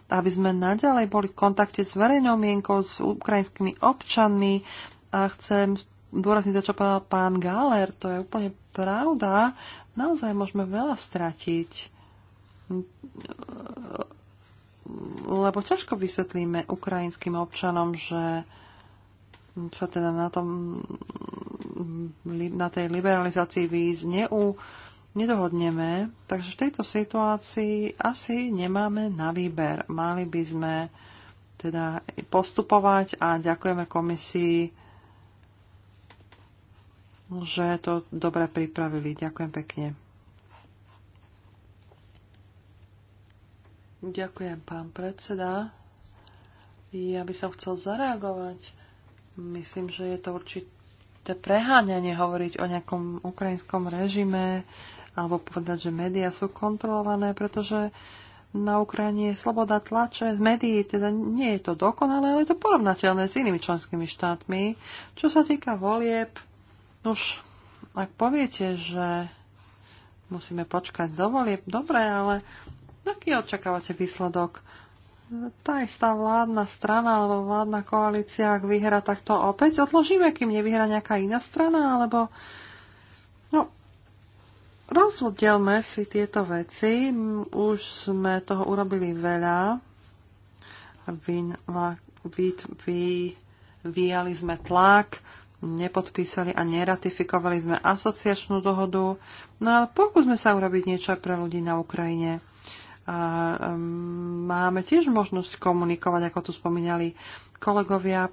aby sme naďalej boli v kontakte s verejnou mienkou, s ukrajinskými občanmi a chcem dôrazniť to, čo povedal pán Galer, to je úplne pravda. Naozaj môžeme veľa stratiť lebo ťažko vysvetlíme ukrajinským občanom, že sa teda na, tom, na tej liberalizácii víz neú, nedohodneme. Takže v tejto situácii asi nemáme na výber. Mali by sme teda postupovať a ďakujeme komisii, že to dobre pripravili. Ďakujem pekne. Ďakujem, pán predseda. Ja by som chcel zareagovať. Myslím, že je to určité preháňanie hovoriť o nejakom ukrajinskom režime alebo povedať, že médiá sú kontrolované, pretože na Ukrajine je sloboda tlače z médií, teda nie je to dokonalé, ale je to porovnateľné s inými členskými štátmi. Čo sa týka volieb, už ak poviete, že musíme počkať do volieb, dobre, ale Aký očakávate výsledok? Tá istá vládna strana alebo vládna koalícia, ak vyhra, tak to opäť odložíme, kým nevyhra nejaká iná strana, alebo... No, rozdielme si tieto veci. Už sme toho urobili veľa. vyjali sme tlak, nepodpísali a neratifikovali sme asociačnú dohodu. No ale pokúsme sa urobiť niečo pre ľudí na Ukrajine. A máme tiež možnosť komunikovať, ako tu spomínali kolegovia,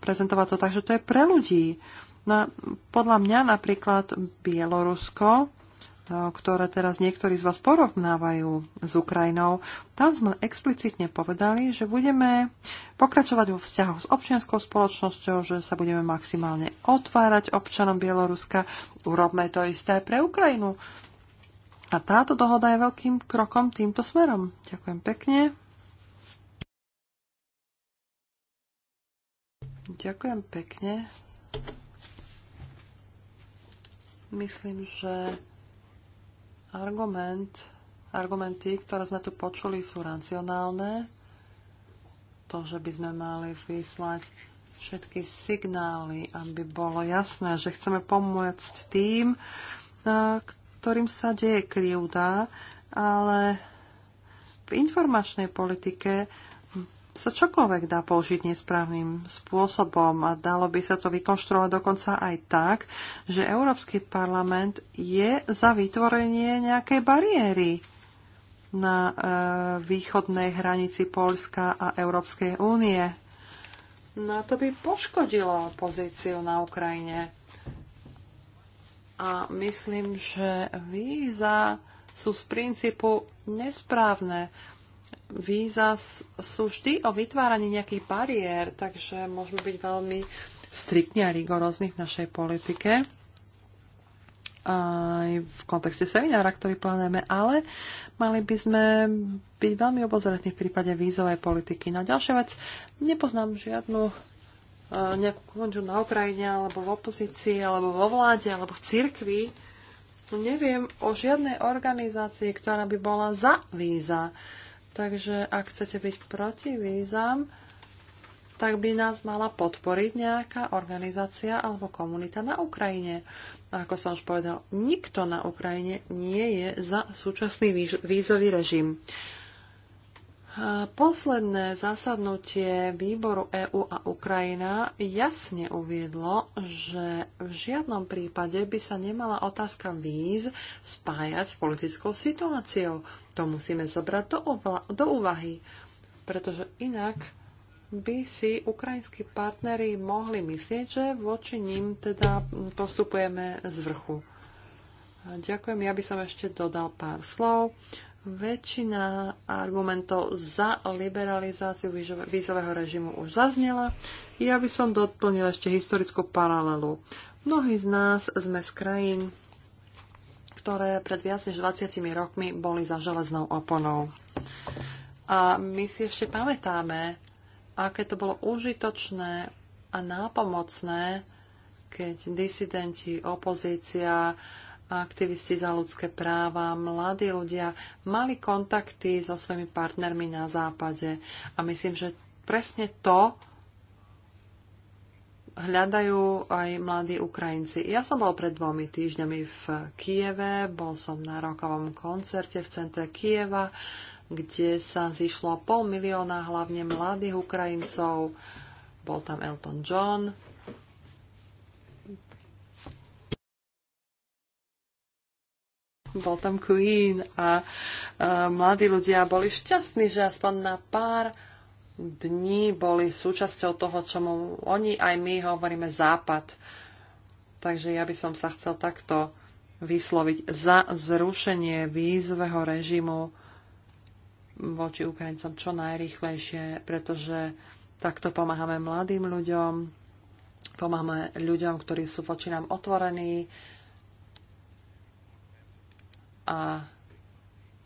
prezentovať to tak, že to je pre ľudí. No, podľa mňa napríklad Bielorusko, ktoré teraz niektorí z vás porovnávajú s Ukrajinou, tam sme explicitne povedali, že budeme pokračovať vo vzťahoch s občianskou spoločnosťou, že sa budeme maximálne otvárať občanom Bieloruska. Urobme to isté pre Ukrajinu. A táto dohoda je veľkým krokom týmto smerom. Ďakujem pekne. Ďakujem pekne. Myslím, že argument, argumenty, ktoré sme tu počuli, sú racionálne. To, že by sme mali vyslať všetky signály, aby bolo jasné, že chceme pomôcť tým, eh, ktorým sa deje krivda, ale v informačnej politike sa čokoľvek dá použiť nesprávnym spôsobom a dalo by sa to vykonštruovať dokonca aj tak, že Európsky parlament je za vytvorenie nejakej bariéry na e, východnej hranici Polska a Európskej únie. No to by poškodilo pozíciu na Ukrajine a myslím, že víza sú z princípu nesprávne. Víza sú vždy o vytváraní nejakých bariér, takže môžeme byť veľmi striktne a rigorózni v našej politike aj v kontexte seminára, ktorý plánujeme, ale mali by sme byť veľmi obozretní v prípade vízovej politiky. No ďalšia vec, nepoznám žiadnu Eh, nejakú na Ukrajine, alebo v opozícii, alebo vo vláde, alebo v cirkvi, no neviem o žiadnej organizácii, ktorá by bola za víza. Takže ak chcete byť proti vízam, tak by nás mala podporiť nejaká organizácia alebo komunita na Ukrajine. A ako som už povedal, nikto na Ukrajine nie je za súčasný vízový režim. Posledné zasadnutie výboru EÚ a Ukrajina jasne uviedlo, že v žiadnom prípade by sa nemala otázka víz spájať s politickou situáciou. To musíme zobrať do, do úvahy, pretože inak by si ukrajinskí partneri mohli myslieť, že voči ním teda postupujeme z vrchu. Ďakujem, ja by som ešte dodal pár slov. Väčšina argumentov za liberalizáciu vízového režimu už zaznela. Ja by som doplnila ešte historickú paralelu. Mnohí z nás sme z krajín, ktoré pred viac než 20 rokmi boli za železnou oponou. A my si ešte pamätáme, aké to bolo užitočné a nápomocné, keď disidenti, opozícia, aktivisti za ľudské práva, mladí ľudia mali kontakty so svojimi partnermi na západe. A myslím, že presne to hľadajú aj mladí Ukrajinci. Ja som bol pred dvomi týždňami v Kieve, bol som na rokovom koncerte v centre Kieva, kde sa zišlo pol milióna hlavne mladých Ukrajincov. Bol tam Elton John, bol tam Queen a e, mladí ľudia boli šťastní, že aspoň na pár dní boli súčasťou toho, čo mu oni aj my hovoríme západ. Takže ja by som sa chcel takto vysloviť za zrušenie výzveho režimu voči Ukrajincom čo najrýchlejšie, pretože takto pomáhame mladým ľuďom, pomáhame ľuďom, ktorí sú voči nám otvorení, a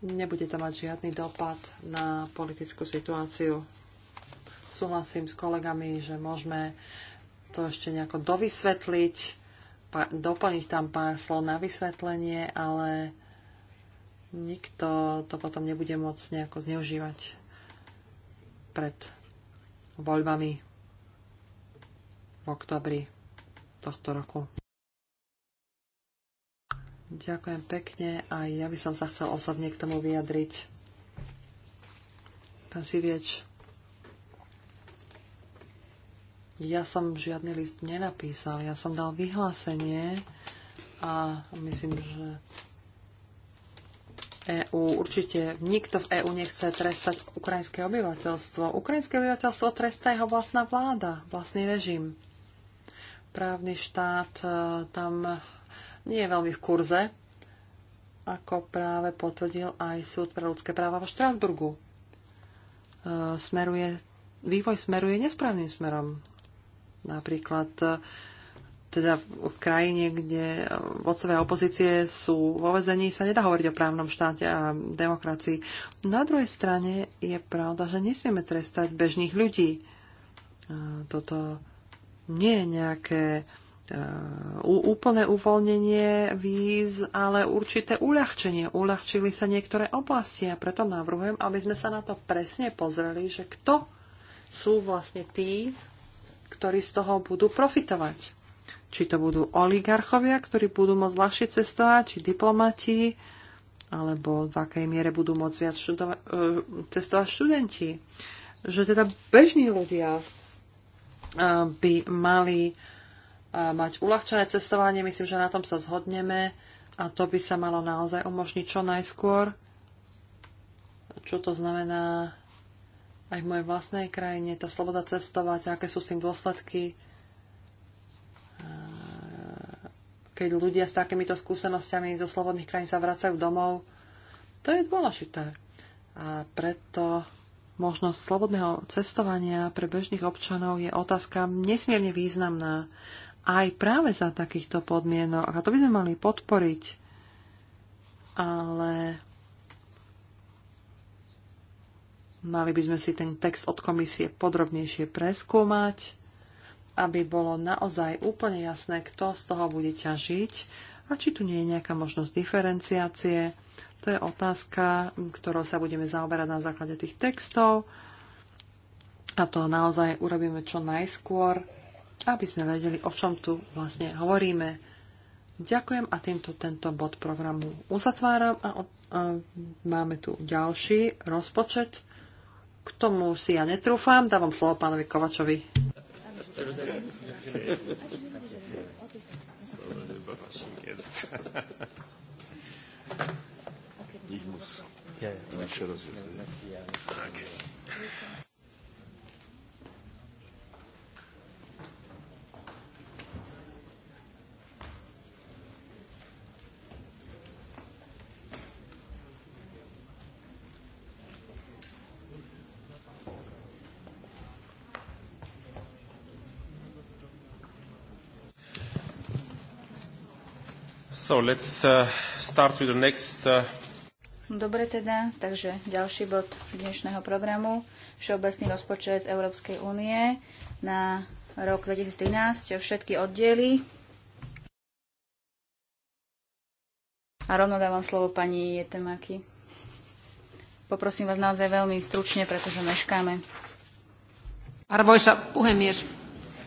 nebude to mať žiadny dopad na politickú situáciu. Súhlasím s kolegami, že môžeme to ešte nejako dovysvetliť, doplniť tam pár slov na vysvetlenie, ale nikto to potom nebude môcť nejako zneužívať pred voľbami v oktobri tohto roku. Ďakujem pekne a ja by som sa chcel osobne k tomu vyjadriť. Pán Sivieč, ja som žiadny list nenapísal, ja som dal vyhlásenie a myslím, že EU Určite nikto v EÚ nechce trestať ukrajinské obyvateľstvo. Ukrajinské obyvateľstvo trestá jeho vlastná vláda, vlastný režim. Právny štát e, tam nie je veľmi v kurze, ako práve potvrdil aj súd pre ľudské práva vo Štrásburgu. E, smeruje, vývoj smeruje nesprávnym smerom. Napríklad e, teda v krajine, kde vodcové opozície sú vo vezení, sa nedá hovoriť o právnom štáte a demokracii. Na druhej strane je pravda, že nesmieme trestať bežných ľudí. E, toto nie je nejaké úplné uvoľnenie víz, ale určité uľahčenie. Uľahčili sa niektoré oblasti a preto navrhujem, aby sme sa na to presne pozreli, že kto sú vlastne tí, ktorí z toho budú profitovať. Či to budú oligarchovia, ktorí budú môcť ľahšie cestovať, či diplomati, alebo v akej miere budú môcť viac študova- e, cestovať študenti. Že teda bežní ľudia e, by mali mať uľahčené cestovanie. Myslím, že na tom sa zhodneme a to by sa malo naozaj umožniť čo najskôr. Čo to znamená aj v mojej vlastnej krajine, tá sloboda cestovať, aké sú s tým dôsledky, keď ľudia s takýmito skúsenostiami zo slobodných krajín sa vracajú domov. To je dôležité. A preto možnosť slobodného cestovania pre bežných občanov je otázka nesmierne významná aj práve za takýchto podmienok. A to by sme mali podporiť. Ale mali by sme si ten text od komisie podrobnejšie preskúmať, aby bolo naozaj úplne jasné, kto z toho bude ťažiť a či tu nie je nejaká možnosť diferenciácie. To je otázka, ktorou sa budeme zaoberať na základe tých textov a to naozaj urobíme čo najskôr aby sme vedeli, o čom tu vlastne hovoríme. Ďakujem a týmto tento bod programu uzatváram a, o, a máme tu ďalší rozpočet. K tomu si ja netrúfam, dávam slovo pánovi Kovačovi. Ich muss. Ja, ja. So let's uh, start with the next... Uh... Dobre teda, takže ďalší bod dnešného programu. Všeobecný rozpočet Európskej únie na rok 2013, všetky oddiely. A rovno dávam slovo pani Jetemaki. Poprosím vás naozaj veľmi stručne, pretože meškáme. Arvoisa puhemies,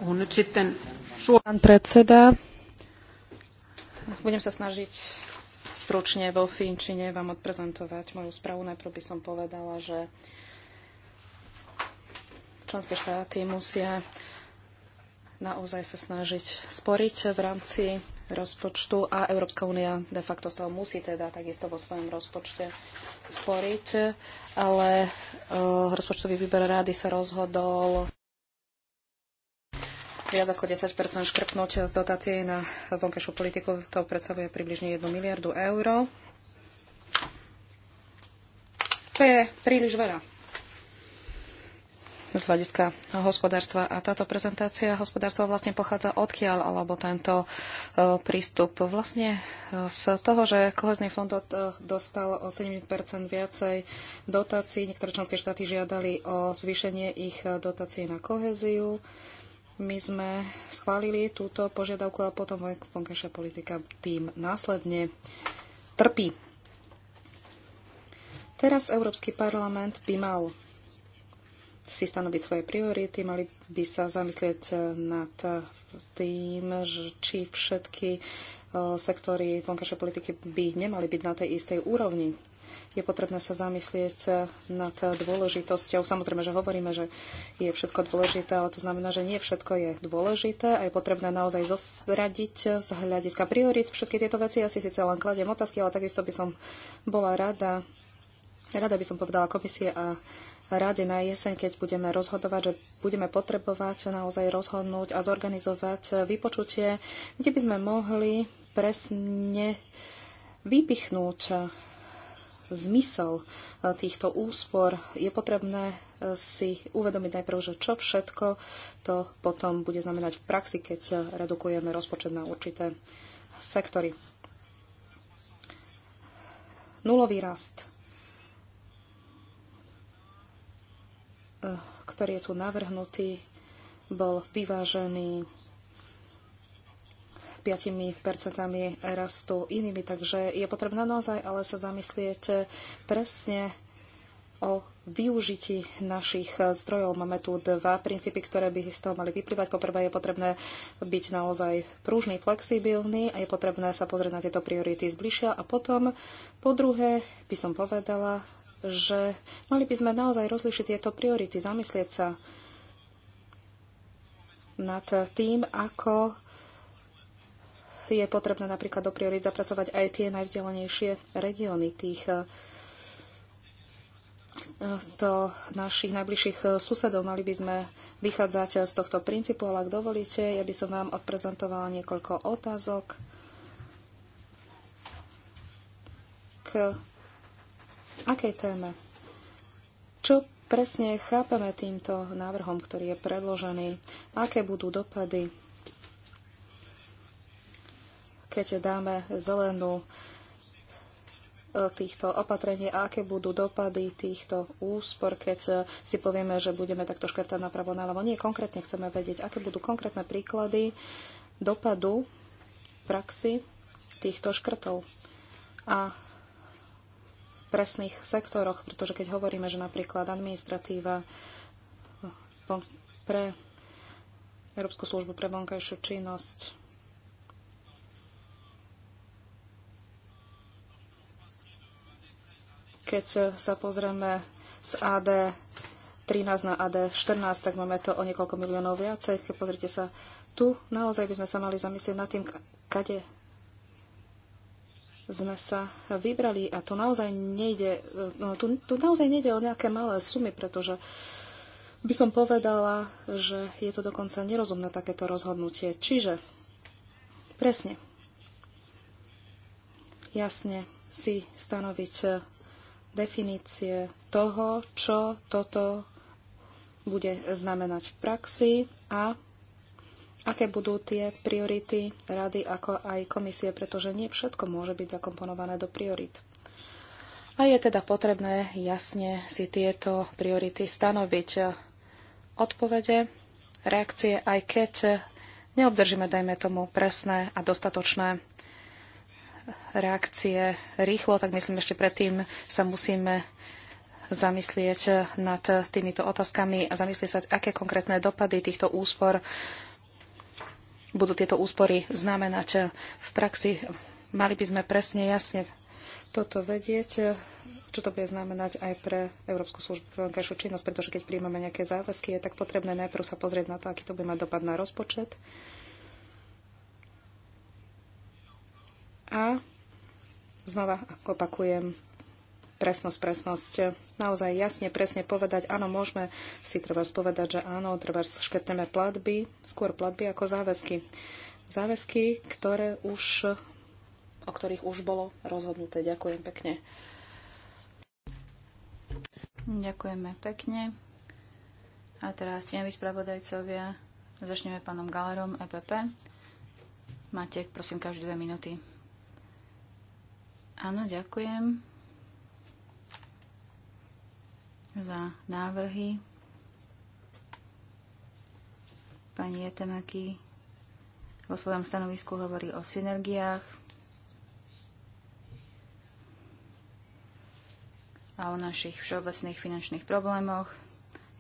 puhun nyt sitten... Pán predseda, budem sa snažiť stručne vo Finčine vám odprezentovať moju správu. Najprv by som povedala, že členské štáty musia naozaj sa snažiť sporiť v rámci rozpočtu a Európska únia de facto z toho musí teda takisto vo svojom rozpočte sporiť, ale eh, rozpočtový výber rády sa rozhodol viac ako 10 škrtnúť z dotácie na vonkajšiu politiku. To predstavuje približne 1 miliardu eur. To je príliš veľa z hľadiska hospodárstva. A táto prezentácia hospodárstva vlastne pochádza odkiaľ, alebo tento e, prístup vlastne e, z toho, že kohezný fond e, dostal o 7 viacej dotácií. Niektoré členské štáty žiadali o zvýšenie ich dotácií na koheziu my sme schválili túto požiadavku a potom vonkajšia politika tým následne trpí. Teraz Európsky parlament by mal si stanoviť svoje priority, mali by sa zamyslieť e, nad tým, či všetky e, sektory vonkajšej politiky by nemali byť na tej istej úrovni je potrebné sa zamyslieť eh, nad dôležitosťou. Samozrejme, že hovoríme, že je všetko dôležité, ale to znamená, že nie všetko je dôležité a je potrebné naozaj zosradiť eh, z hľadiska priorit všetky tieto veci. Ja si síce len kladiem otázky, ale takisto by som bola rada, rada by som povedala komisie a rade na jeseň, keď budeme rozhodovať, že budeme potrebovať naozaj rozhodnúť a zorganizovať eh, vypočutie, kde by sme mohli presne vypichnúť zmysel e, týchto úspor, je potrebné e, si uvedomiť najprv, že čo všetko to potom bude znamenať v praxi, keď e, redukujeme rozpočet na určité sektory. Nulový rast, ktorý je tu navrhnutý, bol vyvážený 5% rastú inými. Takže je potrebné naozaj ale sa zamyslieť presne o využití našich zdrojov. Máme tu dva princípy, ktoré by z toho mali vyplývať. Poprvé je potrebné byť naozaj pružný, flexibilný a je potrebné sa pozrieť na tieto priority zbližšia. A potom, po druhé, by som povedala, že mali by sme naozaj rozlišiť tieto priority, zamyslieť sa nad tým, ako je potrebné napríklad do priorit zapracovať aj tie najvzdelenejšie regióny tých eh, to našich najbližších susedov. Mali by sme vychádzať z tohto princípu, ale ak dovolíte, ja by som vám odprezentovala niekoľko otázok k akej téme. Čo presne chápeme týmto návrhom, ktorý je predložený? Aké budú dopady keď dáme zelenú e, týchto opatrení a aké budú dopady týchto úspor, keď e, si povieme, že budeme takto škrtať napravo naľavo. Nie, konkrétne chceme vedieť, aké budú konkrétne príklady dopadu praxi týchto škrtov a presných sektoroch, pretože keď hovoríme, že napríklad administratíva e, pre Európsku službu pre vonkajšiu činnosť Keď sa pozrieme z AD 13 na AD 14, tak máme to o niekoľko miliónov viacej. Keď pozrite sa tu, naozaj by sme sa mali zamyslieť nad tým, kade sme sa vybrali a tu naozaj nejde, no, tu, tu naozaj nejde o nejaké malé sumy, pretože by som povedala, že je to dokonca nerozumné takéto rozhodnutie. Čiže presne, jasne si stanoviť definície toho, čo toto bude znamenať v praxi a aké budú tie priority rady ako aj komisie, pretože nie všetko môže byť zakomponované do priorit. A je teda potrebné jasne si tieto priority stanoviť. Odpovede, reakcie, aj keď neobdržíme, dajme tomu, presné a dostatočné reakcie rýchlo, tak myslím, ešte predtým sa musíme zamyslieť nad týmito otázkami a zamyslieť sa, aké konkrétne dopady týchto úspor budú tieto úspory znamenať v praxi. Mali by sme presne, jasne toto vedieť, čo to bude znamenať aj pre Európsku službu pre vonkajšiu činnosť, pretože keď príjmame nejaké záväzky, je tak potrebné najprv sa pozrieť na to, aký to bude mať dopad na rozpočet. A Znova opakujem, presnosť, presnosť. Naozaj jasne, presne povedať, áno, môžeme si treba povedať, že áno, treba škrtneme platby, skôr platby ako záväzky. Záväzky, ktoré už, o ktorých už bolo rozhodnuté. Ďakujem pekne. Ďakujeme pekne. A teraz tieňoví spravodajcovia. Začneme pánom Galerom EPP. Máte, prosím, každé dve minúty. Áno, ďakujem za návrhy. Pani Jetemaki vo svojom stanovisku hovorí o synergiách a o našich všeobecných finančných problémoch.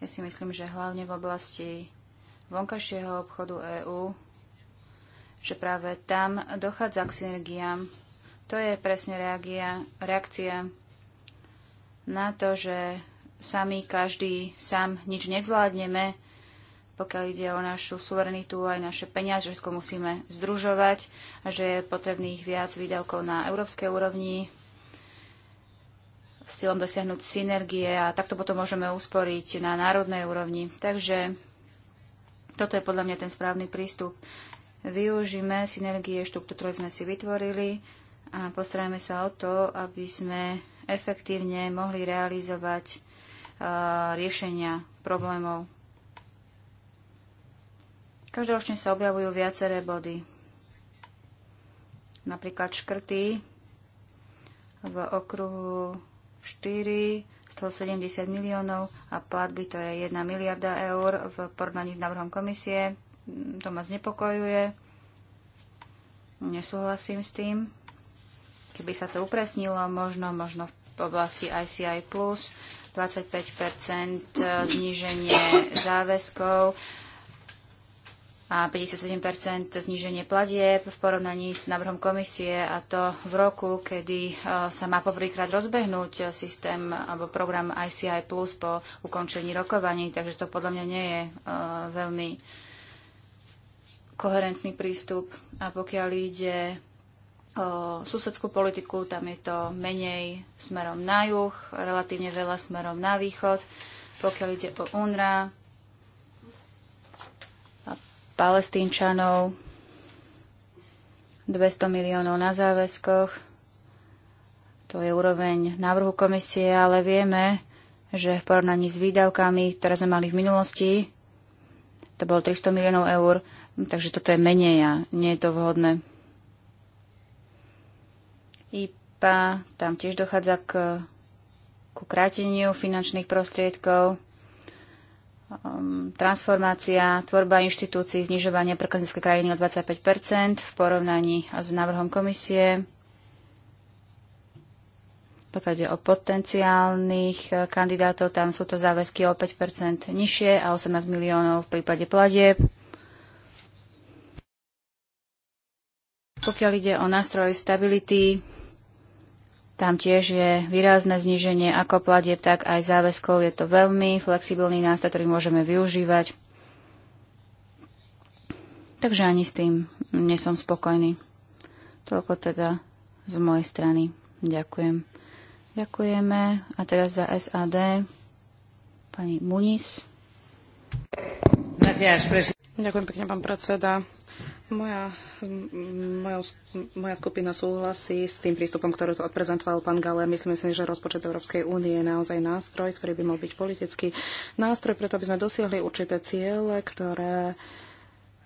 Ja si myslím, že hlavne v oblasti vonkajšieho obchodu EÚ, že práve tam dochádza k synergiám to je presne reagia, reakcia na to, že sami každý sám nič nezvládneme, pokiaľ ide o našu suverenitu aj naše peniaze, že všetko musíme združovať a že je potrebných viac výdavkov na európskej úrovni s cieľom dosiahnuť synergie a takto potom môžeme usporiť na národnej úrovni. Takže toto je podľa mňa ten správny prístup. Využíme synergie štruktúr, ktoré sme si vytvorili, a postarajme sa o to, aby sme efektívne mohli realizovať uh, riešenia problémov. Každoročne sa objavujú viaceré body. Napríklad škrty v okruhu 4, 170 miliónov a platby to je 1 miliarda eur v porovnaní s návrhom komisie. Mm, to ma znepokojuje. Nesúhlasím s tým. Keby sa to upresnilo, možno, možno v oblasti ICI+, 25 eh, zníženie záväzkov a 57 zníženie platieb v porovnaní s návrhom komisie a to v roku, kedy eh, sa má poprvýkrát rozbehnúť eh, systém alebo program ICI Plus po ukončení rokovaní, takže to podľa mňa nie je veľmi koherentný prístup. A pokiaľ ide susedskú politiku, tam je to menej smerom na juh, relatívne veľa smerom na východ. Pokiaľ ide o UNRA a palestínčanov, 200 miliónov na záväzkoch, to je úroveň návrhu komisie, ale vieme, že v porovnaní s výdavkami, ktoré sme mali v minulosti, to bolo 300 miliónov eur, takže toto je menej a nie je to vhodné. IPA, tam tiež dochádza k, k kráteniu finančných prostriedkov, um, transformácia, tvorba inštitúcií, znižovanie prekladnické krajiny o 25 v porovnaní s návrhom komisie, pokiaľ ide o potenciálnych eh, kandidátov, tam sú to záväzky o 5 nižšie a 18 miliónov v prípade platieb. Pokiaľ ide o nástroj stability, tam tiež je výrazné zníženie ako platieb, tak aj záväzkov. Je to veľmi flexibilný nástroj, ktorý môžeme využívať. Takže ani s tým nesom som spokojný. Toľko teda z mojej strany. Ďakujem. Ďakujeme. A teraz za SAD pani Muniz. Ďakujem pekne, pán predseda. Moja, moja, moja skupina súhlasí s tým prístupom, ktorý tu odprezentoval pán Gale. Myslím si, že rozpočet Európskej únie je naozaj nástroj, ktorý by mal byť politický nástroj, preto aby sme dosiahli určité ciele, ktoré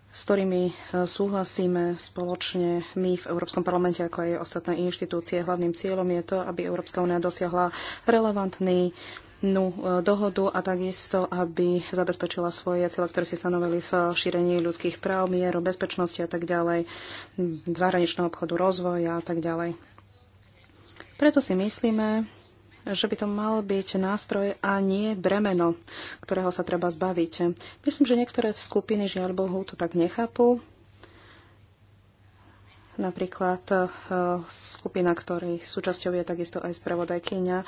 s ktorými e, súhlasíme spoločne my v Európskom parlamente, ako aj ostatné inštitúcie. Hlavným cieľom je to, aby Európska únia dosiahla relevantný E, dohodu a takisto, aby zabezpečila svoje cieľe, ktoré si stanovili v šírení ľudských práv, mieru, bezpečnosti a tak ďalej, zahraničného obchodu, rozvoja a tak ďalej. Preto si myslíme, že by to mal byť nástroj a nie bremeno, ktorého sa treba zbaviť. Myslím, že niektoré skupiny, žiaľ Bohu, to tak nechápu Napríklad eh, skupina, ktorej súčasťou je takisto aj spravodajkyňa, eh,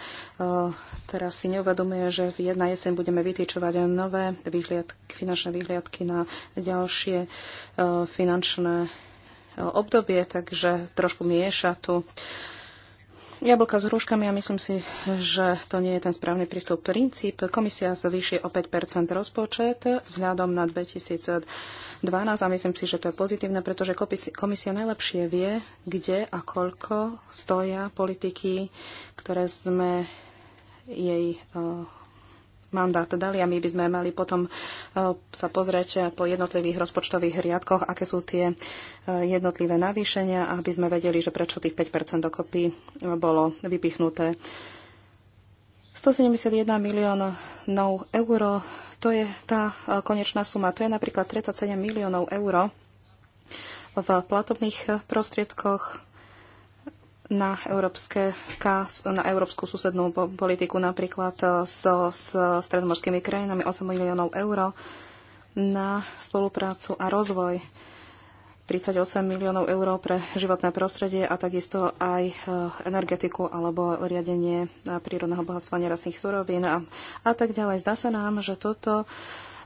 teraz si neuvedomuje, že v jedna jeseň budeme vytýčovať nové vyhliadky, finančné vyhliadky na ďalšie eh, finančné obdobie, takže trošku mieša tu jablka s hruškami a myslím si, že to nie je ten správny prístup. Princíp komisia zvýši o 5 rozpočet vzhľadom na 2000 12 a myslím si, že to je pozitívne, pretože komisia najlepšie vie, kde a koľko stoja politiky, ktoré sme jej eh, mandát dali a my by sme mali potom eh, sa pozrieť po jednotlivých rozpočtových riadkoch, aké sú tie eh, jednotlivé navýšenia, aby sme vedeli, že prečo tých 5% dokopy bolo vypichnuté 171 miliónov eur, to je tá e, konečná suma. To je napríklad 37 miliónov eur v platobných prostriedkoch na, európske, na európsku susednú politiku, napríklad e, so, s stredomorskými krajinami 8 miliónov eur na spoluprácu a rozvoj 38 miliónov eur pre životné prostredie a takisto aj e, energetiku alebo riadenie e, prírodného bohatstva nerastných surovín a, a tak ďalej. Zdá sa nám, že toto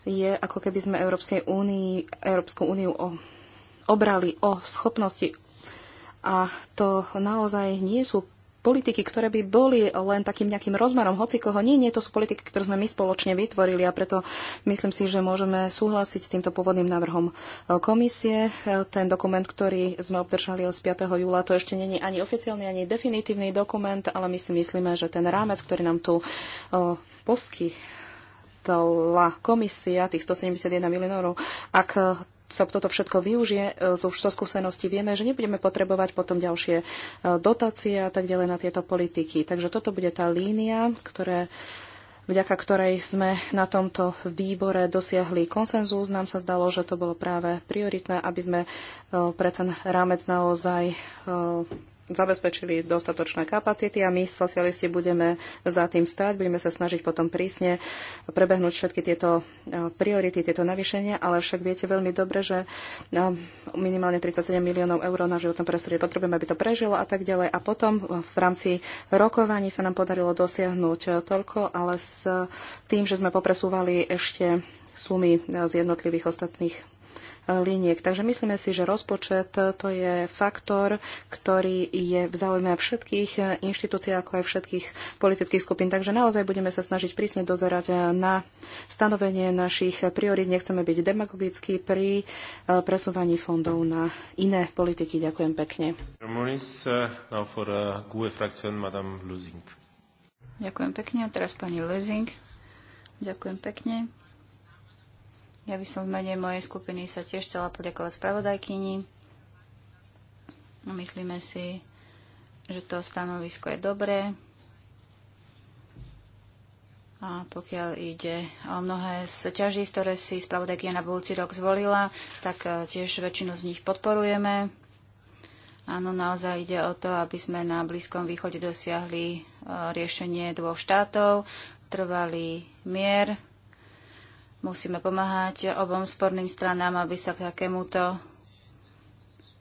je ako keby sme Európskej únii, Európsku úniu o, obrali o schopnosti a to naozaj nie sú politiky, ktoré by boli len takým nejakým rozmerom hoci koho. Nie, nie, to sú politiky, ktoré sme my spoločne vytvorili a preto myslím si, že môžeme súhlasiť s týmto pôvodným návrhom komisie. Ten dokument, ktorý sme obdržali od 5. júla, to ešte není ani oficiálny, ani definitívny dokument, ale my si myslíme, že ten rámec, ktorý nám tu posky komisia tých 171 miliónov, ak sa toto všetko využije e, zo so skúseností, vieme, že nebudeme potrebovať potom ďalšie e, dotácie a tak ďalej na tieto politiky. Takže toto bude tá línia, ktoré vďaka ktorej sme na tomto výbore dosiahli konsenzus. Nám sa zdalo, že to bolo práve prioritné, aby sme e, pre ten rámec naozaj zabezpečili dostatočné kapacity a my, socialisti, budeme za tým stať, budeme sa snažiť potom prísne prebehnúť všetky tieto e, priority, tieto navýšenia, ale však viete veľmi dobre, že e, minimálne 37 miliónov eur na životnom prostredí potrebujeme, aby to prežilo a tak ďalej. A potom e, v rámci rokovaní sa nám podarilo dosiahnuť toľko, ale s tým, že sme popresúvali ešte sumy z jednotlivých ostatných liniek. Takže myslíme si, že rozpočet to je faktor, ktorý je v záujme všetkých inštitúcií, ako aj všetkých politických skupín. Takže naozaj budeme sa snažiť prísne dozerať na stanovenie našich priorít. Nechceme byť demagogickí pri eh, presúvaní fondov na iné politiky. Ďakujem pekne. Eh, eh, Ďakujem pekne. A teraz pani Lezing. Ďakujem pekne. Ja by som v mene mojej skupiny sa tiež chcela poďakovať spravodajkyni. Myslíme si, že to stanovisko je dobré. A pokiaľ ide o mnohé z ťaží, ktoré si spravodajkyňa na budúci rok zvolila, tak e, tiež väčšinu z nich podporujeme. Áno, naozaj ide o to, aby sme na Blízkom východe dosiahli e, riešenie dvoch štátov, trvalý mier Musíme pomáhať obom sporným stranám, aby sa k takémuto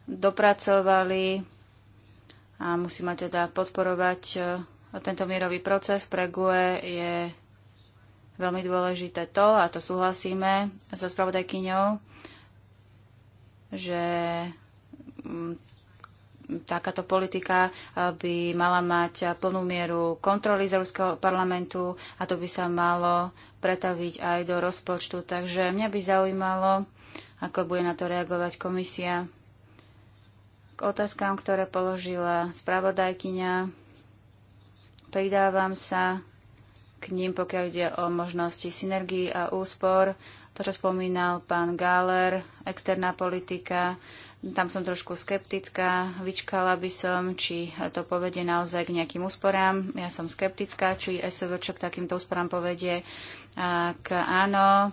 dopracovali a musíme teda podporovať e, tento mierový proces. Pre GUE je veľmi dôležité to, a to súhlasíme so spravodajkyňou, že mm, takáto politika e, by mala mať plnú mieru kontroly z Európskeho parlamentu a to by sa malo pretaviť aj do rozpočtu. Takže mňa by zaujímalo, ako bude na to reagovať komisia. K otázkám, ktoré položila spravodajkyňa, pridávam sa k ním, pokiaľ ide o možnosti synergii a úspor. To, čo spomínal pán Gáler, externá politika, tam som trošku skeptická, vyčkala by som, či to povedie naozaj k nejakým úsporám. Ja som skeptická, či SVČ k takýmto úsporám povedie. Ak áno,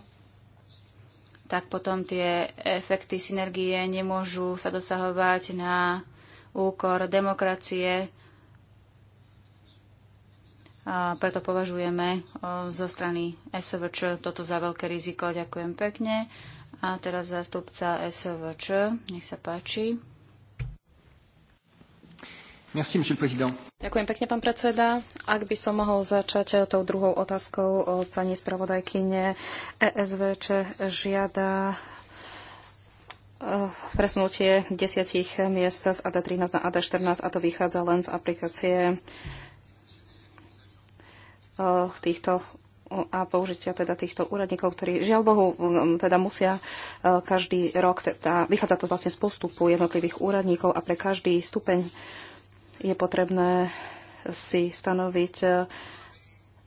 tak potom tie efekty synergie nemôžu sa dosahovať na úkor demokracie. A preto považujeme zo strany SVČ toto za veľké riziko. Ďakujem pekne. A teraz zástupca SVČ, nech sa páči. Merci, Ďakujem pekne, pán predseda. Ak by som mohol začať eh, tou druhou otázkou od pani spravodajkyne. ESVČ žiada eh, presunutie desiatich miest z AD13 na AD14 a to vychádza len z aplikácie eh, týchto a použitia teda týchto úradníkov, ktorí žiaľ Bohu um, teda musia uh, každý rok, teda, vychádza to vlastne z postupu jednotlivých úradníkov a pre každý stupeň je potrebné si stanoviť uh,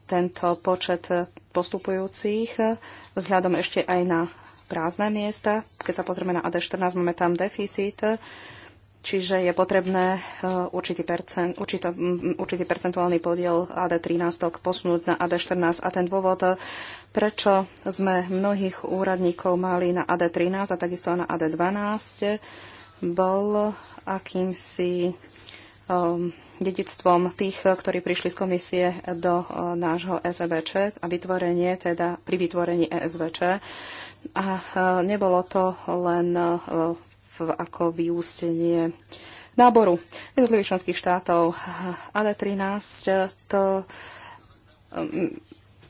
tento počet uh, postupujúcich vzhľadom ešte aj na prázdne miesta. Keď sa pozrieme na AD14, máme tam deficit Čiže je potrebné e, určitý, percent, určitý, určitý percentuálny podiel AD13 posunúť na AD14 a ten dôvod, e, prečo sme mnohých úradníkov mali na AD13 a takisto na AD12, bol akýmsi um, dedictvom tých, ktorí prišli z komisie do uh, nášho SVČ a vytvorenie, teda pri vytvorení ESVČ. A uh, nebolo to len uh, ako vyústenie náboru jednotlivých členských štátov. AD13 to mm,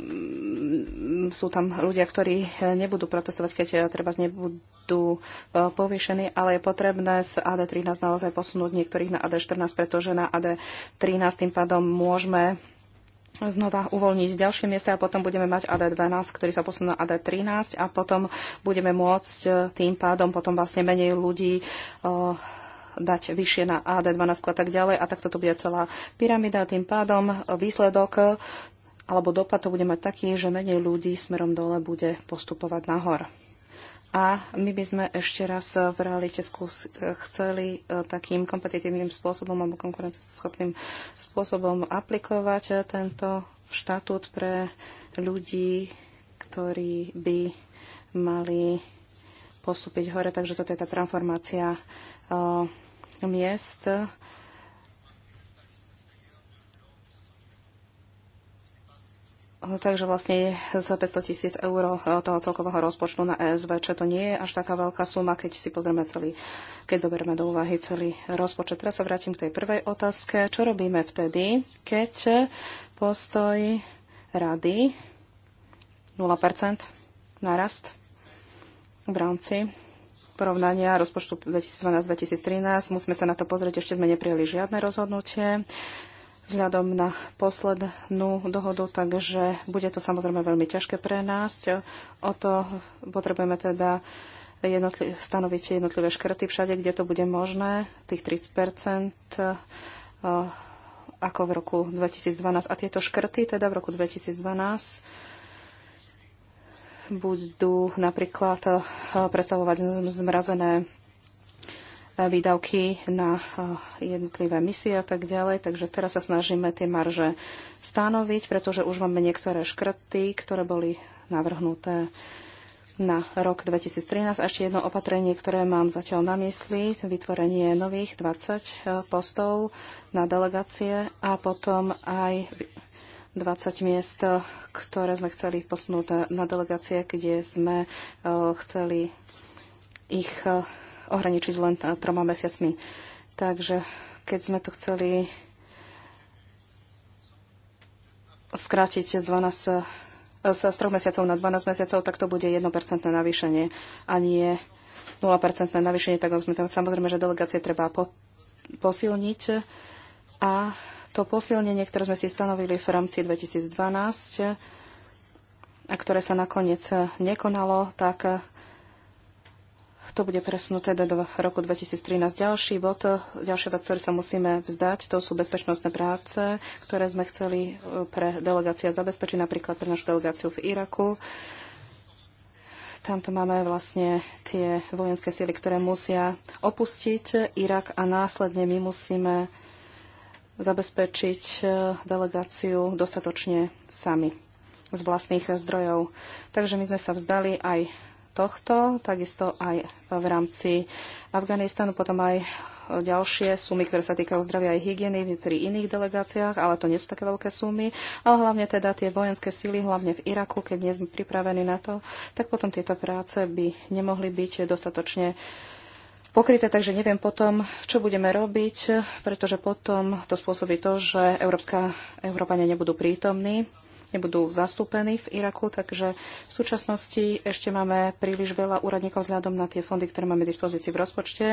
mm, sú tam ľudia, ktorí nebudú protestovať, keď eh, treba nebudú eh, povýšení, ale je potrebné z AD13 naozaj posunúť niektorých na AD14, pretože na AD13 tým pádom môžeme znova uvoľniť ďalšie miesta a potom budeme mať AD12, ktorý sa posunú na AD13 a potom budeme môcť e, tým pádom potom vlastne menej ľudí e, dať vyššie na AD12 a tak ďalej a takto to bude celá pyramída. Tým pádom e, výsledok alebo dopad to bude mať taký, že menej ľudí smerom dole bude postupovať nahor. A my by sme ešte raz v realite skús- chceli e, takým kompetitívnym spôsobom alebo konkurenceschopným spôsobom aplikovať e, tento štatút pre ľudí, ktorí by mali postúpiť hore. Takže toto je tá transformácia e, miest Takže vlastne z 500 tisíc eur e, toho celkového rozpočtu na ESV, čo to nie je až taká veľká suma, keď si pozrieme celý, keď zoberieme do úvahy celý rozpočet. Teraz sa vrátim k tej prvej otázke. Čo robíme vtedy, keď postoj rady 0% narast v rámci porovnania rozpočtu 2012-2013. Musíme sa na to pozrieť, ešte sme neprijeli žiadne rozhodnutie vzhľadom na poslednú dohodu, takže bude to samozrejme veľmi ťažké pre nás. O to potrebujeme teda jednotli- stanoviť jednotlivé škrty všade, kde to bude možné, tých 30 eh, ako v roku 2012. A tieto škrty teda v roku 2012 budú napríklad eh, predstavovať zmrazené výdavky na eh, jednotlivé misie a tak ďalej. Takže teraz sa snažíme tie marže stanoviť, pretože už máme niektoré škrty, ktoré boli navrhnuté na rok 2013. A ešte jedno opatrenie, ktoré mám zatiaľ na mysli, vytvorenie nových 20 eh, postov na delegácie a potom aj 20 miest, ktoré sme chceli posunúť na delegácie, kde sme eh, chceli ich ohraničiť len troma mesiacmi. Takže keď sme to chceli skrátiť z 12 z, 3 mesiacov na 12 mesiacov, tak to bude 1% navýšenie a nie 0% navýšenie, tak sme tam samozrejme, že delegácie treba po, posilniť a to posilnenie, ktoré sme si stanovili v rámci 2012, a ktoré sa nakoniec nekonalo, tak to bude presunuté do roku 2013. Ďalší bod, ďalšia vec, ktoré sa musíme vzdať, to sú bezpečnostné práce, ktoré sme chceli e, pre delegácia zabezpečiť, napríklad pre našu delegáciu v Iraku. Tamto máme vlastne tie vojenské sily, ktoré musia opustiť Irak a následne my musíme zabezpečiť e, delegáciu dostatočne sami z vlastných zdrojov. Takže my sme sa vzdali aj tohto, takisto aj v rámci Afganistanu, potom aj ďalšie sumy, ktoré sa týkajú zdravia aj hygieny pri iných delegáciách, ale to nie sú také veľké sumy. Ale hlavne teda tie vojenské síly, hlavne v Iraku, keď nie sme pripravení na to, tak potom tieto práce by nemohli byť dostatočne pokryté, takže neviem potom, čo budeme robiť, pretože potom to spôsobí to, že Európska, Európania nebudú prítomní nebudú zastúpení v Iraku, takže v súčasnosti ešte máme príliš veľa úradníkov vzhľadom na tie fondy, ktoré máme v dispozícii v rozpočte.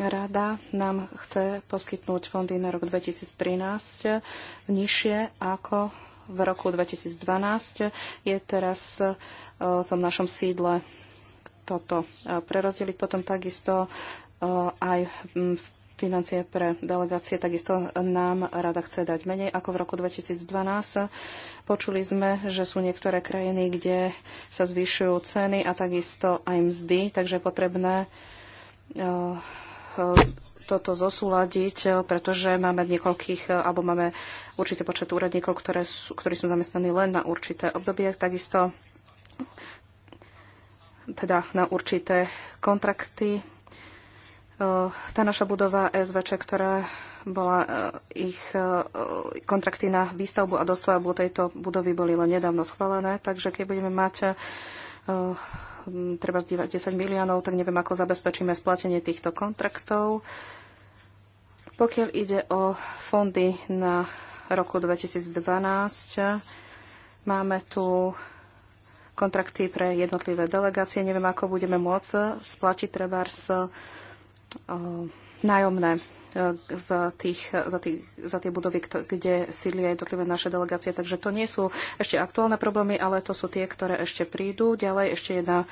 Rada nám chce poskytnúť fondy na rok 2013 nižšie ako v roku 2012. Je teraz e, v tom našom sídle toto e, prerozdeliť. Potom takisto e, aj v financie pre delegácie. Takisto nám rada chce dať menej ako v roku 2012. Počuli sme, že sú niektoré krajiny, kde sa zvyšujú ceny a takisto aj mzdy, takže je potrebné eh, toto zosúľadiť, pretože máme niekoľkých, eh, alebo máme určitý počet úradníkov, ktoré sú, ktorí sú zamestnaní len na určité obdobie. Takisto teda na určité kontrakty tá naša budova SVČ, ktorá bola e, ich e, kontrakty na výstavbu a dostavbu tejto budovy boli len nedávno schválené, takže keď budeme mať e, treba zdívať 10 miliónov, tak neviem, ako zabezpečíme splatenie týchto kontraktov. Pokiaľ ide o fondy na roku 2012, máme tu kontrakty pre jednotlivé delegácie. Neviem, ako budeme môcť splatiť trebárs Eh, nájomné eh, v tých, za, tých, za tie budovy, kde aj jednotlivé naše delegácie. Takže to nie sú ešte aktuálne problémy, ale to sú tie, ktoré ešte prídu. Ďalej ešte jedna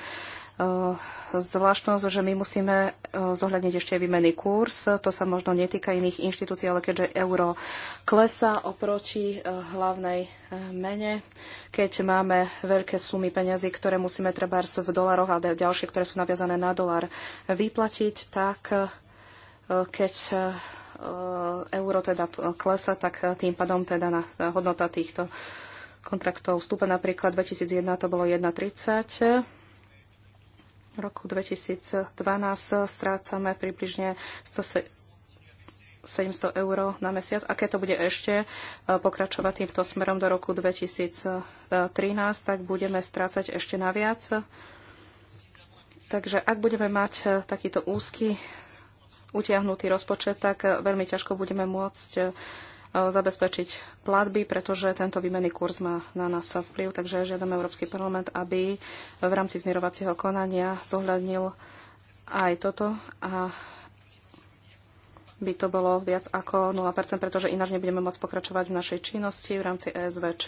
Eh, zvláštnosť, že my musíme eh, zohľadniť ešte výmenný kurz. To sa možno netýka iných inštitúcií, ale keďže euro klesá oproti eh, hlavnej mene, keď máme veľké sumy peňazí, ktoré musíme treba v dolaroch a ďalšie, ktoré sú naviazané na dolar vyplatiť, tak keď euro teda klesa, tak tým pádom teda na hodnota týchto kontraktov stúpa napríklad 2001 to bolo 1,30 v roku 2012 strácame približne 700 eur na mesiac a keď to bude ešte e, pokračovať týmto smerom do roku 2013, tak budeme strácať ešte naviac. Takže ak budeme mať e, takýto úzky utiahnutý rozpočet, tak e, veľmi ťažko budeme môcť E, zabezpečiť platby, pretože tento výmenný kurz má na nás vplyv, takže žiadam Európsky parlament, aby v rámci zmierovacieho konania zohľadnil aj toto a by to bolo viac ako 0%, pretože ináč nebudeme môcť pokračovať v našej činnosti v rámci ESVČ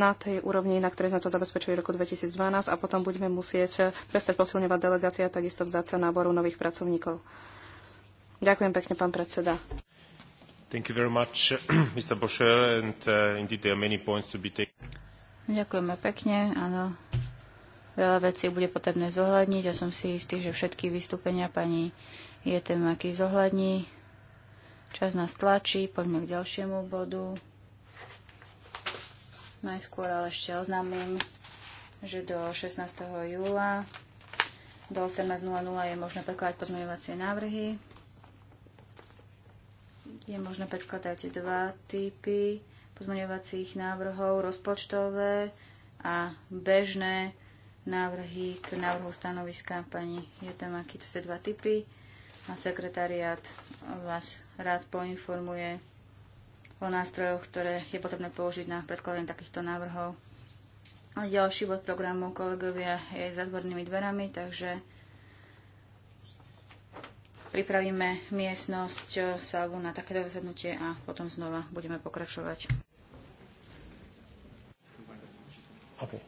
na tej úrovni, na ktorej sme to zabezpečili v roku 2012 a potom budeme musieť prestať posilňovať delegácia a takisto vzdať sa náboru nových pracovníkov. Ďakujem pekne, pán predseda. Uh, Ďakujeme pekne, áno. Veľa vecí bude potrebné zohľadniť a ja som si istý, že všetky vystúpenia pani Jetemaky zohľadní. Čas nás tlačí, poďme k ďalšiemu bodu. Najskôr ale ešte oznámim, že do 16. júla do 18.00 je možné prekladať pozmeňovacie návrhy je možné predkladať dva typy pozmeňovacích návrhov, rozpočtové a bežné návrhy k návrhu stanoviska pani Jetamaky. To sú dva typy a sekretariat vás rád poinformuje o nástrojoch, ktoré je potrebné použiť na predkladanie takýchto návrhov. A ďalší bod programu kolegovia je s dvornými dverami, takže pripravíme miestnosť eh, salvu na takéto rozhodnutie a potom znova budeme pokračovať. Okay.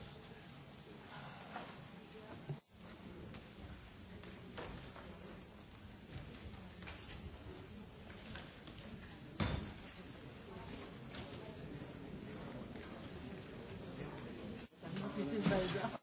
Thank